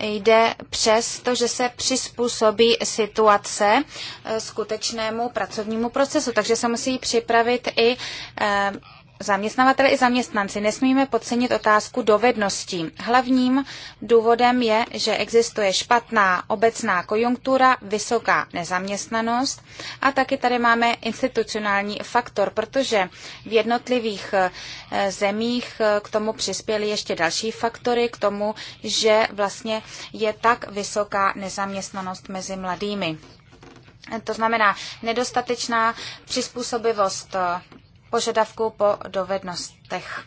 jde přes to, že se přizpůsobí situace e, skutečnému pracovnímu procesu. Takže se musí připravit i e, Zaměstnavatele i zaměstnanci nesmíme podcenit otázku dovedností. Hlavním důvodem je, že existuje špatná obecná konjunktura, vysoká nezaměstnanost a taky tady máme institucionální faktor, protože v jednotlivých eh, zemích eh, k tomu přispěly ještě další faktory, k tomu, že vlastně je tak vysoká nezaměstnanost mezi mladými. To znamená nedostatečná přizpůsobivost eh, požadavků po dovednostech.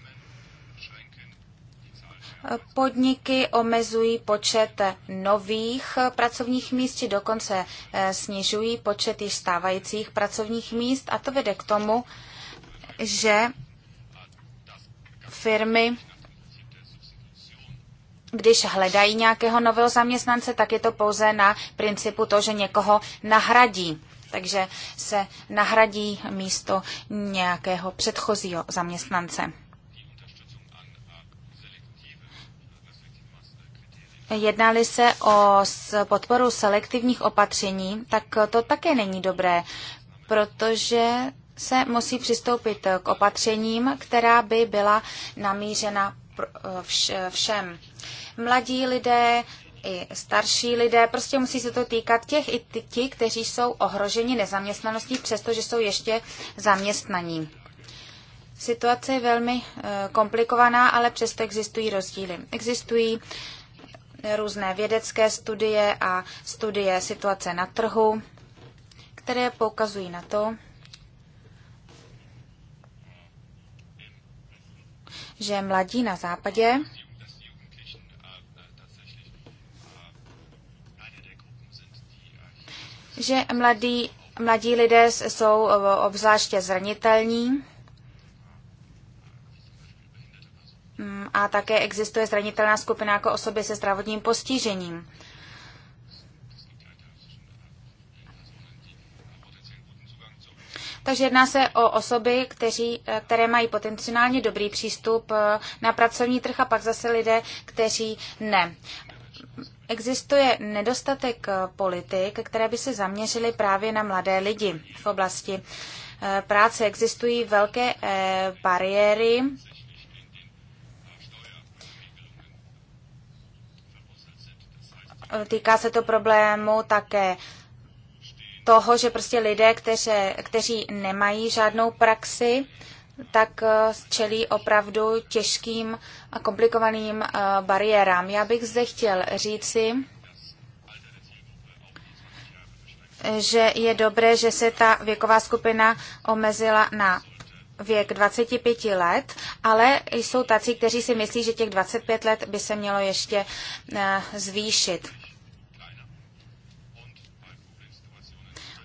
Podniky omezují počet nových pracovních míst, či dokonce eh, snižují počet již stávajících pracovních míst a to vede k tomu, že firmy když hledají nějakého nového zaměstnance, tak je to pouze na principu to, že někoho nahradí takže se nahradí místo nějakého předchozího zaměstnance. Jednali se o podporu selektivních opatření, tak to také není dobré, protože se musí přistoupit k opatřením, která by byla namířena všem. Mladí lidé, i starší lidé. Prostě musí se to týkat těch i ti, kteří jsou ohroženi nezaměstnaností, přestože jsou ještě zaměstnaní. Situace je velmi eh, komplikovaná, ale přesto existují rozdíly. Existují různé vědecké studie a studie situace na trhu, které poukazují na to, že mladí na západě že mladí, mladí lidé jsou eh, obzvláště zranitelní mm, a také existuje zranitelná skupina jako osoby se zdravotním postižením. Takže jedná se o osoby, kteří, eh, které mají potenciálně dobrý přístup eh, na pracovní trh a pak zase lidé, kteří ne. Existuje nedostatek eh, politik, které by se zaměřily právě na mladé lidi v oblasti eh, práce. Existují velké eh, bariéry Týká se to problému také toho, že prostě lidé, kteři, kteří nemají žádnou praxi, tak eh, čelí opravdu těžkým a komplikovaným eh, bariérám. Já bych zde chtěl říci, že je dobré, že se ta věková skupina omezila na věk 25 let, ale jsou tací, kteří si myslí, že těch 25 let by se mělo ještě eh, zvýšit.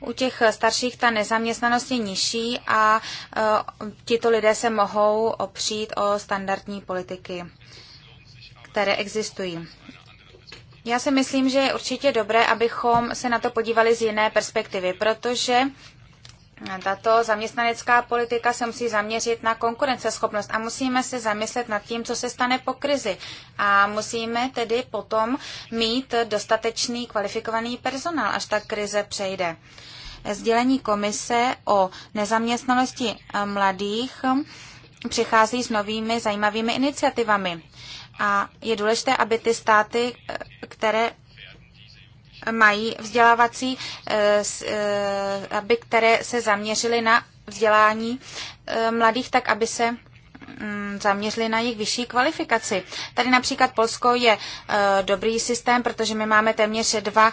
u těch starších ta nezaměstnanost je nižší a e, tito lidé se mohou opřít o standardní politiky, které existují. Já si myslím, že je určitě dobré, abychom se na to podívali z jiné perspektivy, protože tato zaměstnanecká politika se musí zaměřit na konkurenceschopnost a musíme se zamyslet nad tím, co se stane po krizi. A musíme tedy potom mít dostatečný kvalifikovaný personál, až ta krize přejde. Sdělení komise o nezaměstnanosti mladých přichází s novými zajímavými iniciativami. A je důležité, aby ty státy, které mají vzdělávací eh, eh, aby které se zaměřily na vzdělání eh, mladých, tak aby se mm, zaměřili na jejich vyšší kvalifikaci. Tady například Polsko je dobrý systém, protože my máme téměř 2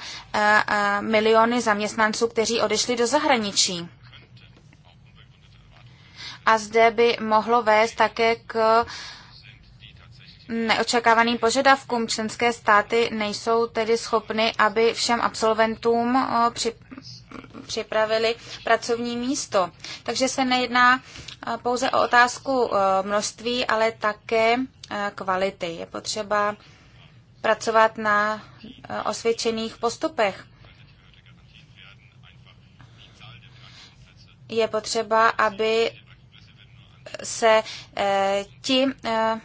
miliony zaměstnanců, kteří odešli do zahraničí. A zde by mohlo vést také k neočekávaným požadavkům členské státy nejsou tedy schopny, aby všem absolventům připravili pracovní místo. Takže se nejedná pouze o otázku množství, ale také kvality. Je potřeba pracovat na osvědčených postupech. Je potřeba, aby se e, ti e,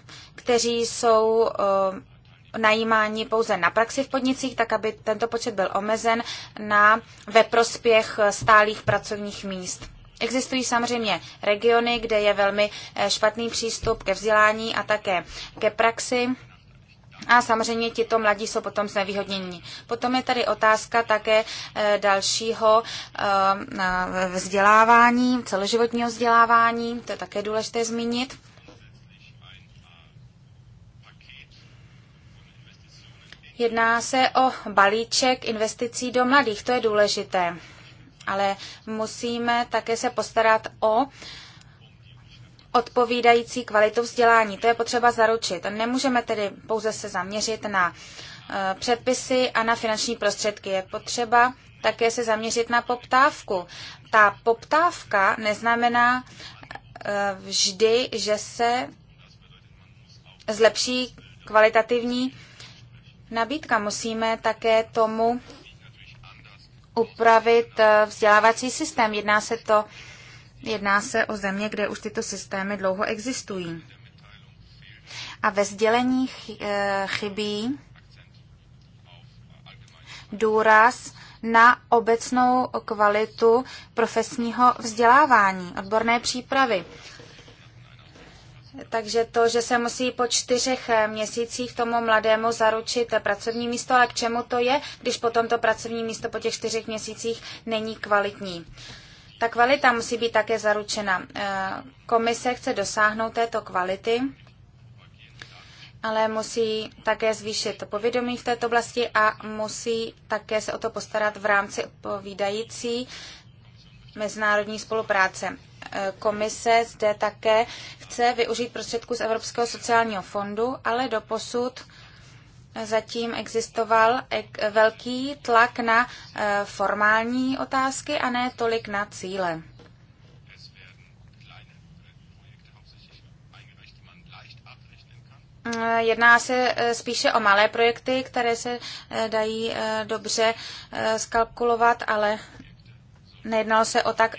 kteří jsou eh, najímáni pouze na praxi v podnicích, tak aby tento počet byl omezen na ve prospěch eh, stálých pracovních míst. Existují samozřejmě regiony, kde je velmi eh, špatný přístup ke vzdělání a také ke praxi. A samozřejmě tito mladí jsou potom znevýhodnění. Potom je tady otázka také dalšího vzdělávání, celoživotního vzdělávání, to je také důležité zmínit. Jedná se o balíček investicí do mladých, to je důležité. Ale musíme také se postarat o odpovídající kvalitu vzdělání. To je potřeba zaručit. Nemůžeme tedy pouze se zaměřit na eh, předpisy a na finanční prostředky. Je potřeba také se zaměřit na poptávku. Ta poptávka neznamená eh, vždy, že se zlepší kvalitativní nabídka. Musíme také tomu upravit eh, vzdělávací systém. Jedná se to Jedná se o země, kde už tyto systémy dlouho existují. A ve sdělení eh, chybí důraz na obecnou kvalitu profesního vzdělávání, odborné přípravy. Takže to, že se musí po čtyřech eh, měsících tomu mladému zaručit eh, pracovní místo, ale k čemu to je, když potom to pracovní místo po těch čtyřech měsících není kvalitní. Ta kvalita musí být také zaručena. Eh, komise chce dosáhnout této kvality, ale musí také zvýšit povědomí v této oblasti a musí také se o to postarat v rámci odpovídající mezinárodní spolupráce komise zde také chce využít prostředků z Evropského sociálního fondu, ale doposud zatím existoval velký tlak na eh, formální otázky a ne tolik na cíle. Eh, jedná se eh, spíše o malé projekty, které se dají dobře skalkulovat, ale nejednalo se o tak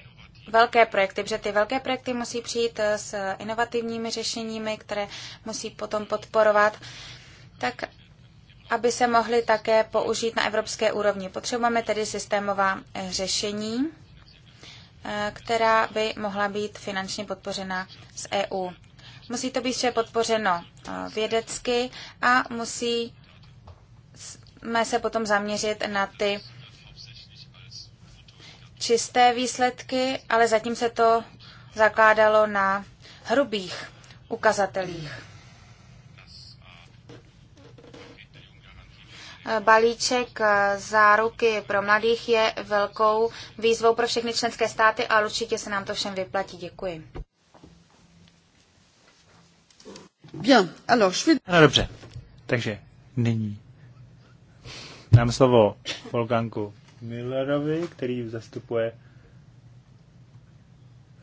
velké projekty, protože ty velké projekty musí přijít eh, s inovativními řešeními, které musí potom podporovat, tak aby se mohly také použít na evropské úrovni. Potřebujeme tedy systémová eh, řešení, eh, která by mohla být finančně podpořena z EU. Musí to být vše podpořeno vědecky a musíme se potom zaměřit na ty čisté výsledky, ale zatím se to zakládalo na hrubých ukazatelích. Balíček záruky pro mladých je velkou výzvou pro všechny členské státy a určitě se nám to všem vyplatí. Děkuji. Bien, alors, je... No dobře, takže nyní dám slovo Volkanku. Millerovi, který zastupuje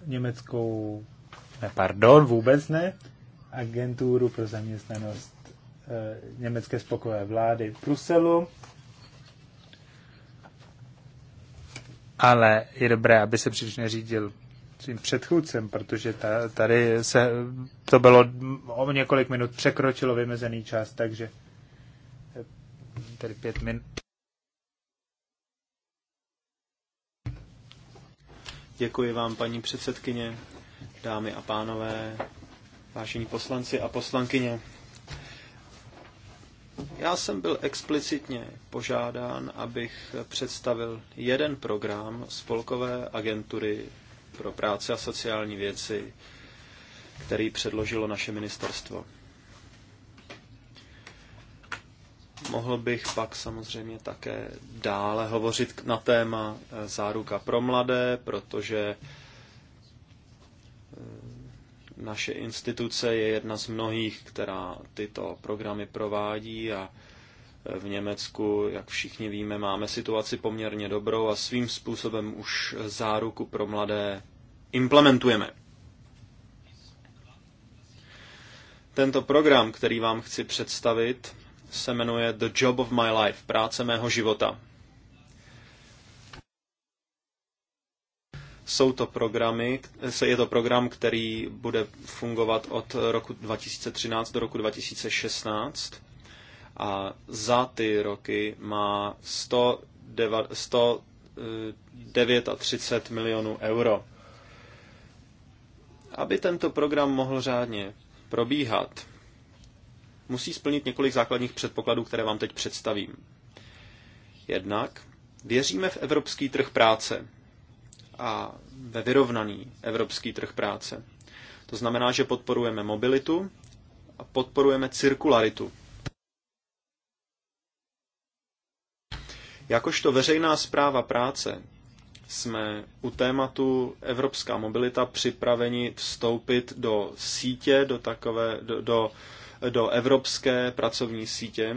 německou, ne, pardon, vůbec ne, agenturu pro zaměstnanost e, německé spokové vlády v Bruselu. Ale je dobré, aby se příliš neřídil svým předchůdcem, protože ta, tady se to bylo o několik minut překročilo vymezený čas, takže eh, tedy pět minut. Děkuji vám, paní předsedkyně, dámy a pánové, vážení poslanci a poslankyně. Já jsem byl explicitně požádán, abych představil jeden program Spolkové agentury pro práci a sociální věci, který předložilo naše ministerstvo. Mohl bych pak samozřejmě také dále hovořit na téma eh, záruka pro mladé, protože eh, naše instituce je jedna z mnohých, která tyto programy provádí a eh, v Německu, jak všichni víme, máme situaci poměrně dobrou a svým způsobem už záruku pro mladé implementujeme. Tento program, který vám chci představit, se jmenuje The Job of My Life, práce mého života. Jsou to programy, je to program, který bude fungovat od roku 2013 do roku 2016 a za ty roky má 139 eh, milionů euro. Aby tento program mohl řádně probíhat, musí splnit několik základních předpokladů, které vám teď představím. Jednak věříme v evropský trh práce a ve vyrovnaný evropský trh práce. To znamená, že podporujeme mobilitu a podporujeme cirkularitu. Jakožto veřejná zpráva práce jsme u tématu Evropská mobilita připraveni vstoupit do sítě, do takové, do, do do evropské pracovní sítě,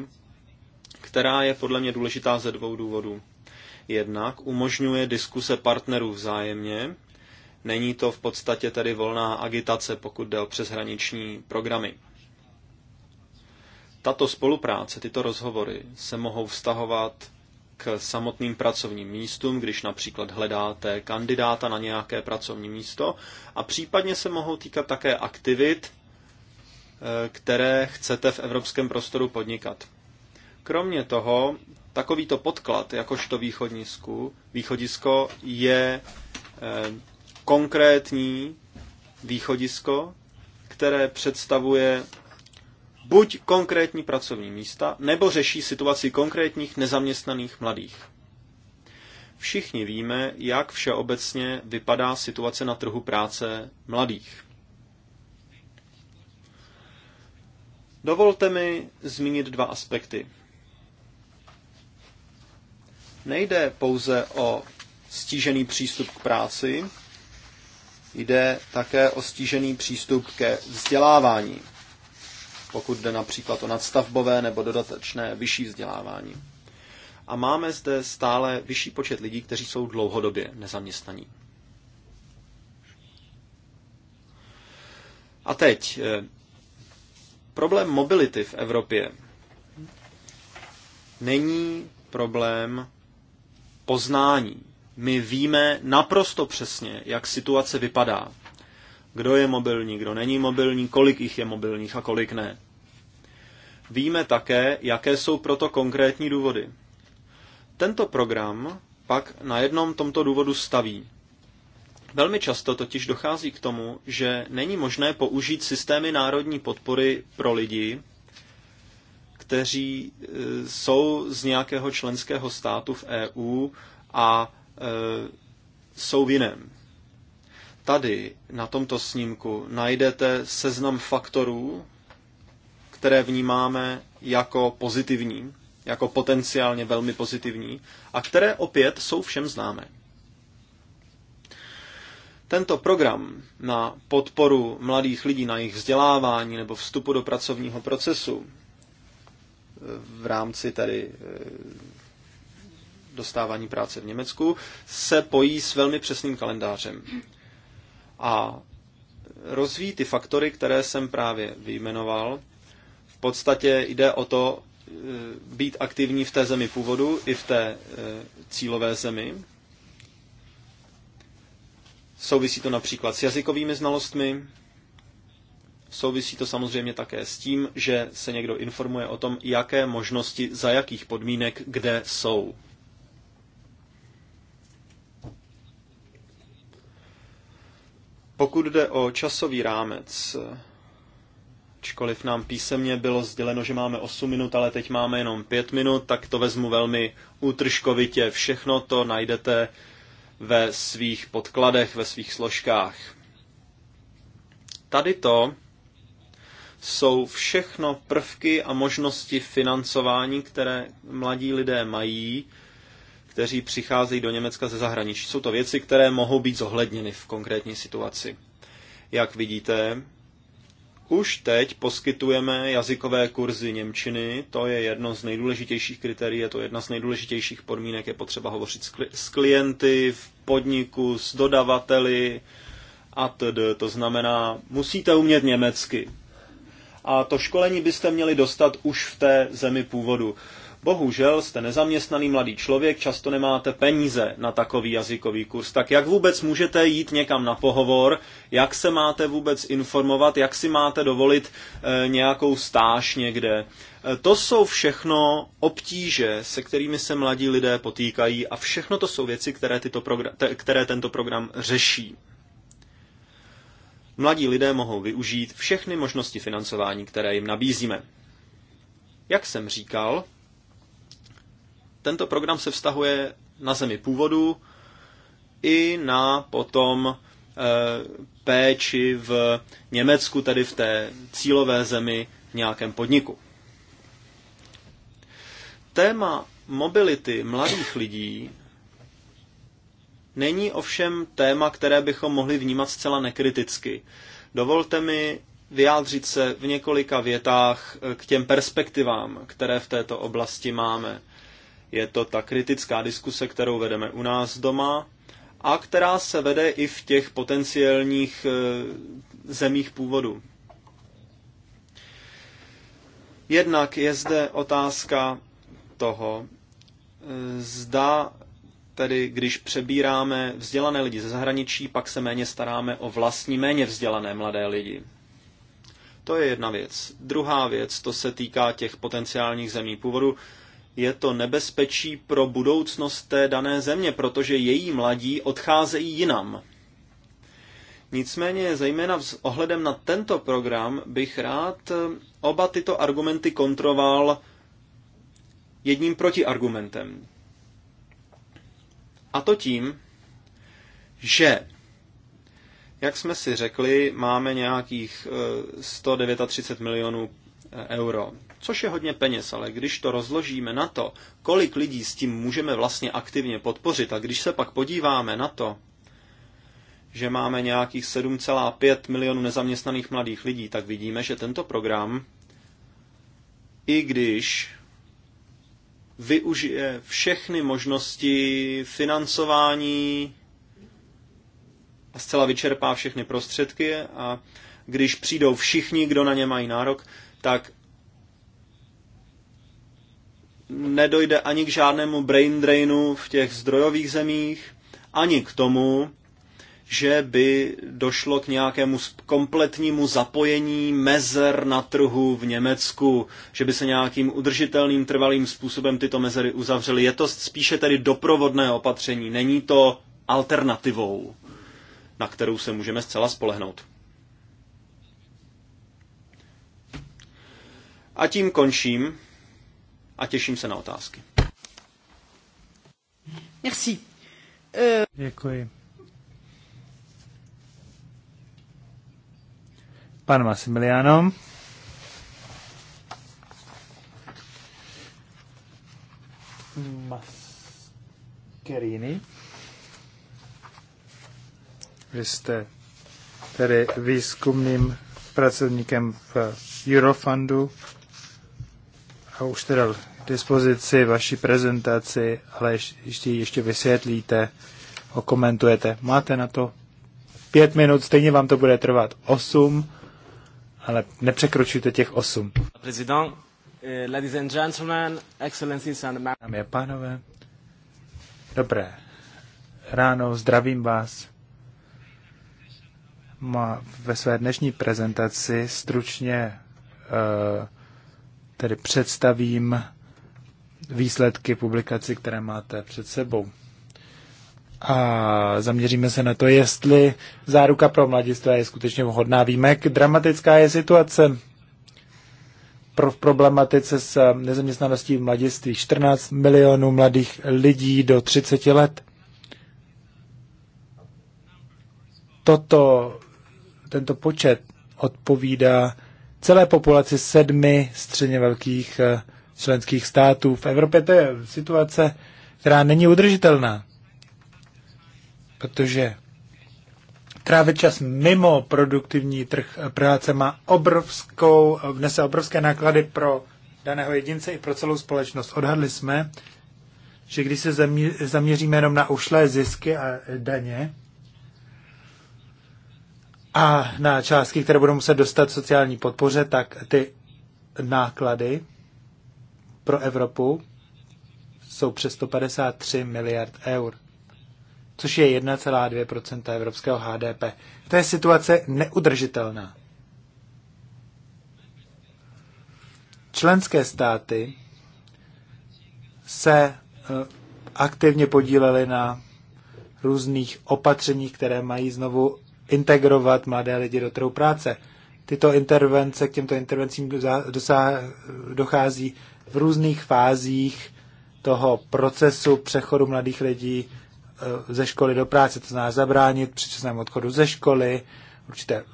která je podle mě důležitá ze dvou důvodů. Jednak umožňuje diskuse partnerů vzájemně, není to v podstatě tedy volná agitace, pokud jde o přeshraniční programy. Tato spolupráce, tyto rozhovory se mohou vztahovat k samotným pracovním místům, když například hledáte kandidáta na nějaké pracovní místo a případně se mohou týkat také aktivit, Eh, které chcete v evropském prostoru podnikat. Kromě toho, takovýto podklad, jakožto východnisku, východisko je eh, konkrétní východisko, které představuje buď konkrétní pracovní místa, nebo řeší situaci konkrétních nezaměstnaných mladých. Všichni víme, jak všeobecně vypadá situace na trhu práce mladých. Dovolte mi zmínit dva aspekty. Nejde pouze o stížený přístup k práci, jde také o stížený přístup ke vzdělávání, pokud jde například o nadstavbové nebo dodatečné vyšší vzdělávání. A máme zde stále vyšší počet lidí, kteří jsou dlouhodobě nezaměstnaní. A teď eh, Problém mobility v Evropě není problém poznání. My víme naprosto přesně, jak situace vypadá. Kdo je mobilní, kdo není mobilní, kolik jich je mobilních a kolik ne. Víme také, jaké jsou proto konkrétní důvody. Tento program pak na jednom tomto důvodu staví. Velmi často totiž dochází k tomu, že není možné použít systémy národní podpory pro lidi, kteří e, jsou z nějakého členského státu v EU a e, jsou v jiném. Tady na tomto snímku najdete seznam faktorů, které vnímáme jako pozitivní, jako potenciálně velmi pozitivní a které opět jsou všem známé. Tento program na podporu mladých lidí na jejich vzdělávání nebo vstupu do pracovního procesu eh, v rámci tedy eh, dostávání práce v Německu se pojí s velmi přesným kalendářem. A rozvíjí ty faktory, které jsem právě vyjmenoval. V podstatě jde o to eh, být aktivní v té zemi původu i v té cílové zemi, Souvisí to například s jazykovými znalostmi, souvisí to samozřejmě také s tím, že se někdo informuje o tom, jaké možnosti, za jakých podmínek, kde jsou. Pokud jde o časový rámec, ačkoliv nám písemně bylo sděleno, že máme 8 minut, ale teď máme jenom 5 minut, tak to vezmu velmi útržkovitě. Všechno to najdete ve svých podkladech, ve svých složkách. Tady to jsou všechno prvky a možnosti financování, které mladí lidé mají, kteří přicházejí do Německa ze zahraničí. Jsou to věci, které mohou být zohledněny v konkrétní situaci. Jak vidíte, už teď poskytujeme jazykové kurzy Němčiny, to je jedno z nejdůležitějších kritérií, je to jedna z nejdůležitějších podmínek, je potřeba hovořit s klienty, v podniku, s dodavateli a td. To znamená, musíte umět německy. A to školení byste měli dostat už v té zemi původu. Bohužel jste nezaměstnaný mladý člověk, často nemáte peníze na takový jazykový kurz. Tak jak vůbec můžete jít někam na pohovor, jak se máte vůbec informovat, jak si máte dovolit e, nějakou stáž někde. E, to jsou všechno obtíže, se kterými se mladí lidé potýkají a všechno to jsou věci, které, tyto te, které tento program řeší. Mladí lidé mohou využít všechny možnosti financování, které jim nabízíme. Jak jsem říkal, tento program se vztahuje na zemi původu i na potom eh, péči v Německu, tedy v té cílové zemi v nějakém podniku. Téma mobility mladých lidí není ovšem téma, které bychom mohli vnímat zcela nekriticky. Dovolte mi vyjádřit se v několika větách eh, k těm perspektivám, které v této oblasti máme. Je to ta kritická diskuse, kterou vedeme u nás doma a která se vede i v těch potenciálních eh, zemích původu. Jednak je zde otázka toho, eh, zda tedy když přebíráme vzdělané lidi ze zahraničí, pak se méně staráme o vlastní méně vzdělané mladé lidi. To je jedna věc. Druhá věc, to se týká těch potenciálních zemí původu je to nebezpečí pro budoucnost té dané země, protože její mladí odcházejí jinam. Nicméně, zejména s ohledem na tento program, bych rád eh, oba tyto argumenty kontroval jedním protiargumentem. A to tím, že, jak jsme si řekli, máme nějakých 139 eh, milionů eh, euro což je hodně peněz, ale když to rozložíme na to, kolik lidí s tím můžeme vlastně aktivně podpořit a když se pak podíváme na to, že máme nějakých 7,5 milionů nezaměstnaných mladých lidí, tak vidíme, že tento program, i když využije všechny možnosti financování a zcela vyčerpá všechny prostředky a když přijdou všichni, kdo na ně mají nárok, tak nedojde ani k žádnému brain drainu v těch zdrojových zemích, ani k tomu, že by došlo k nějakému kompletnímu zapojení mezer na trhu v Německu, že by se nějakým udržitelným trvalým způsobem tyto mezery uzavřely. Je to spíše tedy doprovodné opatření, není to alternativou, na kterou se můžeme zcela spolehnout. A tím končím a těším se na otázky. Merci. Uh... Děkuji. Pan Massimiliano. Mascherini. Vy jste tedy výzkumným pracovníkem v Eurofundu a už teda k dispozici vaší prezentaci, ale ještě, ještě vysvětlíte, okomentujete. Máte na to pět minut, stejně vám to bude trvat osm, ale nepřekročujte těch osm. Prezident, eh, ladies and gentlemen, excellencies and... Dámy a pánové, dobré ráno, zdravím vás. Má ve své dnešní prezentaci stručně uh, tedy představím výsledky publikaci, které máte před sebou. A zaměříme se na to, jestli záruka pro mladistvé je skutečně vhodná. Víme, jak dramatická je situace pro problematice s eh, nezaměstnaností v mladiství. 14 milionů mladých lidí do 30 let. Toto, tento počet odpovídá celé populaci sedmi středně velkých eh, členských států. V Evropě to je situace, která není udržitelná, protože trávit čas mimo produktivní trh práce má obrovskou, vnese obrovské náklady pro daného jedince i pro celou společnost. Odhadli jsme, že když se zaměříme jenom na ušlé zisky a daně, a na částky, které budou muset dostat sociální podpoře, tak ty náklady pro Evropu jsou přes 153 miliard eur, což je 1,2 evropského HDP. To je situace neudržitelná. Členské státy se eh, aktivně podílely na různých opatřeních, které mají znovu integrovat mladé lidi do trhu práce. Tyto intervence, k těmto intervencím dochází v různých fázích toho procesu přechodu mladých lidí eh, ze školy do práce, to znamená zabránit předčasnému odchodu ze školy, určité eh,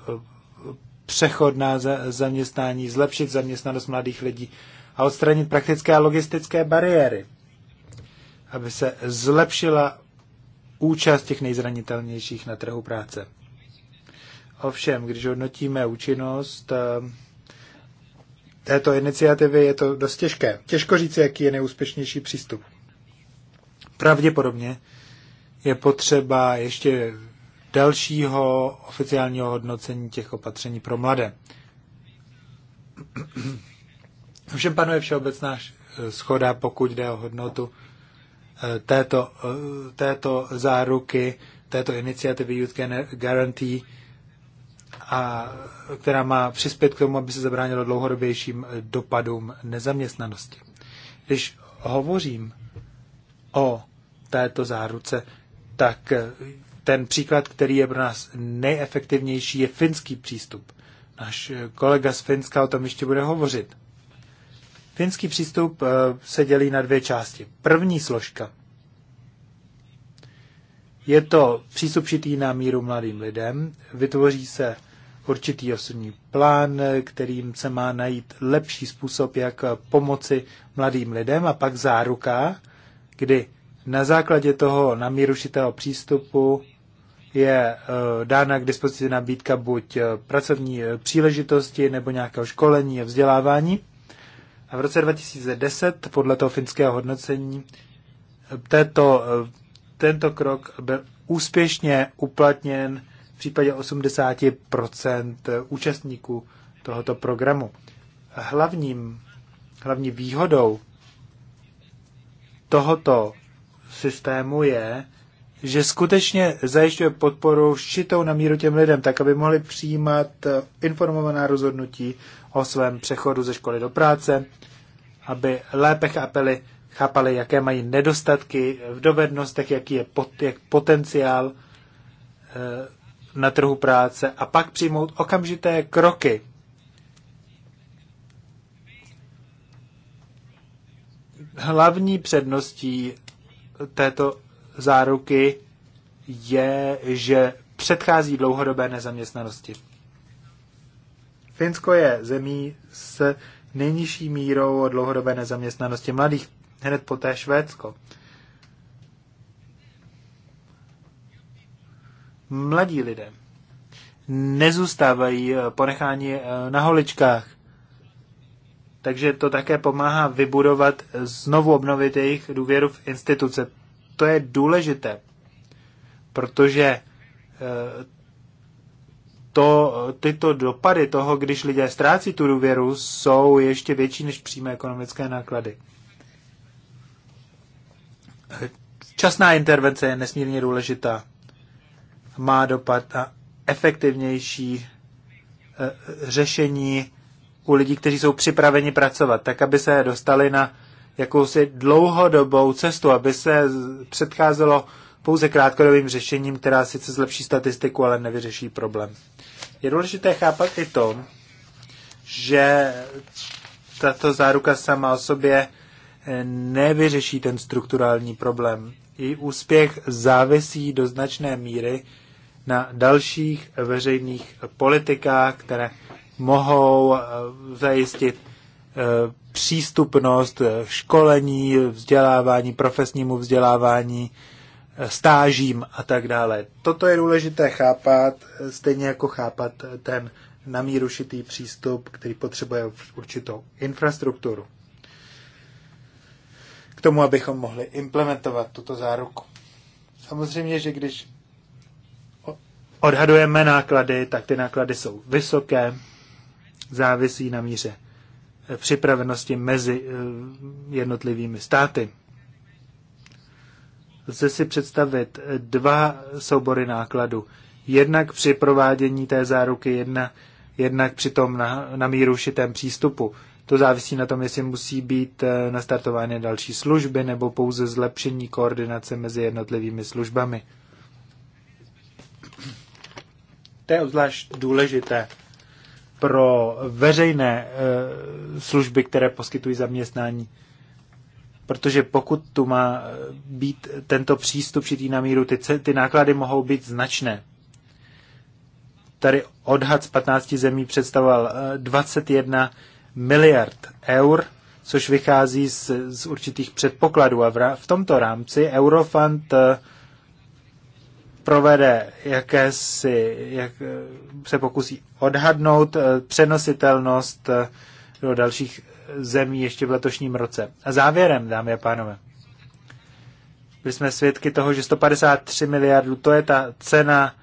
přechodná zaměstnání, zlepšit zaměstnanost mladých lidí a odstranit praktické a logistické bariéry, aby se zlepšila účast těch nejzranitelnějších na trhu práce. Ovšem, když hodnotíme účinnost ehm, této iniciativy, je to dost těžké. Těžko říct, jaký je nejúspěšnější přístup. Pravděpodobně je potřeba ještě dalšího oficiálního hodnocení těch opatření pro mladé. Ovšem panuje všeobecná eh, schoda, pokud jde o hodnotu eh, této, eh, této záruky, této iniciativy Youth Guarantee a která má přispět k tomu, aby se zabránilo dlouhodobějším dopadům nezaměstnanosti. Když hovořím o této záruce, tak ten příklad, který je pro nás nejefektivnější, je finský přístup. Náš kolega z Finska o tom ještě bude hovořit. Finský přístup eh, se dělí na dvě části. První složka. Je to přístup šitý na míru mladým lidem. Vytvoří se určitý osobní plán, kterým se má najít lepší způsob, jak pomoci mladým lidem a pak záruka, kdy na základě toho namírušitého přístupu je eh, dána k dispozici nabídka buď eh, pracovní eh, příležitosti nebo nějakého školení a vzdělávání. A v roce 2010, podle toho finského hodnocení, této, tento krok byl úspěšně uplatněn případě 80 účastníků tohoto programu. Hlavním, hlavní výhodou tohoto systému je, že skutečně zajišťuje podporu šitou na míru těm lidem, tak aby mohli přijímat informovaná rozhodnutí o svém přechodu ze školy do práce, aby lépe chápali, chápali jaké mají nedostatky v dovednostech, jaký je pot, jak potenciál eh, na trhu práce a pak přijmout okamžité kroky. Hlavní předností této záruky je, že předchází dlouhodobé nezaměstnanosti. Finsko je zemí s nejnižší mírou dlouhodobé nezaměstnanosti mladých, hned poté Švédsko. mladí lidé nezůstávají eh, ponecháni eh, na holičkách. Takže to také pomáhá vybudovat, eh, znovu obnovit jejich důvěru v instituce. To je důležité, protože to, tyto dopady toho, když lidé ztrácí tu důvěru, jsou ještě větší než přímé ekonomické náklady. Časná intervence je nesmírně důležitá má dopad na efektivnější eh, řešení u lidí, kteří jsou připraveni pracovat, tak aby se dostali na jakousi dlouhodobou cestu, aby se předcházelo pouze krátkodobým řešením, která sice zlepší statistiku, ale nevyřeší problém. Je důležité chápat i to, že tato záruka sama o sobě eh, nevyřeší ten strukturální problém. Její úspěch závisí do značné míry na dalších veřejných politikách, které mohou eh, zajistit eh, přístupnost eh, školení, vzdělávání, profesnímu vzdělávání, stážím a tak dále. Toto je důležité chápat, stejně jako chápat ten namírušitý přístup, který potřebuje určitou infrastrukturu k tomu, abychom mohli implementovat tuto záruku. Samozřejmě, že když odhadujeme náklady, tak ty náklady jsou vysoké, závisí na míře eh, připravenosti mezi eh, jednotlivými státy. Lze si představit eh, dva soubory nákladů. Jednak při provádění té záruky, jedna, jednak při tom na, na míru šitém přístupu. To závisí na tom, jestli musí být nastartovány další služby nebo pouze zlepšení koordinace mezi jednotlivými službami. To je obzvlášť důležité pro veřejné eh, služby, které poskytují zaměstnání. Protože pokud tu má eh, být tento přístup šitý na míru, ty, ty náklady mohou být značné. Tady odhad z 15 zemí představoval 21 eh, miliard eur, což vychází z, z určitých předpokladů. A v, v tomto rámci Eurofund provede jakési, jak eh, se pokusí odhadnout eh, přenositelnost eh, do dalších zemí ještě v letošním roce. A závěrem, dámy a pánové, byli jsme svědky toho, že 153 miliardů, to je ta cena,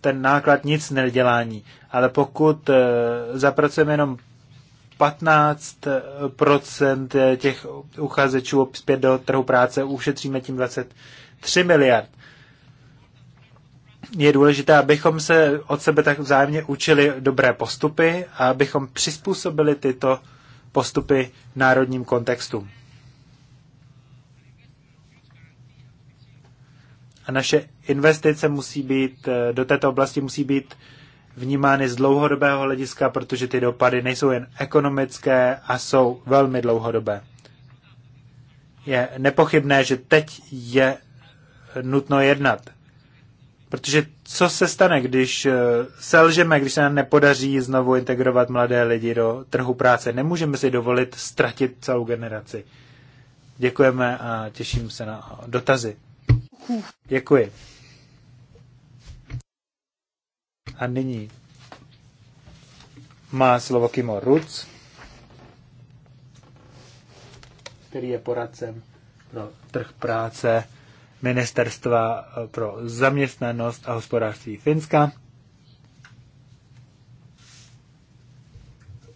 ten náklad nic nedělání. Ale pokud zapracujeme jenom 15 těch uchazečů zpět do trhu práce, ušetříme tím 23 miliard je důležité, abychom se od sebe tak vzájemně učili dobré postupy a abychom přizpůsobili tyto postupy národním kontextům. A naše investice musí být, eh, do této oblasti musí být vnímány z dlouhodobého hlediska, protože ty dopady nejsou jen ekonomické a jsou velmi dlouhodobé. Je nepochybné, že teď je nutno jednat. Protože co se stane, když eh, selžeme, když se nám nepodaří znovu integrovat mladé lidi do trhu práce? Nemůžeme si dovolit ztratit celou generaci. Děkujeme a těším se na dotazy. Děkuji. A nyní má slovo Kimo Ruc, který je poradcem pro trh práce Ministerstva eh, pro zaměstnanost a hospodářství Finska.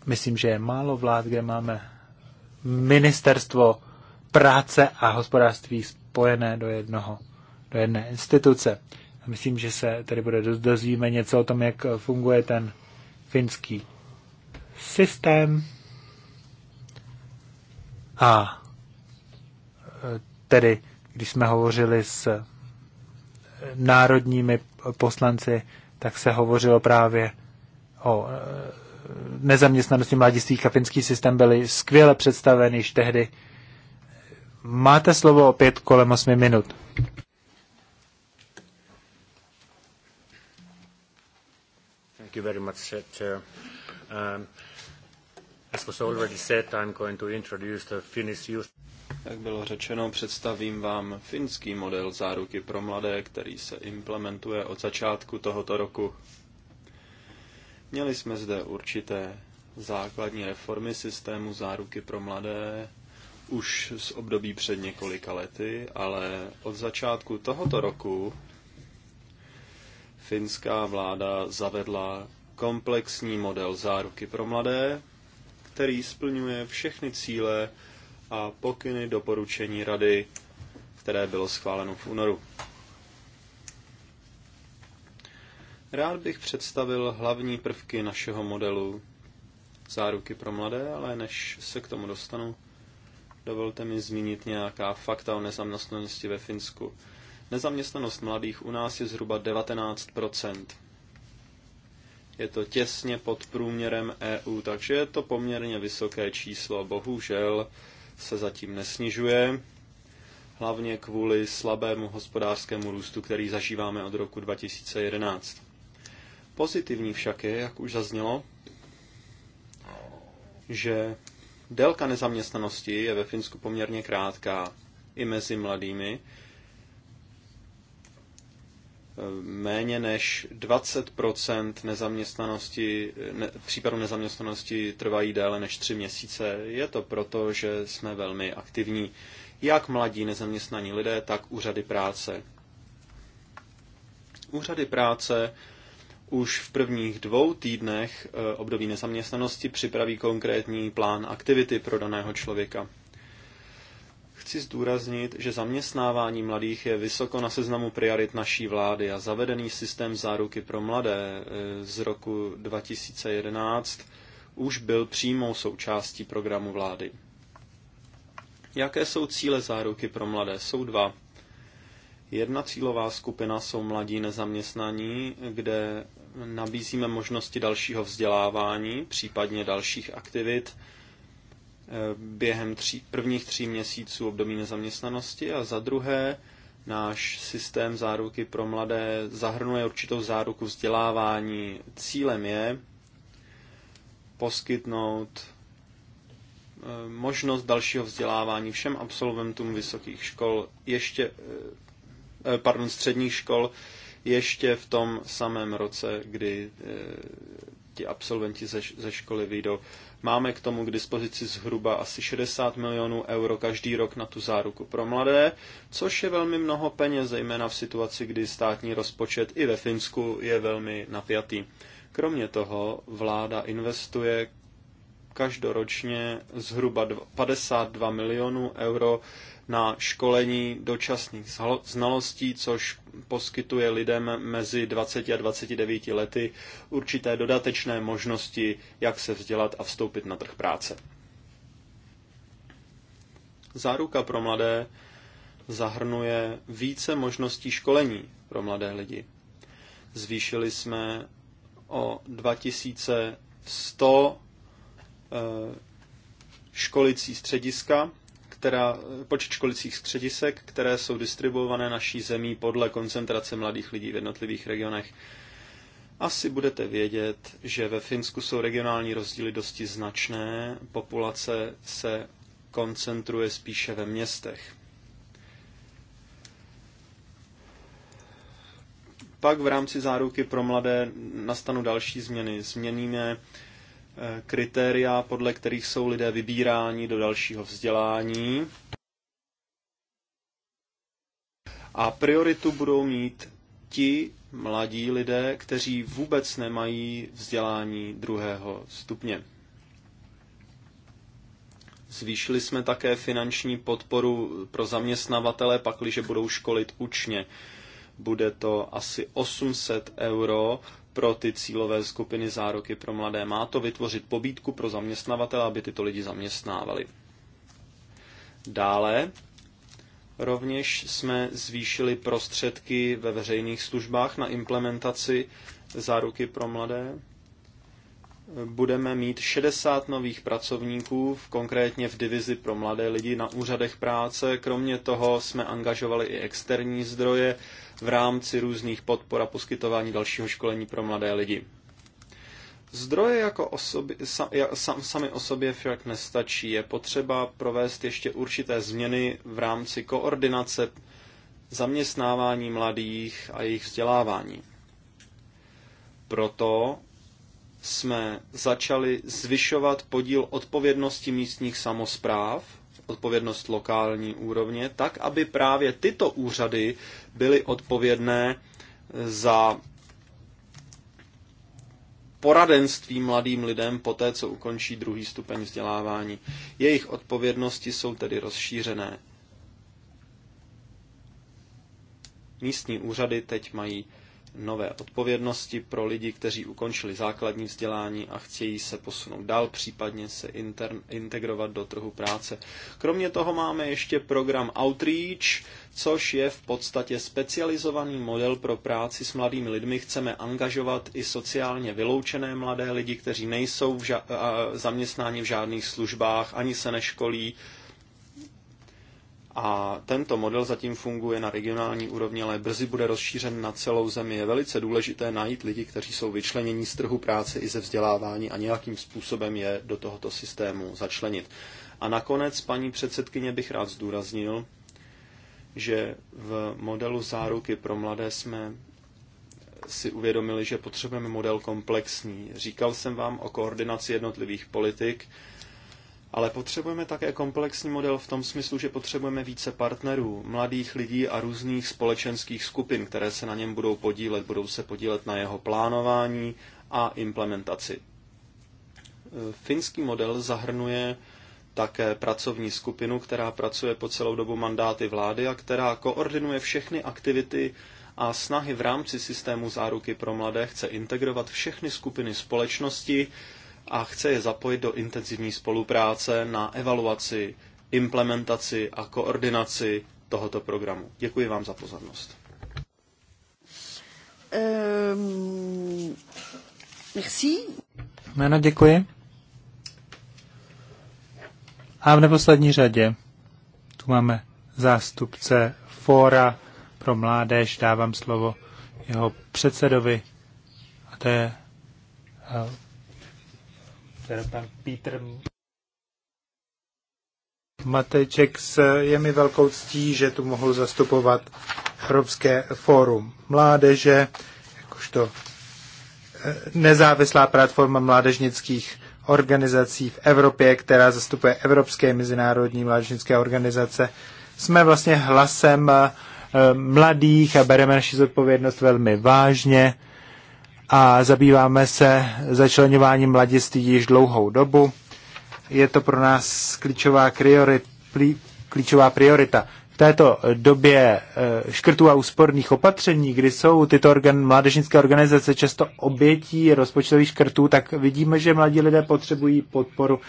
Myslím, že je málo vlád, kde máme ministerstvo práce a hospodářství spojené do jednoho, do jedné instituce. A myslím, že se tady bude dozvíme něco o tom, jak funguje ten finský systém. A eh, tedy když jsme hovořili s národními poslanci, tak se hovořilo právě o e, nezaměstnanosti mladiství Kafinský systém byly skvěle představen již tehdy. Máte slovo opět kolem 8 minut. Thank you very much, Chair. Um, as was already said, I'm going to introduce the Finnish youth. Jak bylo řečeno, představím vám finský model záruky pro mladé, který se implementuje od začátku tohoto roku. Měli jsme zde určité základní reformy systému záruky pro mladé už z období před několika lety, ale od začátku tohoto roku finská vláda zavedla komplexní model záruky pro mladé, který splňuje všechny cíle a pokyny doporučení rady, které bylo schváleno v únoru. Rád bych představil hlavní prvky našeho modelu záruky pro mladé, ale než se k tomu dostanu, dovolte mi zmínit nějaká fakta o nezaměstnanosti ve Finsku. Nezaměstnanost mladých u nás je zhruba 19 Je to těsně pod průměrem EU, takže je to poměrně vysoké číslo. Bohužel se zatím nesnižuje, hlavně kvůli slabému hospodářskému růstu, který zažíváme od roku 2011. Pozitivní však je, jak už zaznělo, že délka nezaměstnanosti je ve Finsku poměrně krátká i mezi mladými, méně než 20 nezaměstnanosti, ne, případů nezaměstnanosti trvají déle než tři měsíce. Je to proto, že jsme velmi aktivní, jak mladí nezaměstnaní lidé, tak úřady práce. Úřady práce už v prvních dvou týdnech eh, období nezaměstnanosti připraví konkrétní plán aktivity pro daného člověka chci zdůraznit, že zaměstnávání mladých je vysoko na seznamu priorit naší vlády a zavedený systém záruky pro mladé eh, z roku 2011 už byl přímou součástí programu vlády. Jaké jsou cíle záruky pro mladé? Jsou dva. Jedna cílová skupina jsou mladí nezaměstnaní, kde nabízíme možnosti dalšího vzdělávání, případně dalších aktivit, během tří, prvních tří měsíců období nezaměstnanosti a za druhé náš systém záruky pro mladé zahrnuje určitou záruku vzdělávání. Cílem je poskytnout eh, možnost dalšího vzdělávání všem absolventům vysokých škol, ještě, eh, eh, pardon, středních škol, ještě v tom samém roce, kdy ti absolventi ze, ze školy vyjdou. Máme k tomu k dispozici zhruba asi 60 milionů euro každý rok na tu záruku pro mladé, což je velmi mnoho peněz, zejména v situaci, kdy státní rozpočet i ve Finsku je velmi napjatý. Kromě toho vláda investuje každoročně zhruba 52 milionů euro na školení dočasných znalostí, což poskytuje lidem mezi 20 a 29 lety určité dodatečné možnosti, jak se vzdělat a vstoupit na trh práce. Záruka pro mladé zahrnuje více možností školení pro mladé lidi. Zvýšili jsme o 2100 eh, školicí střediska která, počet školicích středisek, které jsou distribuované naší zemí podle koncentrace mladých lidí v jednotlivých regionech. Asi budete vědět, že ve Finsku jsou regionální rozdíly dosti značné, populace se koncentruje spíše ve městech. Pak v rámci záruky pro mladé nastanou další změny. Změníme Eh, kritéria, podle kterých jsou lidé vybíráni do dalšího vzdělání. A prioritu budou mít ti mladí lidé, kteří vůbec nemají vzdělání druhého stupně. Zvýšili jsme také finanční podporu pro zaměstnavatele, pakliže budou školit učně. Bude to asi 800 euro pro ty cílové skupiny záruky pro mladé. Má to vytvořit pobídku pro zaměstnavatele, aby tyto lidi zaměstnávali. Dále rovněž jsme zvýšili prostředky ve veřejných službách na implementaci záruky pro mladé budeme mít 60 nových pracovníků, konkrétně v divizi pro mladé lidi na úřadech práce. Kromě toho jsme angažovali i externí zdroje v rámci různých podpor a poskytování dalšího školení pro mladé lidi. Zdroje jako osoby, sam, sami o sobě však nestačí. Je potřeba provést ještě určité změny v rámci koordinace zaměstnávání mladých a jejich vzdělávání. Proto jsme začali zvyšovat podíl odpovědnosti místních samozpráv, odpovědnost lokální úrovně, tak, aby právě tyto úřady byly odpovědné za poradenství mladým lidem po té, co ukončí druhý stupeň vzdělávání. Jejich odpovědnosti jsou tedy rozšířené. Místní úřady teď mají nové odpovědnosti pro lidi, kteří ukončili základní vzdělání a chtějí se posunout dál, případně se intern, integrovat do trhu práce. Kromě toho máme ještě program Outreach, což je v podstatě specializovaný model pro práci s mladými lidmi. Chceme angažovat i sociálně vyloučené mladé lidi, kteří nejsou v ža- zaměstnáni v žádných službách, ani se neškolí, a tento model zatím funguje na regionální úrovni, ale brzy bude rozšířen na celou zemi. Je velice důležité najít lidi, kteří jsou vyčlenění z trhu práce i ze vzdělávání a nějakým způsobem je do tohoto systému začlenit. A nakonec, paní předsedkyně, bych rád zdůraznil, že v modelu záruky pro mladé jsme si uvědomili, že potřebujeme model komplexní. Říkal jsem vám o koordinaci jednotlivých politik, ale potřebujeme také komplexní model v tom smyslu, že potřebujeme více partnerů, mladých lidí a různých společenských skupin, které se na něm budou podílet, budou se podílet na jeho plánování a implementaci. Finský model zahrnuje také pracovní skupinu, která pracuje po celou dobu mandáty vlády a která koordinuje všechny aktivity a snahy v rámci systému záruky pro mladé, chce integrovat všechny skupiny společnosti, a chce je zapojit do intenzivní spolupráce na evaluaci, implementaci a koordinaci tohoto programu. Děkuji vám za pozornost. Um, merci. Jméno děkuji. A v neposlední řadě tu máme zástupce Fóra pro mládež. Dávám slovo jeho předsedovi a to je eh, pan Peter Mateček, je mi velkou ctí, že tu mohl zastupovat Evropské fórum mládeže, jakožto eh, nezávislá platforma mládežnických organizací v Evropě, která zastupuje evropské mezinárodní mládežnické organizace. Jsme vlastně hlasem eh, mladých a bereme naši zodpovědnost velmi vážně a zabýváme se začlenováním mladiství již dlouhou dobu. Je to pro nás klíčová, priorit, klíčová priorita. V této době e, škrtů a úsporných opatření, kdy jsou tyto organ, mládežnické organizace často obětí rozpočtových škrtů, tak vidíme, že mladí lidé potřebují podporu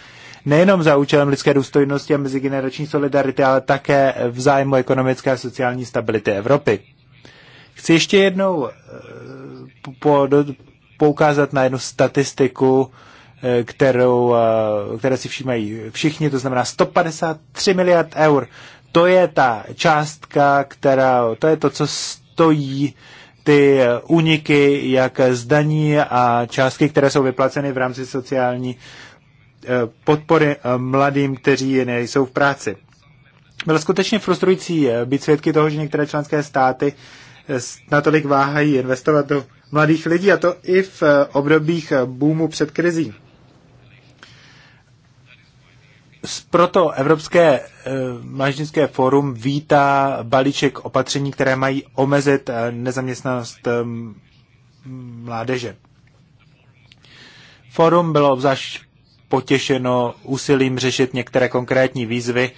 nejenom za účelem lidské důstojnosti a mezigenerační solidarity, ale také v zájmu ekonomické a sociální stability Evropy. Chci ještě jednou e, poukázat na jednu statistiku, eh, kterou, eh, které si všímají všichni, to znamená 153 miliard eur. To je ta částka, která, to je to, co stojí ty eh, úniky, jak zdaní a částky, které jsou vyplaceny v rámci sociální podpory mladým, kteří nejsou v práci. Bylo skutečně frustrující být svědky toho, že některé členské státy natolik váhají investovat do mladých lidí, a to i v eh, obdobích eh, boomu před krizí. Proto Evropské eh, mládežnické fórum vítá balíček opatření, které mají omezit nezaměstnanost mládeže. Fórum bylo obzvlášť potěšeno úsilím řešit některé konkrétní výzvy,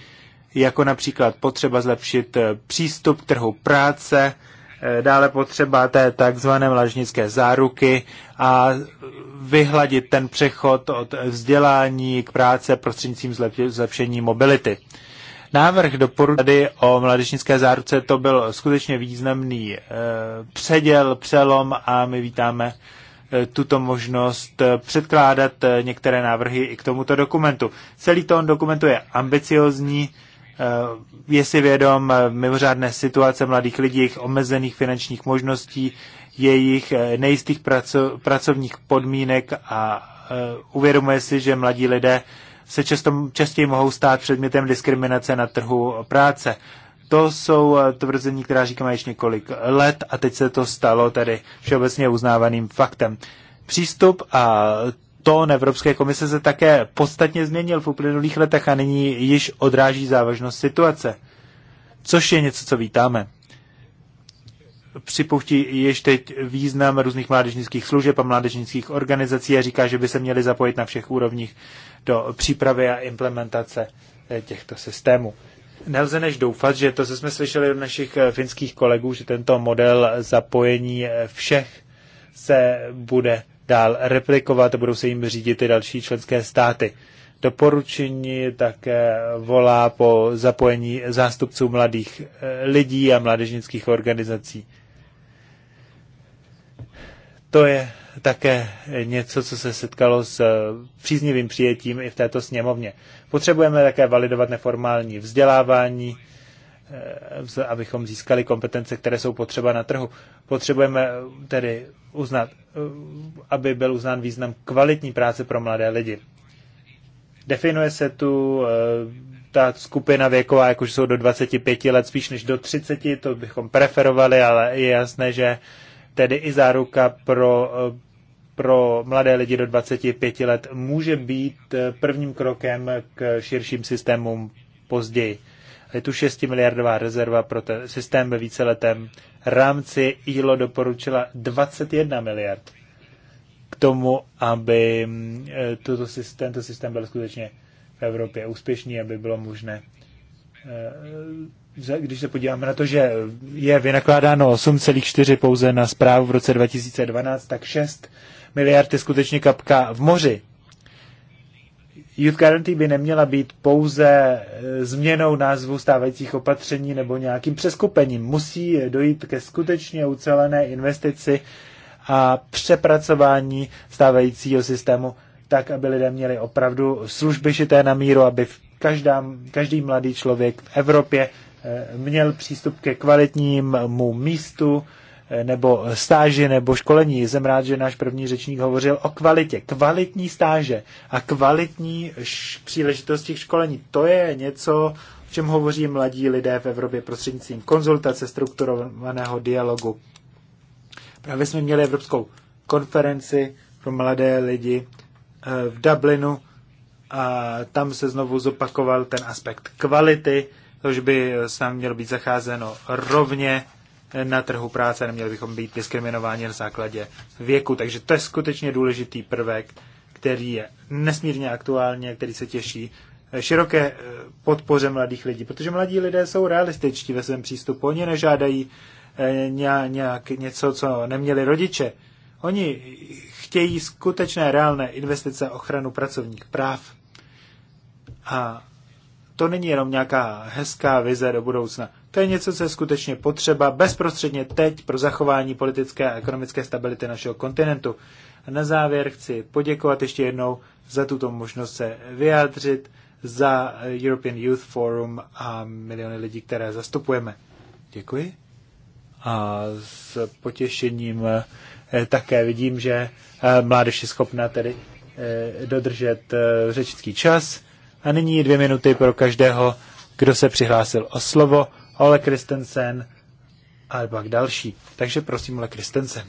jako například potřeba zlepšit přístup k trhu práce, dále potřeba té takzvané mlažnické záruky a vyhladit ten přechod od vzdělání k práce prostřednictvím zlepšení mobility. Návrh doporučení o mladežnické záruce to byl skutečně významný eh, předěl, přelom a my vítáme eh, tuto možnost eh, předkládat některé návrhy i k tomuto dokumentu. Celý tón dokumentu je ambiciozní, Eh, je si vědom eh, mimořádné situace mladých lidí, jejich omezených finančních možností, jejich eh, nejistých praco- pracovních podmínek a uvědomuje si, že mladí lidé se často, častěji mohou stát předmětem diskriminace na trhu práce. To jsou tvrzení, která říkáme již několik let a teď se to stalo tedy všeobecně uznávaným faktem. Přístup a tón Evropské komise se také podstatně změnil v uplynulých letech a nyní již odráží závažnost situace, což je něco, co vítáme. Připouští již teď význam různých mládežnických služeb a mládežnických organizací a říká, že by se měli zapojit na všech úrovních do přípravy a implementace eh, těchto systémů. Nelze než doufat, že to, co jsme slyšeli od našich eh, finských kolegů, že tento model zapojení eh, všech se bude dál replikovat a budou se jim řídit i další členské státy. Doporučení také volá po zapojení zástupců mladých eh, lidí a mládežnických organizací. To je také něco, co se setkalo s eh, příznivým přijetím i v této sněmovně. Potřebujeme také validovat neformální vzdělávání, eh, abychom získali kompetence, které jsou potřeba na trhu. Potřebujeme tedy uznat, aby byl uznán význam kvalitní práce pro mladé lidi. Definuje se tu eh, ta skupina věková, jakože jsou do 25 let, spíš než do 30, to bychom preferovali, ale je jasné, že tedy i záruka pro, eh, pro mladé lidi do 25 let může být eh, prvním krokem k širším systémům později je tu 6 miliardová rezerva pro ten systém ve víceletém rámci. ILO doporučila 21 miliard k tomu, aby mm, e, tuto systém, tento systém byl skutečně v Evropě úspěšný, aby bylo možné e, když se podíváme na to, že je vynakládáno 8,4 pouze na zprávu v roce 2012, tak 6 miliard je skutečně kapka v moři. Youth Guarantee by neměla být pouze eh, změnou názvu stávajících opatření nebo nějakým přeskupením. Musí dojít ke skutečně ucelené investici a přepracování stávajícího systému tak, aby lidé měli opravdu služby šité na míru, aby každá, každý mladý člověk v Evropě eh, měl přístup ke kvalitnímu místu, nebo stáži nebo školení. Jsem rád, že náš první řečník hovořil o kvalitě. Kvalitní stáže a kvalitní příležitosti k školení. To je něco, o čem hovoří mladí lidé v Evropě prostřednictvím konzultace, strukturovaného dialogu. Právě jsme měli Evropskou konferenci pro mladé lidi eh, v Dublinu a tam se znovu zopakoval ten aspekt kvality, což by eh, s námi mělo být zacházeno rovně na trhu práce, neměli bychom být diskriminováni na základě věku. Takže to je skutečně důležitý prvek, který je nesmírně aktuální a který se těší široké eh, podpoře mladých lidí, protože mladí lidé jsou realističtí ve svém přístupu. Oni nežádají eh, nějak něco, co neměli rodiče. Oni chtějí skutečné reálné investice ochranu pracovních práv. A to není jenom nějaká hezká vize do budoucna. To je něco, co je skutečně potřeba bezprostředně teď pro zachování politické a ekonomické stability našeho kontinentu. A na závěr chci poděkovat ještě jednou za tuto možnost se vyjádřit za European Youth Forum a miliony lidí, které zastupujeme. Děkuji. A s potěšením eh, také vidím, že eh, mládež je schopna tedy eh, dodržet řečický čas. A nyní dvě minuty pro každého, kdo se přihlásil o slovo. Ole Kristensen a pak další. Takže prosím, Ole Kristensen.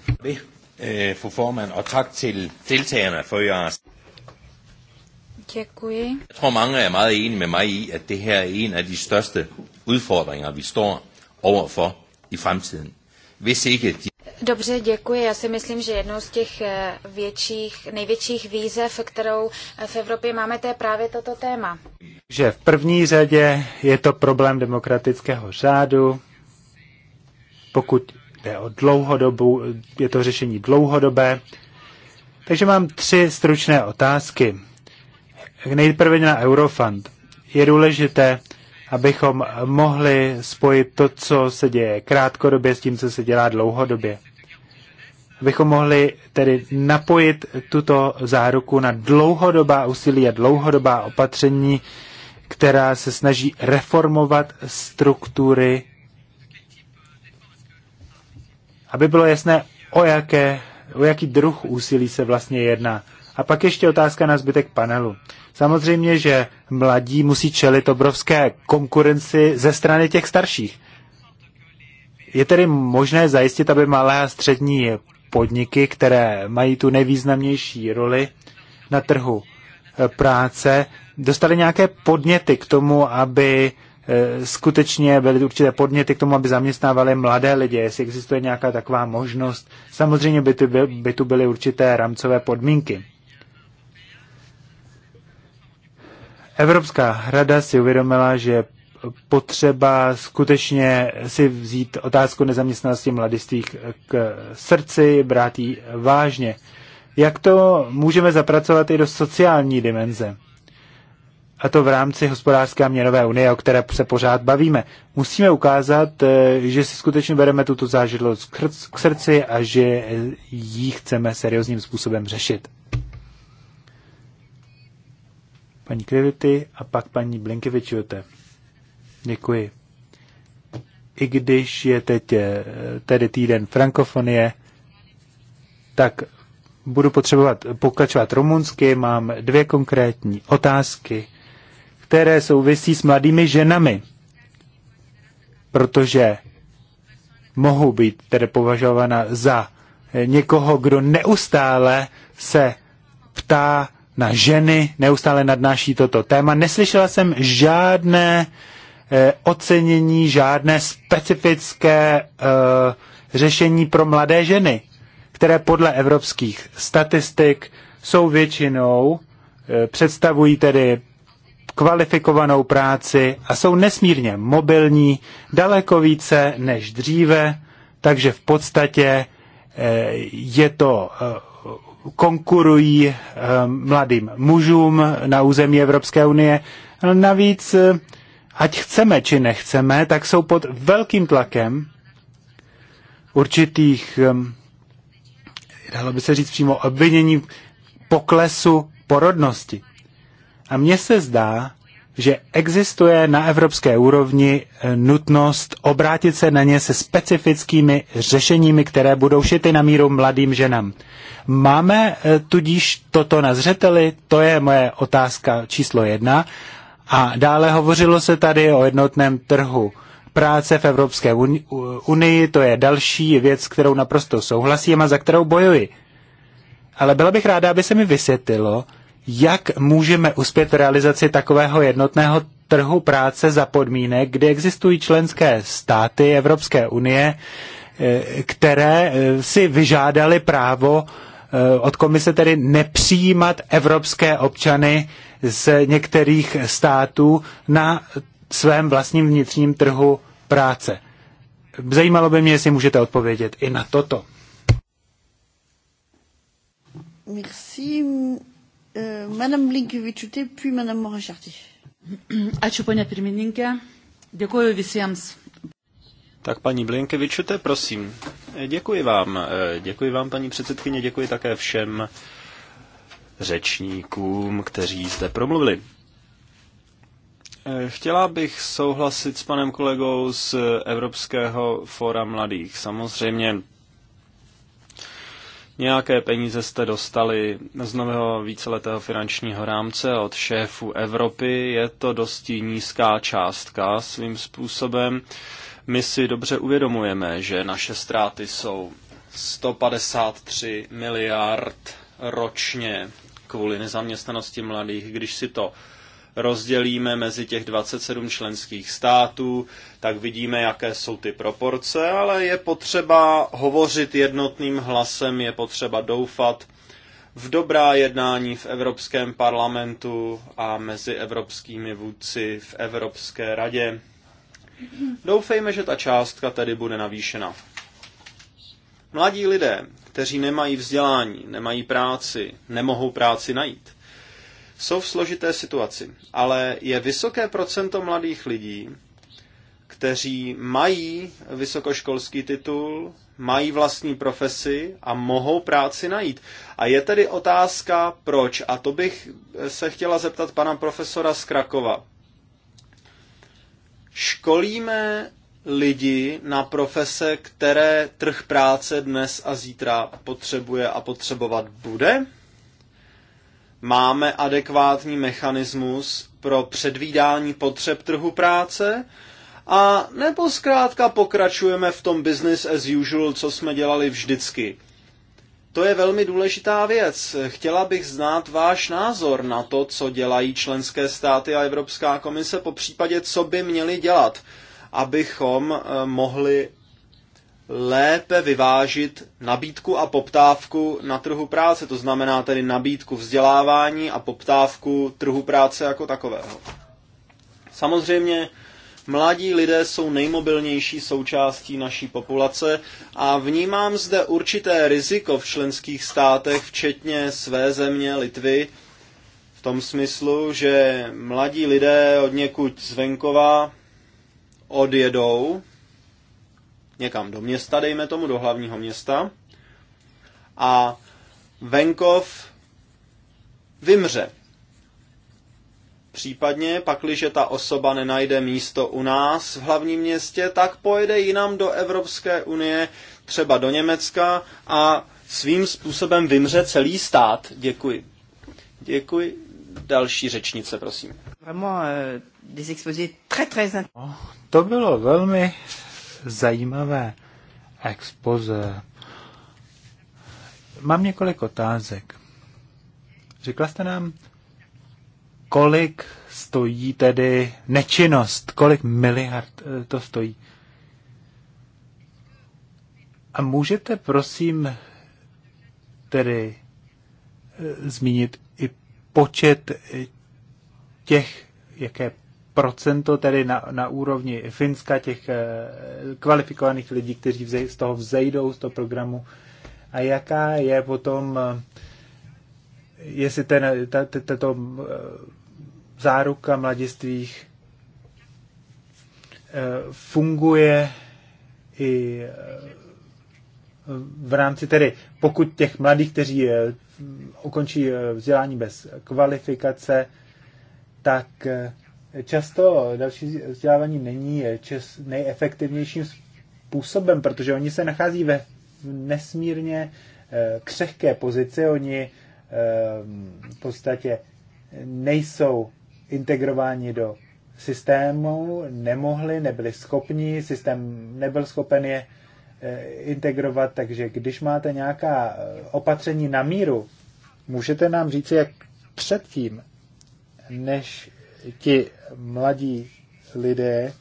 Øh, fru formand, tak til deltagerne for jeres... Děkuji. Jeg tror, mange er meget enige med mig i, at det her er en af de største udfordringer, vi står overfor i fremtiden. Hvis ikke de Dobře, děkuji. Já si myslím, že jednou z těch eh, větších, největších výzev, kterou eh, v Evropě máme, to je právě toto téma. Že v první řadě je to problém demokratického řádu. Pokud jde o dlouhodobu, je to řešení dlouhodobé. Takže mám tři stručné otázky. Nejprve na Eurofund. Je důležité, abychom mohli spojit to, co se děje krátkodobě s tím, co se dělá dlouhodobě abychom mohli tedy napojit tuto záruku na dlouhodobá úsilí a dlouhodobá opatření, která se snaží reformovat struktury, aby bylo jasné, o, jaké, o jaký druh úsilí se vlastně jedná. A pak ještě otázka na zbytek panelu. Samozřejmě, že mladí musí čelit obrovské konkurenci ze strany těch starších. Je tedy možné zajistit, aby malé a střední podniky, které mají tu nejvýznamnější roli na trhu eh, práce, dostali nějaké podněty k tomu, aby eh, skutečně byly určité podněty k tomu, aby zaměstnávali mladé lidi, jestli existuje nějaká taková možnost. Samozřejmě by tu, by, by tu byly určité rámcové podmínky. Evropská rada si uvědomila, že potřeba skutečně si vzít otázku nezaměstnanosti mladistvých k srdci, brát ji vážně. Jak to můžeme zapracovat i do sociální dimenze? A to v rámci hospodářské a měnové unie, o které se pořád bavíme. Musíme ukázat, eh, že si skutečně bereme tuto zážitost k srdci a že ji chceme seriózním způsobem řešit paní Krivity a pak paní Blinkevičiote. Děkuji. I když je teď eh, tedy týden frankofonie, tak budu potřebovat pokračovat rumunsky. Mám dvě konkrétní otázky, které souvisí s mladými ženami, protože mohou být tedy považována za eh, někoho, kdo neustále se ptá na ženy, neustále nadnáší toto téma. Neslyšela jsem žádné Eh, ocenění, žádné specifické eh, řešení pro mladé ženy, které podle evropských statistik jsou většinou, eh, představují tedy kvalifikovanou práci a jsou nesmírně mobilní, daleko více než dříve, takže v podstatě je to konkurují mladým mužům na území Evropské unie. Navíc ať chceme či nechceme, tak jsou pod velkým tlakem určitých, dalo by se říct přímo, obvinění poklesu porodnosti. A mně se zdá, že existuje na evropské úrovni eh, nutnost obrátit se na ně se specifickými řešeními, které budou šity na míru mladým ženám. Máme eh, tudíž toto na zřeteli, to je moje otázka číslo jedna. A dále hovořilo se tady o jednotném trhu práce v Evropské unii, to je další věc, kterou naprosto souhlasím a za kterou bojuji. Ale byla bych ráda, aby se mi vysvětlilo, jak můžeme uspět v realizaci takového jednotného trhu práce za podmínek, kde existují členské státy Evropské unie, eh, které eh, si vyžádali právo Eh, od komise tedy nepřijímat evropské občany z některých států na svém vlastním vnitřním trhu práce. Zajímalo by mě, jestli můžete odpovědět i na toto. Merci. Euh, Madame Blinkevičiūtė, puis Madame Morin-Chartier. Ačiū, ponia pirmininkė. Děkuji visiems tak paní Blinkevičute, prosím. Děkuji vám. Eh, děkuji vám, paní předsedkyně, děkuji také všem řečníkům, kteří zde promluvili. Eh, chtěla bych souhlasit s panem kolegou z Evropského fóra mladých. Samozřejmě nějaké peníze jste dostali z nového víceletého finančního rámce od šéfů Evropy. Je to dosti nízká částka svým způsobem. My si dobře uvědomujeme, že naše ztráty jsou 153 miliard ročně kvůli nezaměstnanosti mladých. Když si to rozdělíme mezi těch 27 členských států, tak vidíme, jaké jsou ty proporce, ale je potřeba hovořit jednotným hlasem, je potřeba doufat v dobrá jednání v Evropském parlamentu a mezi evropskými vůdci v Evropské radě. Doufejme, že ta částka tedy bude navýšena. Mladí lidé, kteří nemají vzdělání, nemají práci, nemohou práci najít, jsou v složité situaci, ale je vysoké procento mladých lidí, kteří mají vysokoškolský titul, mají vlastní profesi a mohou práci najít. A je tedy otázka, proč. A to bych se chtěla zeptat pana profesora z Krakova školíme lidi na profese, které trh práce dnes a zítra potřebuje a potřebovat bude? Máme adekvátní mechanismus pro předvídání potřeb trhu práce? A nebo zkrátka pokračujeme v tom business as usual, co jsme dělali vždycky? To je velmi důležitá věc. Chtěla bych znát váš názor na to, co dělají členské státy a Evropská komise, po případě, co by měli dělat, abychom eh, mohli lépe vyvážit nabídku a poptávku na trhu práce, to znamená tedy nabídku vzdělávání a poptávku trhu práce jako takového. Samozřejmě Mladí lidé jsou nejmobilnější součástí naší populace a vnímám zde určité riziko v členských státech, včetně své země Litvy, v tom smyslu, že mladí lidé od někud z venkova odjedou někam do města, dejme tomu, do hlavního města, a venkov vymře. Případně, pakliže ta osoba nenajde místo u nás v hlavním městě, tak pojede jinam do Evropské unie, třeba do Německa a svým způsobem vymře celý stát. Děkuji. Děkuji. Další řečnice, prosím. Euh, no, to bylo velmi zajímavé expoze. Mám několik otázek. Řekla jste nám kolik stojí tedy nečinnost, kolik miliard eh, to stojí. A můžete prosím tedy eh, zmínit i počet eh, těch, jaké procento tedy na, na úrovni Finska, těch kvalifikovaných lidí, kteří z toho vzejdou, z toho programu, a jaká je potom, jestli ten, ta, ta, tato záruka mladistvých eh, funguje i eh, v rámci tedy, pokud těch mladých, kteří eh, ukončí vzdělání bez kvalifikace, tak často další vzdělávání není čas nejefektivnějším způsobem, protože oni se nachází ve nesmírně křehké pozici, oni v podstatě nejsou integrováni do systému, nemohli, nebyli schopni, systém nebyl schopen je eh, integrovat, takže když máte nějaká eh, opatření na míru, můžete nám říct, jak předtím, než ti mladí lidé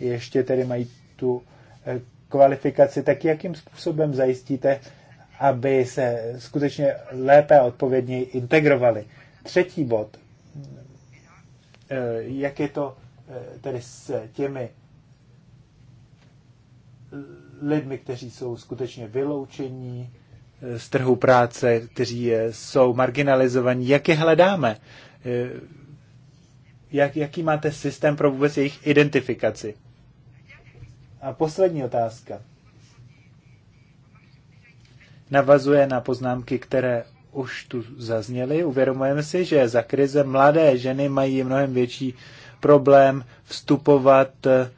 ještě tedy mají tu eh, kvalifikaci, tak jakým způsobem zajistíte, aby se skutečně lépe a odpovědněji integrovali. Třetí bod. Eh, jak je to eh, tedy s těmi lidmi, kteří jsou skutečně vyloučení eh, z trhu práce, kteří jsou marginalizovaní, jak je hledáme? Jak, jaký máte systém pro vůbec jejich identifikaci? A poslední otázka. Navazuje na poznámky, které už tu zazněly. Uvědomujeme si, že za krize mladé ženy mají mnohem větší problém vstupovat eh,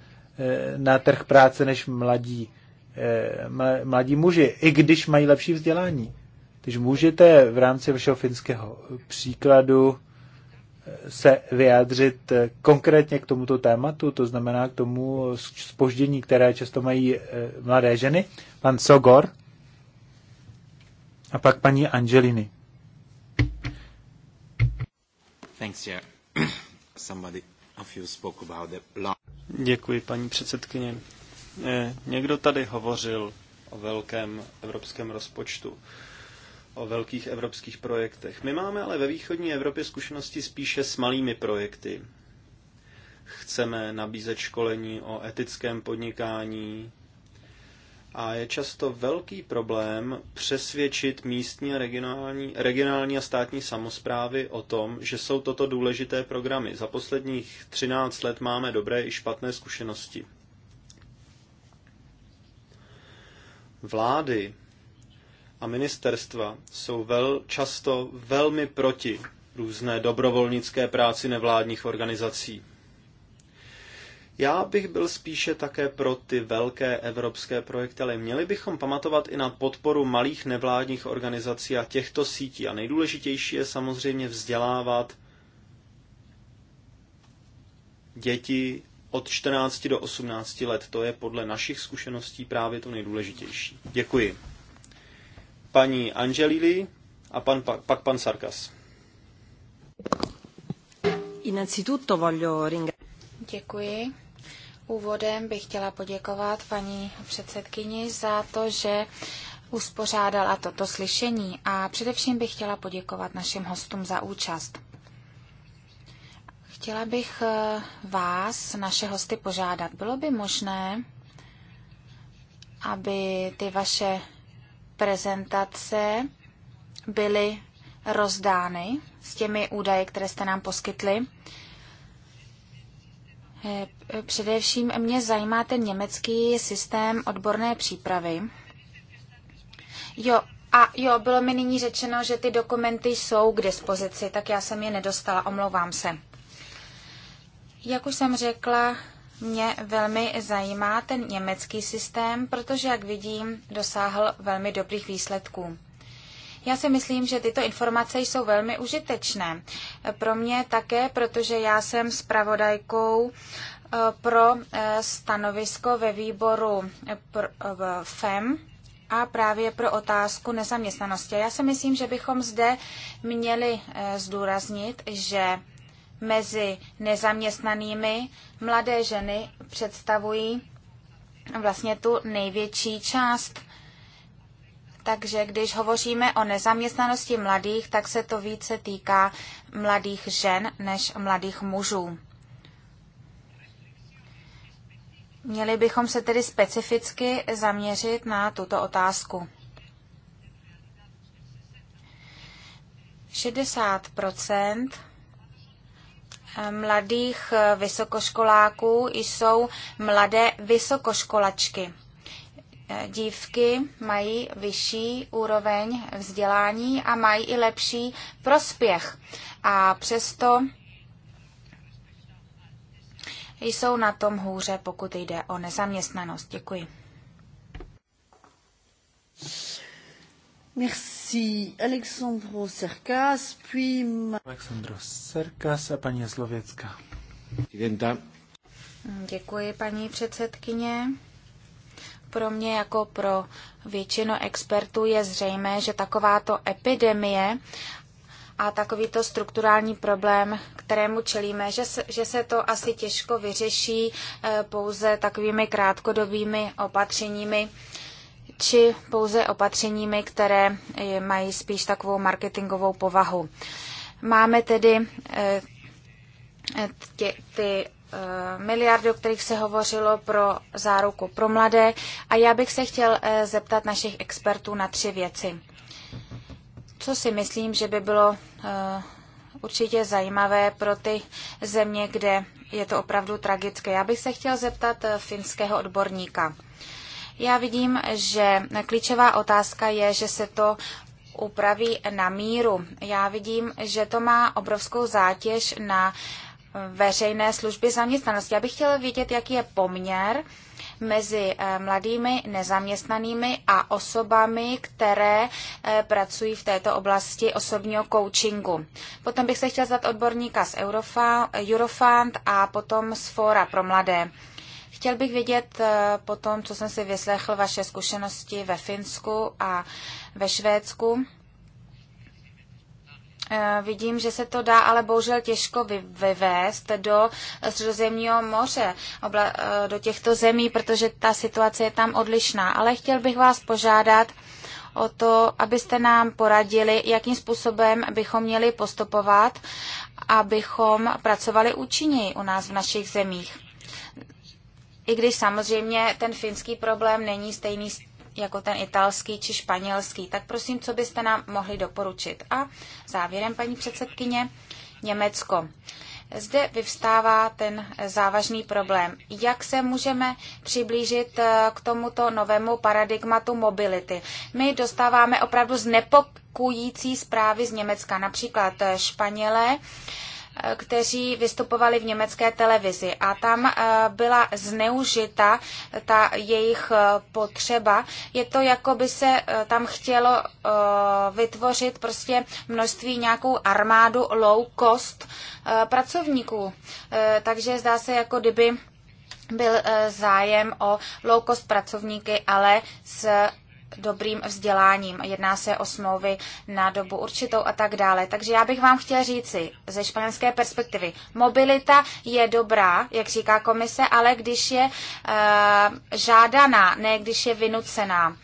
na trh práce než mladí, eh, mladí muži, i když mají lepší vzdělání. Takže můžete v rámci vašeho finského příkladu eh, se vyjádřit konkrétně k tomuto tématu, to znamená k tomu spoždění, které často mají mladé ženy. Pan Sogor. A pak paní Angeliny. Thanks, yeah. Somebody of you spoke about the Děkuji, paní předsedkyně. Eh, někdo tady hovořil o velkém evropském rozpočtu, o velkých evropských projektech. My máme ale ve východní Evropě zkušenosti spíše s malými projekty. Chceme nabízet školení o etickém podnikání, a je často velký problém přesvědčit místní a regionální, regionální a státní samozprávy o tom, že jsou toto důležité programy. Za posledních 13 let máme dobré i špatné zkušenosti. Vlády a ministerstva jsou vel, často velmi proti různé dobrovolnické práci nevládních organizací. Já bych byl spíše také pro ty velké evropské projekty, ale měli bychom pamatovat i na podporu malých nevládních organizací a těchto sítí. A nejdůležitější je samozřejmě vzdělávat děti od 14 do 18 let. To je podle našich zkušeností právě to nejdůležitější. Děkuji. Paní Angelili a pan, pak, pak pan Sarkas. Innanzitutto voglio Děkuji. Úvodem bych chtěla poděkovat paní předsedkyni za to, že uspořádala toto slyšení a především bych chtěla poděkovat našim hostům za účast. Chtěla bych eh, vás, naše hosty, požádat. Bylo by možné, aby ty vaše prezentace byly rozdány s těmi údaji, které jste nám poskytli, Eh, především mě zajímá ten německý systém odborné přípravy. Jo, a jo, bylo mi nyní řečeno, že ty dokumenty jsou k dispozici, tak já jsem je nedostala, omlouvám se. Jak už jsem řekla, mě velmi zajímá ten německý systém, protože, jak vidím, dosáhl velmi dobrých výsledků. Já si myslím, že tyto informace jsou velmi užitečné. Pro mě také, protože já jsem zpravodajkou eh, pro eh, stanovisko ve výboru eh, FEM a právě pro otázku nezaměstnanosti. Já si myslím, že bychom zde měli zdůraznit, že mezi nezaměstnanými mladé ženy představují vlastně tu největší část takže když hovoříme o nezaměstnanosti mladých, tak se to více týká mladých žen než mladých mužů. Měli bychom se tedy specificky zaměřit na tuto otázku. 60 mladých vysokoškoláků jsou mladé vysokoškolačky. Eh, dívky mají vyšší úroveň vzdělání a mají i lepší prospěch. A přesto jsou na tom hůře, pokud jde o nezaměstnanost. Děkuji. Merci Alexandro Serkas, puis... Alexandro Serkas a paní Zlověcka. Děkuji, paní předsedkyně. Pro mě jako pro většinu expertů je zřejmé, že takováto epidemie a takovýto strukturální problém, kterému čelíme, že se, že se to asi těžko vyřeší eh, pouze takovými krátkodobými opatřeními či pouze opatřeními, které mají spíš takovou marketingovou povahu. Máme tedy eh, tě, ty Eh, miliardy, o kterých se hovořilo pro záruku pro mladé. A já bych se chtěl eh, zeptat našich expertů na tři věci. Co si myslím, že by bylo eh, určitě zajímavé pro ty země, kde je to opravdu tragické. Já bych se chtěl zeptat finského odborníka. Já vidím, že klíčová otázka je, že se to upraví na míru. Já vidím, že to má obrovskou zátěž na uh, veřejné služby zaměstnanosti. Já bych chtěla vědět, jaký je poměr mezi eh, mladými nezaměstnanými a osobami, které eh, pracují v této oblasti osobního coachingu. Potom bych se chtěla zeptat odborníka z Eurofund a potom z Fora pro mladé. Chtěl bych vědět eh, potom co jsem si vyslechl, vaše zkušenosti ve Finsku a ve Švédsku Eh, vidím, že se to dá ale bohužel těžko vyvést do Středozemního moře, eh, do těchto zemí, protože ta situace je tam odlišná. Ale chtěl bych vás požádat o to, abyste nám poradili, jakým způsobem bychom měli postupovat, abychom pracovali účinněji u nás v našich zemích. I když samozřejmě ten finský problém není stejný jako ten italský či španělský. Tak prosím, co byste nám mohli doporučit? A závěrem, paní předsedkyně, Německo. Zde vyvstává ten závažný problém. Jak se můžeme přiblížit eh, k tomuto novému paradigmatu mobility? My dostáváme opravdu znepokující zprávy z Německa, například eh, Španělé kteří vystupovali v německé televizi a tam eh, byla zneužita ta jejich eh, potřeba. Je to, jako by se eh, tam chtělo vytvořit prostě množství nějakou armádu low cost pracovníků. Takže zdá se, jako kdyby byl zájem o low cost pracovníky, ale s dobrým vzděláním. Jedná se o smlouvy na dobu určitou a tak dále. Takže já bych vám chtěla říci ze španělské perspektivy, mobilita je dobrá, jak říká komise, ale když je uh, žádaná, ne když je vynucená. Uh,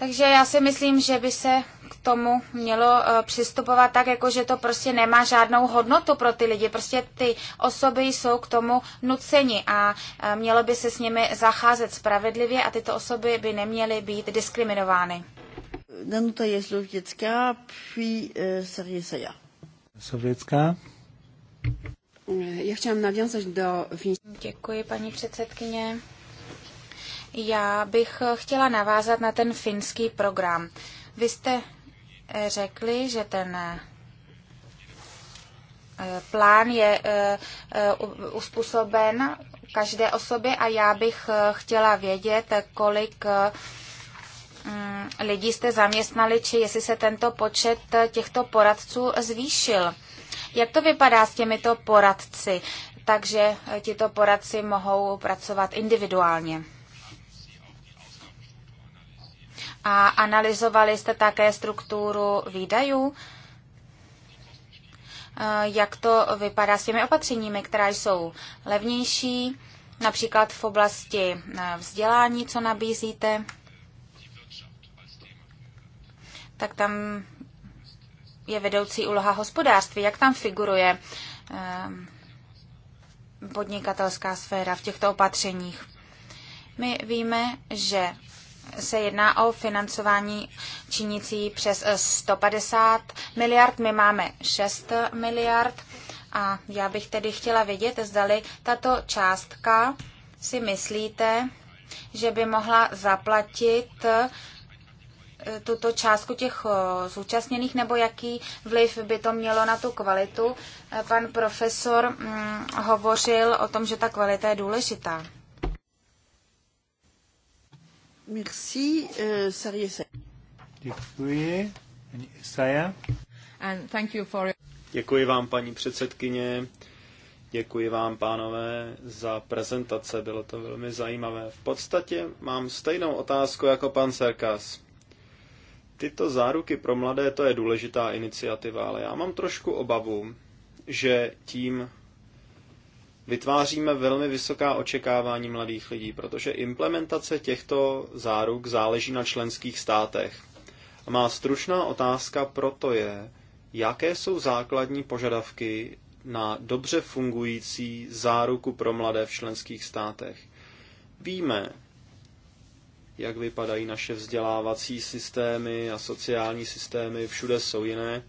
takže já si myslím, že by se k tomu mělo eh, přistupovat tak, jako že to prostě nemá žádnou hodnotu pro ty lidi. Prostě ty osoby jsou k tomu nuceni a eh, mělo by se s nimi zacházet spravedlivě a tyto osoby by neměly být diskriminovány. Danuta je Slověcká, puis eh, Serie Saja. Sovětská. Já chtěla navázat do... Děkuji, paní předsedkyně. Já bych chtěla navázat na ten finský program. Vy jste eh, řekli, že ten eh, plán je eh, uspůsoben každé osobě a já bych chtěla vědět, kolik mm, lidí jste zaměstnali, či jestli se tento počet těchto poradců zvýšil. Jak to vypadá s těmito poradci? Takže tito poradci mohou pracovat individuálně. A analyzovali jste také strukturu výdajů? Eh, jak to vypadá s těmi opatřeními, která jsou levnější, například v oblasti eh, vzdělání, co nabízíte? Tak tam je vedoucí úloha hospodářství. Jak tam figuruje eh, podnikatelská sféra v těchto opatřeních? My víme, že se jedná o financování činící přes 150 eh, miliard, my máme 6 miliard a já bych tedy chtěla vědět, zdali tato částka si myslíte, že by mohla zaplatit eh, tuto částku těch eh, zúčastněných, nebo jaký vliv by to mělo na tu kvalitu. Pan profesor mm, hovořil o tom, že ta kvalita je důležitá. Merci, euh, Děkuji, paní And thank you for... Děkuji vám, paní předsedkyně. Děkuji vám, pánové, za prezentace, bylo to velmi zajímavé. V podstatě mám stejnou otázku jako pan Serkas. Tyto záruky pro mladé, to je důležitá iniciativa, ale já mám trošku obavu, že tím vytváříme velmi vysoká očekávání mladých lidí, protože implementace těchto záruk záleží na členských státech. A má stručná otázka proto je, jaké jsou základní požadavky na dobře fungující záruku pro mladé v členských státech. Víme, jak vypadají naše vzdělávací systémy a sociální systémy, všude jsou jiné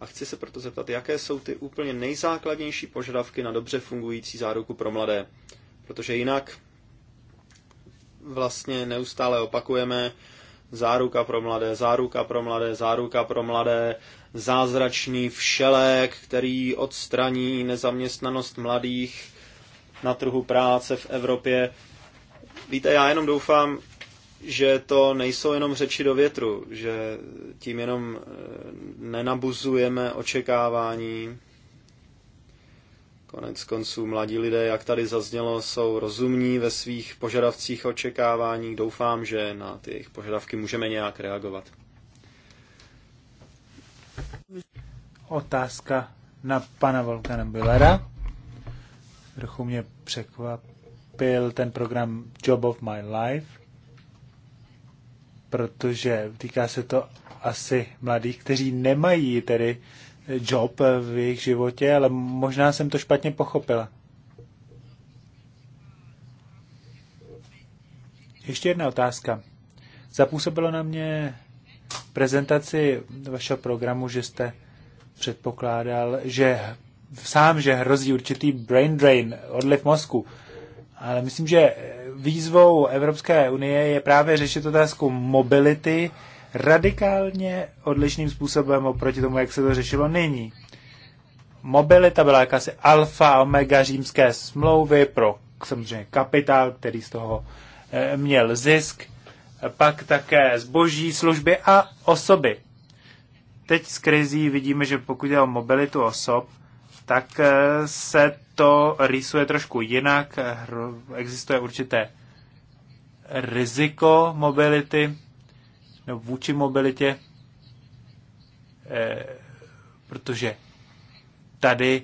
a chci se proto zeptat, jaké jsou ty úplně nejzákladnější požadavky na dobře fungující záruku pro mladé. Protože jinak vlastně neustále opakujeme záruka pro mladé, záruka pro mladé, záruka pro mladé, zázračný všelek, který odstraní nezaměstnanost mladých na trhu práce v Evropě. Víte, já jenom doufám, že to nejsou jenom řeči do větru, že tím jenom eh, nenabuzujeme očekávání. Konec konců mladí lidé, jak tady zaznělo, jsou rozumní ve svých požadavcích očekávání. Doufám, že na ty jejich požadavky můžeme nějak reagovat. Otázka na pana Volkana Billera. Trochu mě překvapil ten program Job of My Life protože týká se to asi mladých, kteří nemají tedy job v jejich životě, ale možná jsem to špatně pochopila. Ještě jedna otázka. Zapůsobilo na mě prezentaci vašeho programu, že jste předpokládal, že sám, že hrozí určitý brain drain, odliv mozku. Ale myslím, že výzvou Evropské unie je právě řešit otázku mobility radikálně odlišným způsobem oproti tomu, jak se to řešilo nyní. Mobilita byla jakási alfa a omega římské smlouvy pro samozřejmě kapitál, který z toho eh, měl zisk, pak také zboží, služby a osoby. Teď z krizí vidíme, že pokud je o mobilitu osob, tak eh, se to rýsuje trošku jinak. Existuje určité riziko mobility nebo vůči mobilitě, eh, protože tady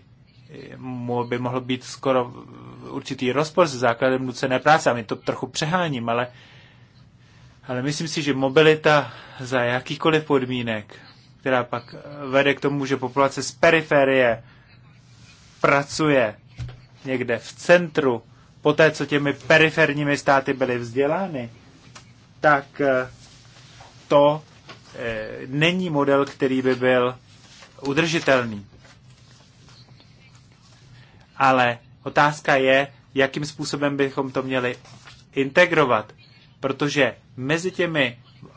eh, by mohl být skoro určitý rozpor se základem nucené práce. A my to trochu přeháním, ale, ale myslím si, že mobilita za jakýkoliv podmínek, která pak vede k tomu, že populace z periferie pracuje někde v centru, po té, co těmi periferními státy byly vzdělány, tak eh, to eh, není model, který by byl udržitelný. Ale otázka je, jakým způsobem bychom to měli integrovat, protože mezi těmi eh,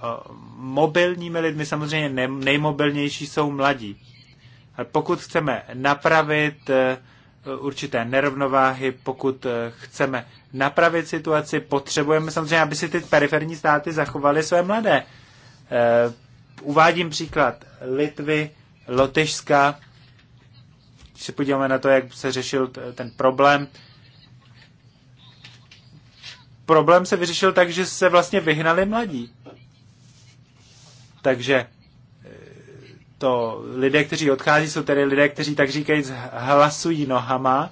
mobilními lidmi samozřejmě nejmobilnější jsou mladí. Pokud chceme napravit eh, určité nerovnováhy, pokud eh, chceme napravit situaci, potřebujeme samozřejmě, aby si ty periferní státy zachovaly své mladé. Eh, uvádím příklad Litvy, Lotyšska. Když se podíváme na to, jak se řešil ten problém, problém se vyřešil tak, že se vlastně vyhnali mladí. Takže to lidé, kteří odchází, jsou tedy lidé, kteří tak říkají hlasují nohama,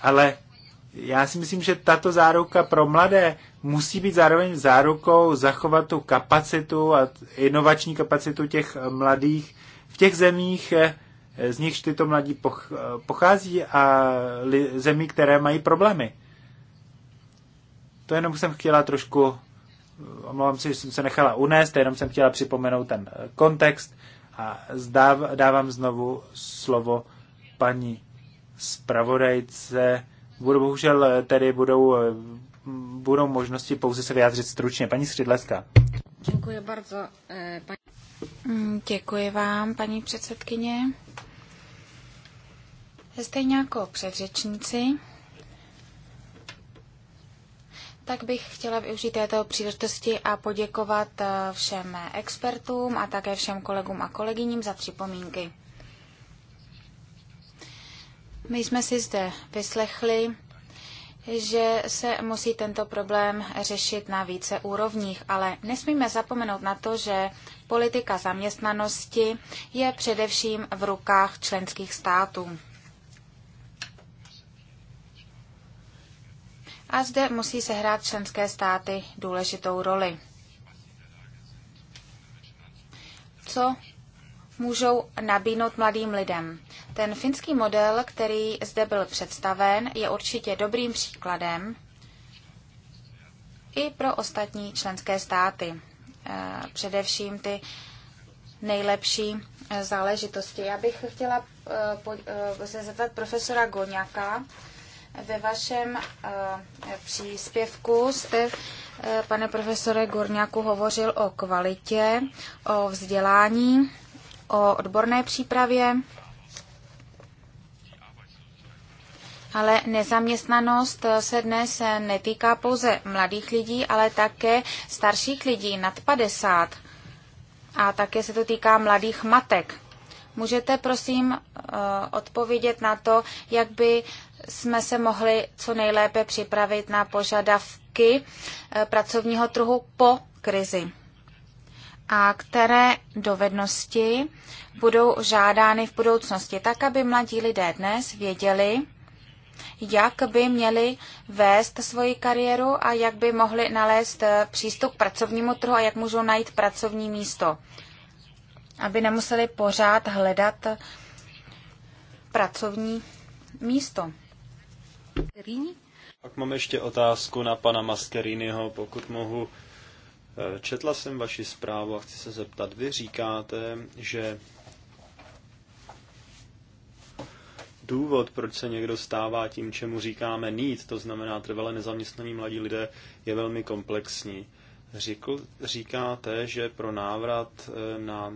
ale já si myslím, že tato záruka pro mladé musí být zároveň zárukou zachovat tu kapacitu a inovační kapacitu těch mladých v těch zemích, eh, z nichž tyto mladí pochází a zemí, které mají problémy. To jenom jsem chtěla trošku omlouvám se, že jsem se nechala unést, jenom jsem chtěla připomenout ten eh, kontext a zdáv, dávám znovu slovo paní zpravodajce. Budu, bohužel eh, tedy budou, eh, budou možnosti pouze se vyjádřit stručně. Paní Skřidlecká. Děkuji bardzo. Paní... Mm, děkuji vám, paní předsedkyně. Stejně jako předřečníci, tak bych chtěla využít této příležitosti a poděkovat eh, všem expertům a také všem kolegům a kolegyním za připomínky. My jsme si zde vyslechli, že se musí tento problém řešit na více úrovních, ale nesmíme zapomenout na to, že politika zaměstnanosti je především v rukách členských států. a zde musí sehrát členské státy důležitou roli. Co můžou nabídnout mladým lidem? Ten finský model, který zde byl představen, je určitě dobrým příkladem i pro ostatní členské státy. E, především ty nejlepší e, záležitosti. Já bych chtěla e, se zeptat profesora Goňaka, ve vašem eh, příspěvku jste, eh, pane profesore Gorňáku, hovořil o kvalitě, o vzdělání, o odborné přípravě, Ale nezaměstnanost eh, se dnes netýká pouze mladých lidí, ale také starších lidí nad 50. A také se to týká mladých matek. Můžete prosím odpovědět na to, jak by jsme se mohli co nejlépe připravit na požadavky eh, pracovního trhu po krizi a které dovednosti budou žádány v budoucnosti, tak aby mladí lidé dnes věděli, jak by měli vést svoji kariéru a jak by mohli nalézt eh, přístup k pracovnímu trhu a jak můžou najít pracovní místo, aby nemuseli pořád hledat pracovní místo. Pak mám ještě otázku na pana Mascheriniho, pokud mohu. E, četla jsem vaši zprávu a chci se zeptat. Vy říkáte, že důvod, proč se někdo stává tím, čemu říkáme nít, to znamená trvale nezaměstnaní mladí lidé, je velmi komplexní. Říkl, říkáte, že pro návrat e, na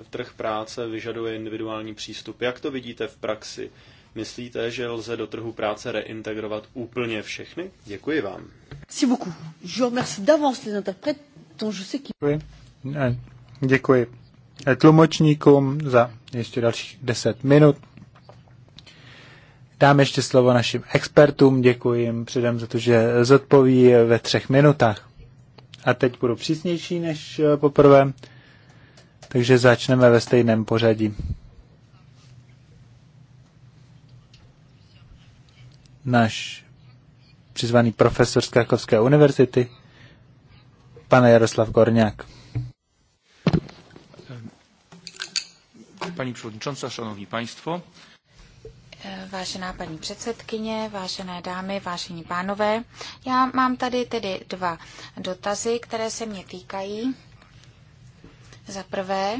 e, trh práce vyžaduje individuální přístup. Jak to vidíte v praxi? Myslíte, že lze do trhu práce reintegrovat úplně všechny? Děkuji vám. Merci beaucoup. Je remercie d'avance les interprètes, dont je sais qu'ils... Děkuji tlumočníkům za ještě dalších 10 minut. Dám ještě slovo našim expertům, děkuji jim předem za to, že zodpoví ve třech minutách. A teď budu přísnější než eh, poprvé, takže začneme ve stejném pořadí. náš přizvaný profesor z Krakovské univerzity, pane Jaroslav Korňák. Paní předsedkyně, šanovní państwo. Vážená paní předsedkyně, vážené dámy, vážení pánové, já mám tady tedy dva dotazy, které se mě týkají. Za prvé,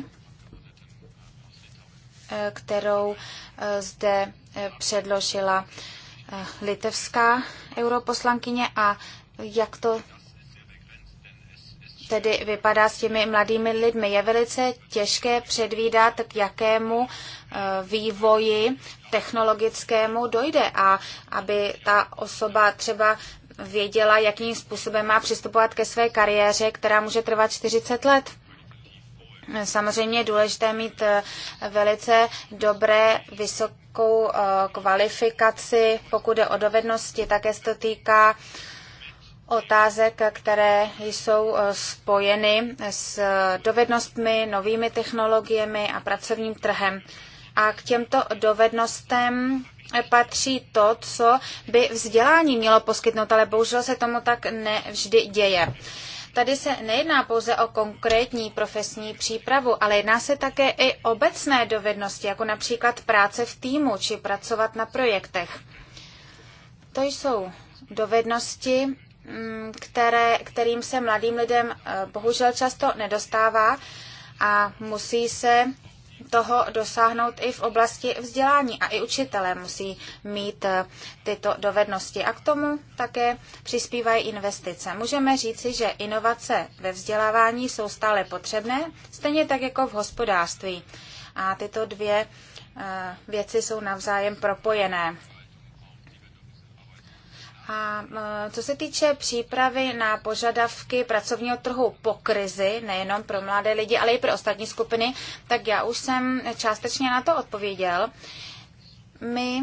eh, kterou eh, zde eh, předložila Eh, litevská europoslankyně a jak to tedy vypadá s těmi mladými lidmi. Je velice těžké předvídat, k jakému eh, vývoji technologickému dojde a aby ta osoba třeba věděla, jakým způsobem má přistupovat ke své kariéře, která může trvat 40 let. Samozřejmě je důležité mít eh, velice dobré, vysok, vysokou eh, kvalifikaci, pokud je o dovednosti, také se to týká otázek, které jsou eh, spojeny s dovednostmi, novými technologiemi a pracovním trhem. A k těmto dovednostem patří to, co by vzdělání mělo poskytnout, ale bohužel se tomu tak nevždy děje. Tady se nejedná pouze o konkrétní profesní přípravu, ale jedná se také i obecné dovednosti, jako například práce v týmu či pracovat na projektech. To jsou dovednosti, mm, které, kterým se mladým lidem eh, bohužel často nedostává a musí se toho dosáhnout i v oblasti vzdělání a i učitelé musí mít eh, tyto dovednosti a k tomu také přispívají investice. Můžeme říci, že inovace ve vzdělávání jsou stále potřebné, stejně tak jako v hospodářství. A tyto dvě eh, věci jsou navzájem propojené. A e, co se týče přípravy na požadavky pracovního trhu po krizi, nejenom pro mladé lidi, ale i pro ostatní skupiny, tak já už jsem částečně na to odpověděl. My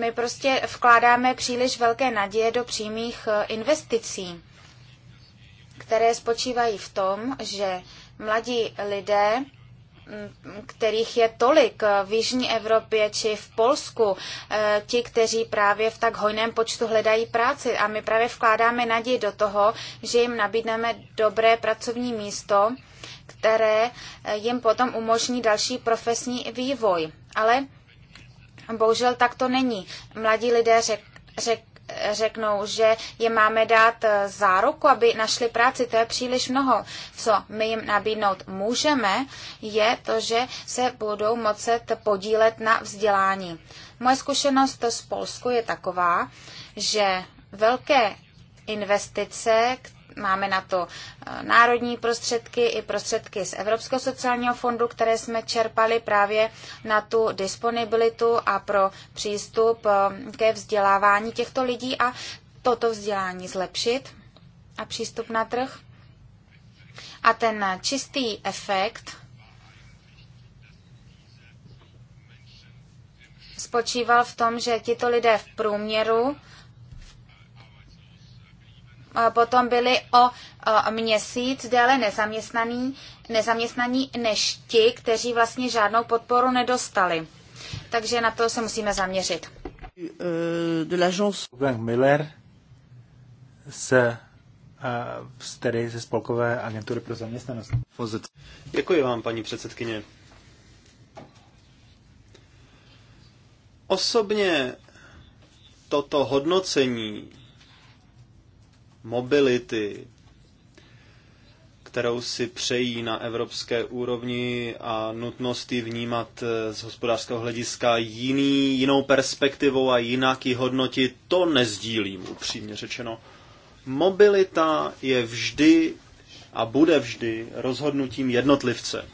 my prostě vkládáme příliš velké naděje do přímých e, investicí, které spočívají v tom, že mladí lidé kterých je tolik v Jižní Evropě či v Polsku, eh, ti, kteří právě v tak hojném počtu hledají práci. A my právě vkládáme naději do toho, že jim nabídneme dobré pracovní místo, které eh, jim potom umožní další profesní vývoj. Ale bohužel tak to není. Mladí lidé řek, řek, řeknou, že je máme dát eh, záruku, aby našli práci, to je příliš mnoho. Co my jim nabídnout můžeme, je to, že se budou moci podílet na vzdělání. Moje zkušenost z Polsku je taková, že velké investice, které Máme na to eh, národní prostředky i prostředky z Evropského sociálního fondu, které jsme čerpali právě na tu disponibilitu a pro přístup eh, ke vzdělávání těchto lidí a toto vzdělání zlepšit a přístup na trh. A ten čistý efekt spočíval v tom, že tito lidé v průměru potom byli o, měsíc déle nezaměstnaní, nezaměstnaní než ti, kteří vlastně žádnou podporu nedostali. Takže na to se musíme zaměřit. Eh, de l'agence Miller se eh, tedy ze Spolkové agentury pro zaměstnanost. Děkuji vám, paní předsedkyně. Osobně toto hodnocení mobility, kterou si přejí na evropské úrovni a nutnost ji vnímat eh, z hospodářského hlediska jiný, jinou perspektivou a jinak ji hodnotit, to nezdílím, upřímně řečeno. Mobilita je vždy a bude vždy rozhodnutím jednotlivce.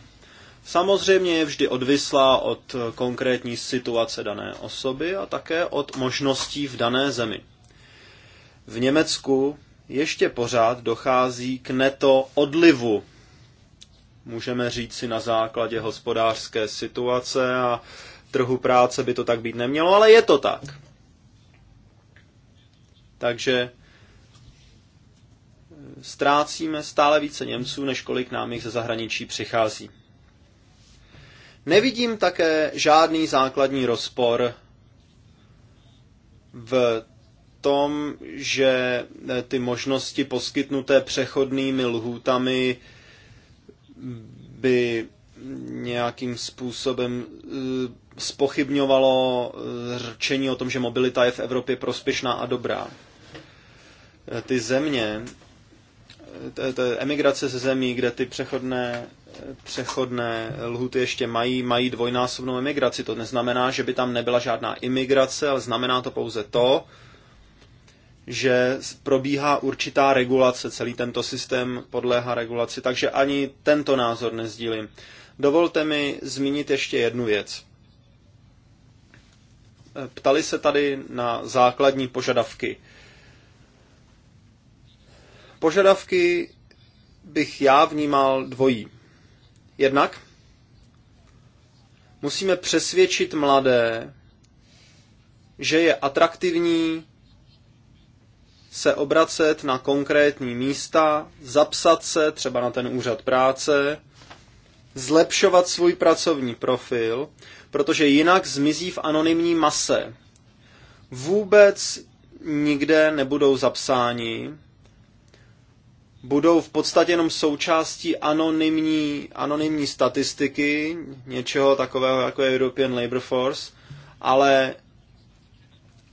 Samozřejmě je vždy odvislá od konkrétní situace dané osoby a také od možností v dané zemi. V Německu ještě pořád dochází k neto odlivu. Můžeme říct si na základě hospodářské situace a trhu práce by to tak být nemělo, ale je to tak. Takže ztrácíme stále více Němců, než kolik nám jich ze zahraničí přichází. Nevidím také žádný základní rozpor v tom, že eh, ty možnosti poskytnuté přechodnými lhůtami by nějakým způsobem eh, spochybňovalo eh, řečení o tom, že mobilita je v Evropě prospěšná a dobrá. Ty země, emigrace ze zemí, kde ty přechodné, přechodné lhuty ještě mají, mají dvojnásobnou emigraci. To neznamená, že by tam nebyla žádná imigrace, ale znamená to pouze to, že probíhá určitá regulace, celý tento systém podléhá regulaci, takže ani tento názor nezdílím. Dovolte mi zmínit ještě jednu věc. Ptali se tady na základní požadavky. Požadavky bych já vnímal dvojí. Jednak musíme přesvědčit mladé, že je atraktivní se obracet na konkrétní místa, zapsat se třeba na ten úřad práce, zlepšovat svůj pracovní profil, protože jinak zmizí v anonymní mase. Vůbec nikde nebudou zapsáni, budou v podstatě jenom součástí anonymní, anonymní statistiky, něčeho takového jako je European Labour Force, ale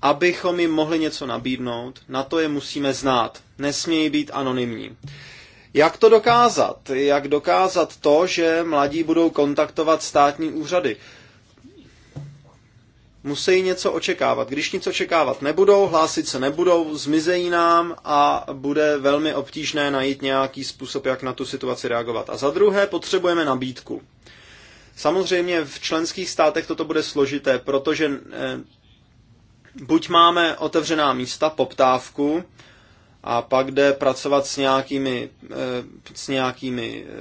Abychom jim mohli něco nabídnout, na to je musíme znát. Nesmějí být anonymní. Jak to dokázat? Jak dokázat to, že mladí budou kontaktovat státní úřady? Musí něco očekávat. Když nic očekávat nebudou, hlásit se nebudou, zmizejí nám a bude velmi obtížné najít nějaký způsob, jak na tu situaci reagovat. A za druhé potřebujeme nabídku. Samozřejmě v členských státech toto bude složité, protože eh, buď máme otevřená místa, poptávku, a pak jde pracovat s nějakými, eh, s nějakými eh,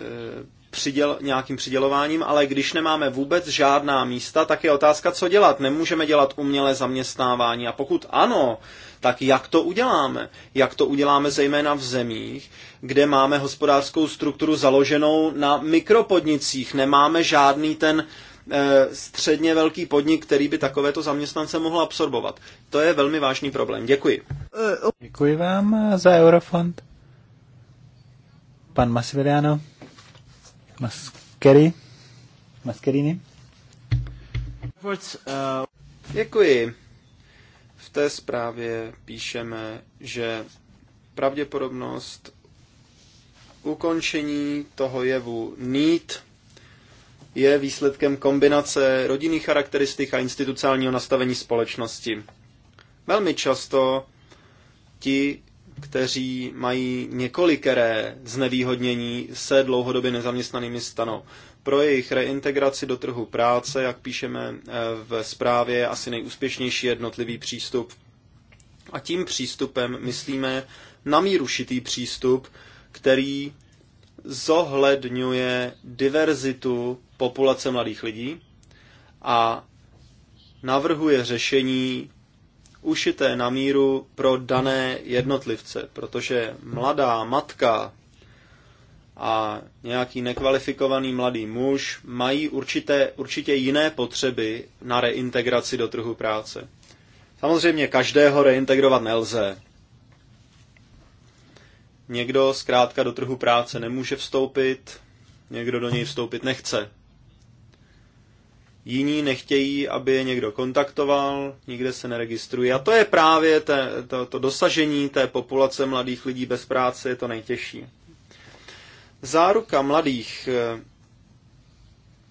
přiděl, nějakým přidělováním, ale když nemáme vůbec žádná místa, tak je otázka, co dělat. Nemůžeme dělat umělé zaměstnávání a pokud ano, tak jak to uděláme? Jak to uděláme zejména v zemích, kde máme hospodářskou strukturu založenou na mikropodnicích, nemáme žádný ten Eh, středně velký podnik, který by takovéto zaměstnance mohl absorbovat. To je velmi vážný problém. Děkuji. Děkuji vám za Eurofond. Pan Masveriano. Maskeri. Maskerini. Děkuji. V té zprávě píšeme, že pravděpodobnost ukončení toho jevu need je výsledkem kombinace rodinných charakteristik a institucionálního nastavení společnosti. Velmi často ti, kteří mají několikeré znevýhodnění, se dlouhodobě nezaměstnanými stanou. Pro jejich reintegraci do trhu práce, jak píšeme eh, v zprávě, je asi nejúspěšnější jednotlivý přístup. A tím přístupem myslíme namírušitý přístup, který zohledňuje diverzitu populace mladých lidí a navrhuje řešení ušité na míru pro dané jednotlivce, protože mladá matka a nějaký nekvalifikovaný mladý muž mají určité, určitě jiné potřeby na reintegraci do trhu práce. Samozřejmě každého reintegrovat nelze. Někdo zkrátka do trhu práce nemůže vstoupit, někdo do něj vstoupit nechce. Jiní nechtějí, aby je někdo kontaktoval, nikde se neregistrují. A to je právě te, to, to dosažení té populace mladých lidí bez práce je to nejtěžší. Záruka mladých, eh,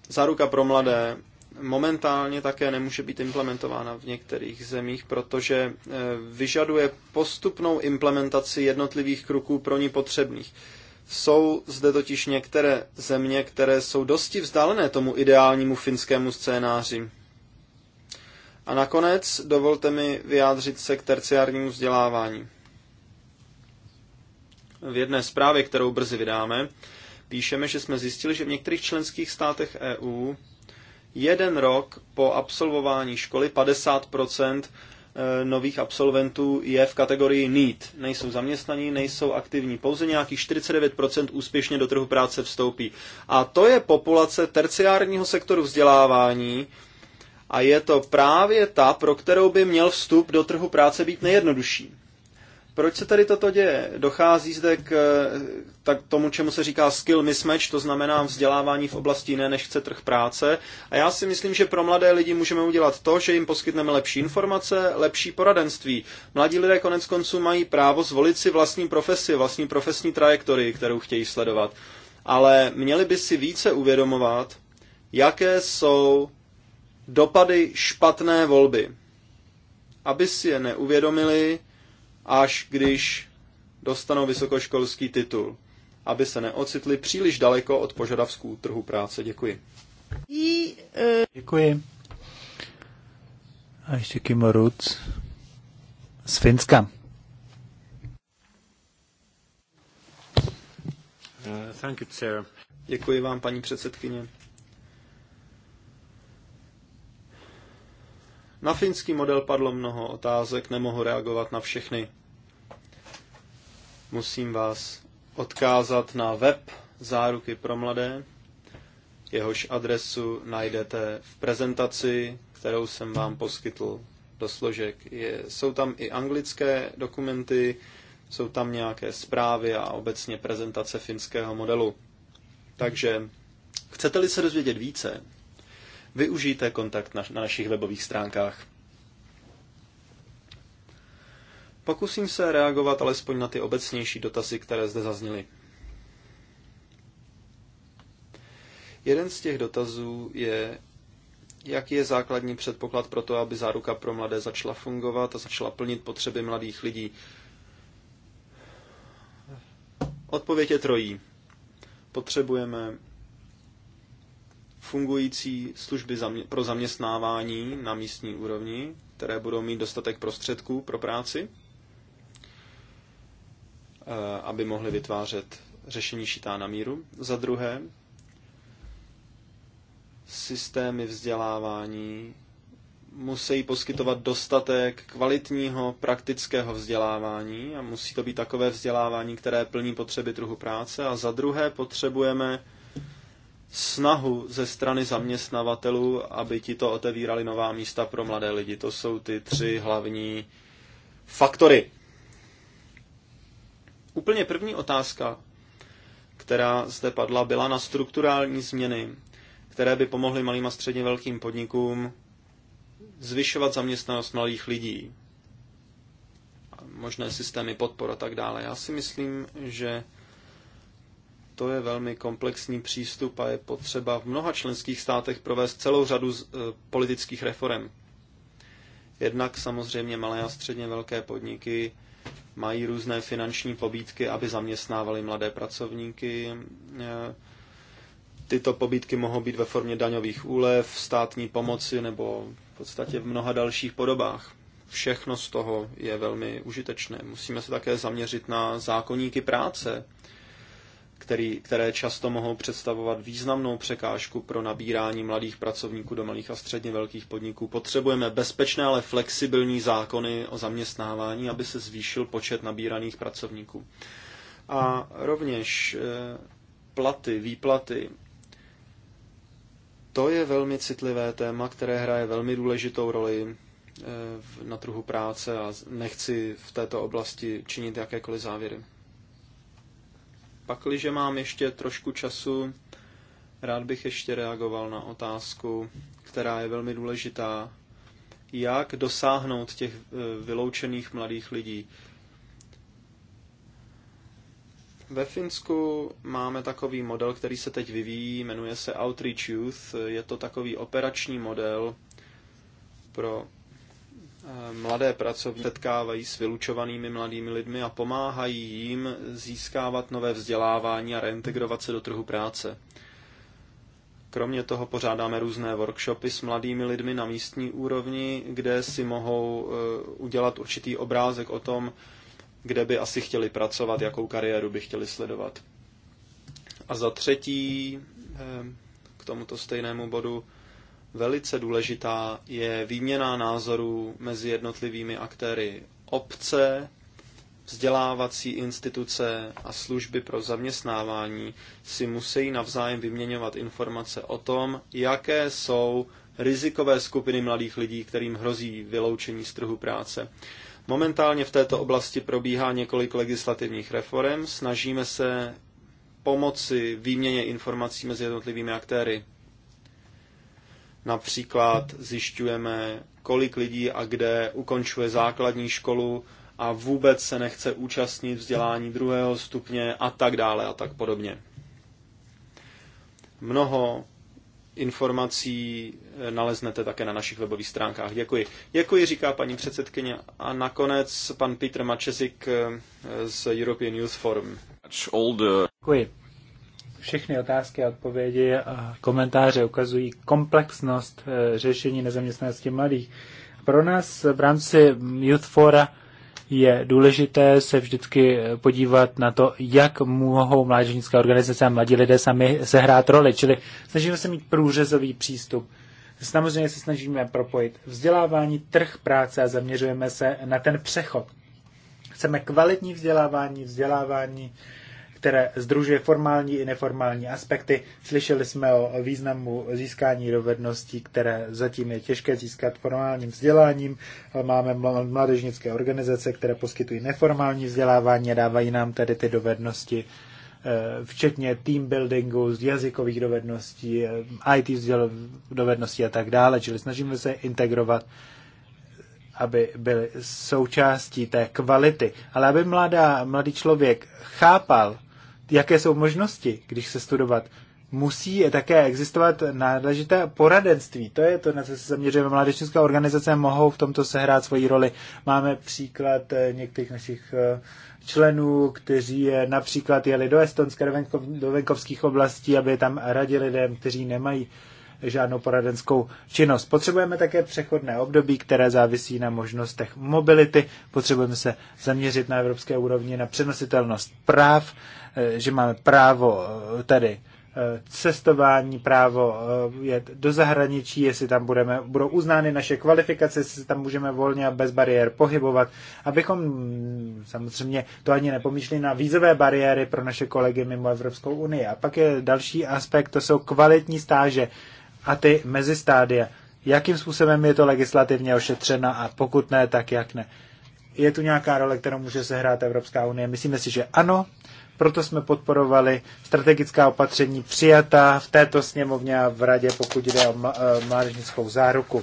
záruka pro mladé momentálně také nemůže být implementována v některých zemích, protože eh, vyžaduje postupnou implementaci jednotlivých kroků pro ní potřebných. Jsou zde totiž některé země, které jsou dosti vzdálené tomu ideálnímu finskému scénáři. A nakonec dovolte mi vyjádřit se k terciárnímu vzdělávání. V jedné zprávě, kterou brzy vydáme, píšeme, že jsme zjistili, že v některých členských státech EU jeden rok po absolvování školy 50% eh, nových absolventů je v kategorii need. Nejsou zaměstnaní, nejsou aktivní. Pouze nějakých 49% úspěšně do trhu práce vstoupí. A to je populace terciárního sektoru vzdělávání a je to právě ta, pro kterou by měl vstup do trhu práce být nejjednodušší. Proč se tady toto děje? Dochází zde k, tak tomu, čemu se říká skill mismatch, to znamená vzdělávání v oblasti jiné, než chce trh práce. A já si myslím, že pro mladé lidi můžeme udělat to, že jim poskytneme lepší informace, lepší poradenství. Mladí lidé konec konců mají právo zvolit si vlastní profesi, vlastní profesní trajektorii, kterou chtějí sledovat. Ale měli by si více uvědomovat, jaké jsou dopady špatné volby. Aby si je neuvědomili, až když dostanou vysokoškolský titul, aby se neocitli příliš daleko od požadavků trhu práce. Děkuji. E, Děkuji. A ještě Kimo Ruc z Finska. Uh, thank you, sir. Děkuji vám, paní předsedkyně. Na finský model padlo mnoho otázek, nemohu reagovat na všechny musím vás odkázat na web Záruky pro mladé, jehož adresu najdete v prezentaci, kterou jsem vám poskytl do složek. Je, jsou tam i anglické dokumenty, jsou tam nějaké zprávy a obecně prezentace finského modelu. Takže chcete-li se dozvědět více, využijte kontakt na, na našich webových stránkách. Pokusím se reagovat alespoň na ty obecnější dotazy, které zde zazněly. Jeden z těch dotazů je, jaký je základní předpoklad pro to, aby záruka pro mladé začala fungovat a začala plnit potřeby mladých lidí. Odpověď je trojí. Potřebujeme fungující služby pro zaměstnávání na místní úrovni, které budou mít dostatek prostředků pro práci. Eh, aby mohli vytvářet řešení šitá na míru. Za druhé, systémy vzdělávání musí poskytovat dostatek kvalitního praktického vzdělávání a musí to být takové vzdělávání, které plní potřeby trhu práce. A za druhé potřebujeme snahu ze strany zaměstnavatelů, aby ti to otevírali nová místa pro mladé lidi. To jsou ty tři hlavní faktory. Úplně první otázka, která zde padla, byla na strukturální změny, které by pomohly malým a středně velkým podnikům zvyšovat zaměstnanost malých lidí, možné systémy podpor a tak dále. Já si myslím, že to je velmi komplexní přístup a je potřeba v mnoha členských státech provést celou řadu z, e, politických reform. Jednak samozřejmě malé a středně velké podniky mají různé finanční pobídky, aby zaměstnávali mladé pracovníky. E, tyto pobídky mohou být ve formě daňových úlev, státní pomoci nebo v podstatě v mnoha dalších podobách. Všechno z toho je velmi užitečné. Musíme se také zaměřit na zákonníky práce, který, které často mohou představovat významnou překážku pro nabírání mladých pracovníků do malých a středně velkých podniků. Potřebujeme bezpečné, ale flexibilní zákony o zaměstnávání, aby se zvýšil počet nabíraných pracovníků. A rovněž eh, platy, výplaty. To je velmi citlivé téma, které hraje velmi důležitou roli eh, na trhu práce a nechci v této oblasti činit jakékoliv závěry. Pakliže mám ještě trošku času, rád bych ještě reagoval na otázku, která je velmi důležitá. Jak dosáhnout těch eh, vyloučených mladých lidí? Ve Finsku máme takový model, který se teď vyvíjí, jmenuje se Outreach Youth. Je to takový operační model pro mladé pracovní setkávají s vylučovanými mladými lidmi a pomáhají jim získávat nové vzdělávání a reintegrovat se do trhu práce. Kromě toho pořádáme různé workshopy s mladými lidmi na místní úrovni, kde si mohou eh, udělat určitý obrázek o tom, kde by asi chtěli pracovat, jakou kariéru by chtěli sledovat. A za třetí, eh, k tomuto stejnému bodu, Velice důležitá je výměna názorů mezi jednotlivými aktéry obce, vzdělávací instituce a služby pro zaměstnávání si musí navzájem vyměňovat informace o tom, jaké jsou rizikové skupiny mladých lidí, kterým hrozí vyloučení z trhu práce. Momentálně v této oblasti probíhá několik legislativních reform. Snažíme se pomoci výměně informací mezi jednotlivými aktéry. Například zjišťujeme, kolik lidí a kde ukončuje základní školu a vůbec se nechce účastnit vzdělání druhého stupně a tak dále a tak podobně. Mnoho informací eh, naleznete také na našich webových stránkách. Děkuji. Děkuji, říká paní předsedkyně. A nakonec pan Petr Mačezik eh, z European Youth Forum. Děkuji. Všechny otázky a odpovědi a komentáře ukazují komplexnost eh, řešení nezaměstnanosti mladých. Pro nás v rámci Youth Fora je důležité se vždycky eh, podívat na to, jak mohou mládežnické organizace a mladí lidé sami sehrát roli. Čili snažíme se mít průřezový přístup. Samozřejmě se snažíme propojit vzdělávání, trh práce a zaměřujeme se na ten přechod. Chceme kvalitní vzdělávání, vzdělávání které združuje formální i neformální aspekty. Slyšeli jsme o významu získání dovedností, které zatím je těžké získat formálním vzděláním. Máme mládežnické organizace, které poskytují neformální vzdělávání a dávají nám tedy ty dovednosti, eh, včetně team buildingu, jazykových dovedností, eh, IT dovedností a tak dále. Čili snažíme se integrovat aby byly součástí té kvality, ale aby mladá, mladý člověk chápal jaké jsou možnosti, když se studovat. Musí také existovat náležité poradenství. To je to, na co se zaměřujeme. Mládežnická organizace mohou v tomto sehrát svoji roli. Máme příklad eh, některých našich eh, členů, kteří eh, například jeli do Estonska, do venkovských oblastí, aby tam radili lidem, kteří nemají žádnou poradenskou činnost. Potřebujeme také přechodné období, které závisí na možnostech mobility. Potřebujeme se zaměřit na evropské úrovni na přenositelnost práv, eh, že máme právo eh, tedy eh, cestování, právo jet do zahraničí, jestli tam budeme, budou uznány naše kvalifikace, jestli tam můžeme volně a bez bariér pohybovat, abychom mm, samozřejmě to ani nepomýšleli na vízové bariéry pro naše kolegy mimo Evropskou unii. A pak je další aspekt, to jsou kvalitní stáže a ty mezistádia. Jakým způsobem je to legislativně ošetřena a pokud ne, tak jak ne? Je tu nějaká role, kterou může sehrát Evropská unie? Myslíme si, že ano, proto jsme podporovali strategická opatření přijatá v této sněmovně a v radě, pokud jde o eh, mládežnickou záruku.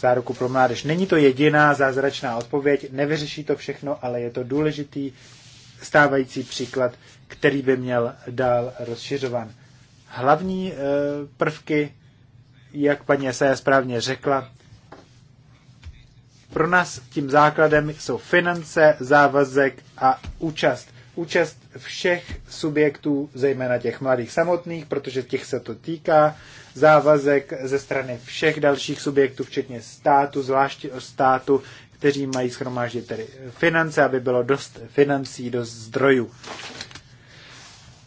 Záruku pro mládež. Není to jediná zázračná odpověď, nevyřeší to všechno, ale je to důležitý stávající příklad, který by měl dál rozšiřovan. Hlavní eh, prvky jak paní Esaja správně řekla, pro nás tím základem jsou finance, závazek a účast. Účast všech subjektů, zejména těch mladých samotných, protože těch se to týká, závazek ze strany všech dalších subjektů, včetně státu, zvlášť státu, kteří mají schromáždit tedy finance, aby bylo dost financí, dost zdrojů.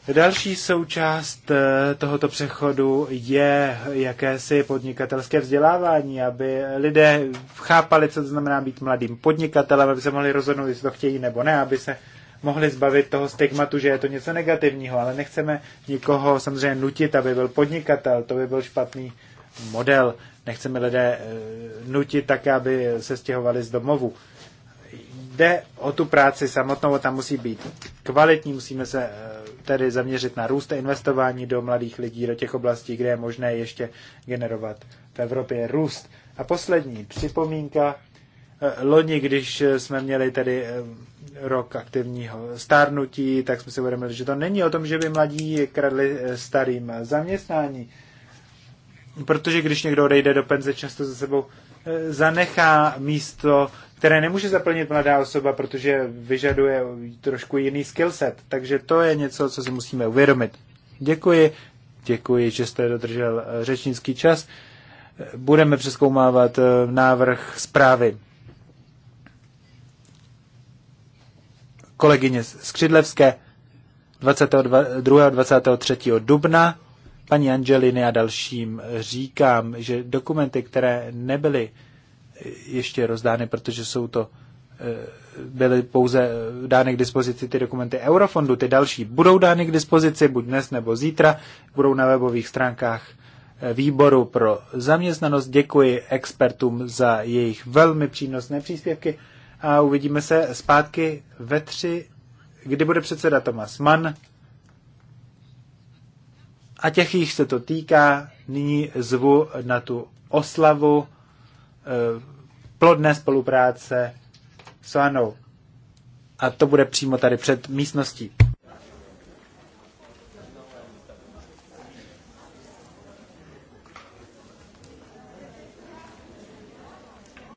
Další součást eh, tohoto přechodu je jakési podnikatelské vzdělávání, aby lidé chápali, co to znamená být mladým podnikatelem, aby se mohli rozhodnout, jestli to chtějí nebo ne, aby se mohli zbavit toho stigmatu, že je to něco negativního, ale nechceme nikoho samozřejmě nutit, aby byl podnikatel, to by byl špatný model. Nechceme lidé eh, nutit tak, aby se stěhovali z domovu jde o tu práci samotnou, tam musí být kvalitní, musíme se eh, tedy zaměřit na růst a investování do mladých lidí, do těch oblastí, kde je možné ještě generovat v Evropě růst. A poslední připomínka, eh, loni, když jsme měli tedy eh, rok aktivního stárnutí, tak jsme si uvědomili, že to není o tom, že by mladí kradli starým zaměstnání, protože když někdo odejde do penze, často za sebou zanechá místo které nemůže zaplnit mladá osoba, protože vyžaduje trošku jiný skillset. Takže to je něco, co si musíme uvědomit. Děkuji, děkuji, že jste dodržel eh, řečnický čas. Budeme přeskoumávat eh, návrh zprávy. Kolegyně Skřidlevské 22. 23. dubna paní Angeliny a dalším říkám, že dokumenty, které nebyly ještě rozdány, protože jsou to eh, byly pouze dány k dispozici ty dokumenty Eurofondu, ty další budou dány k dispozici buď dnes nebo zítra, budou na webových stránkách eh, výboru pro zaměstnanost. Děkuji expertům za jejich velmi přínosné příspěvky a uvidíme se zpátky ve tři, kdy bude předseda Tomas Mann. A těch, jich se to týká, nyní zvu na tu oslavu Eh, plodné spolupráce s Anou. A to bude přímo tady před místností.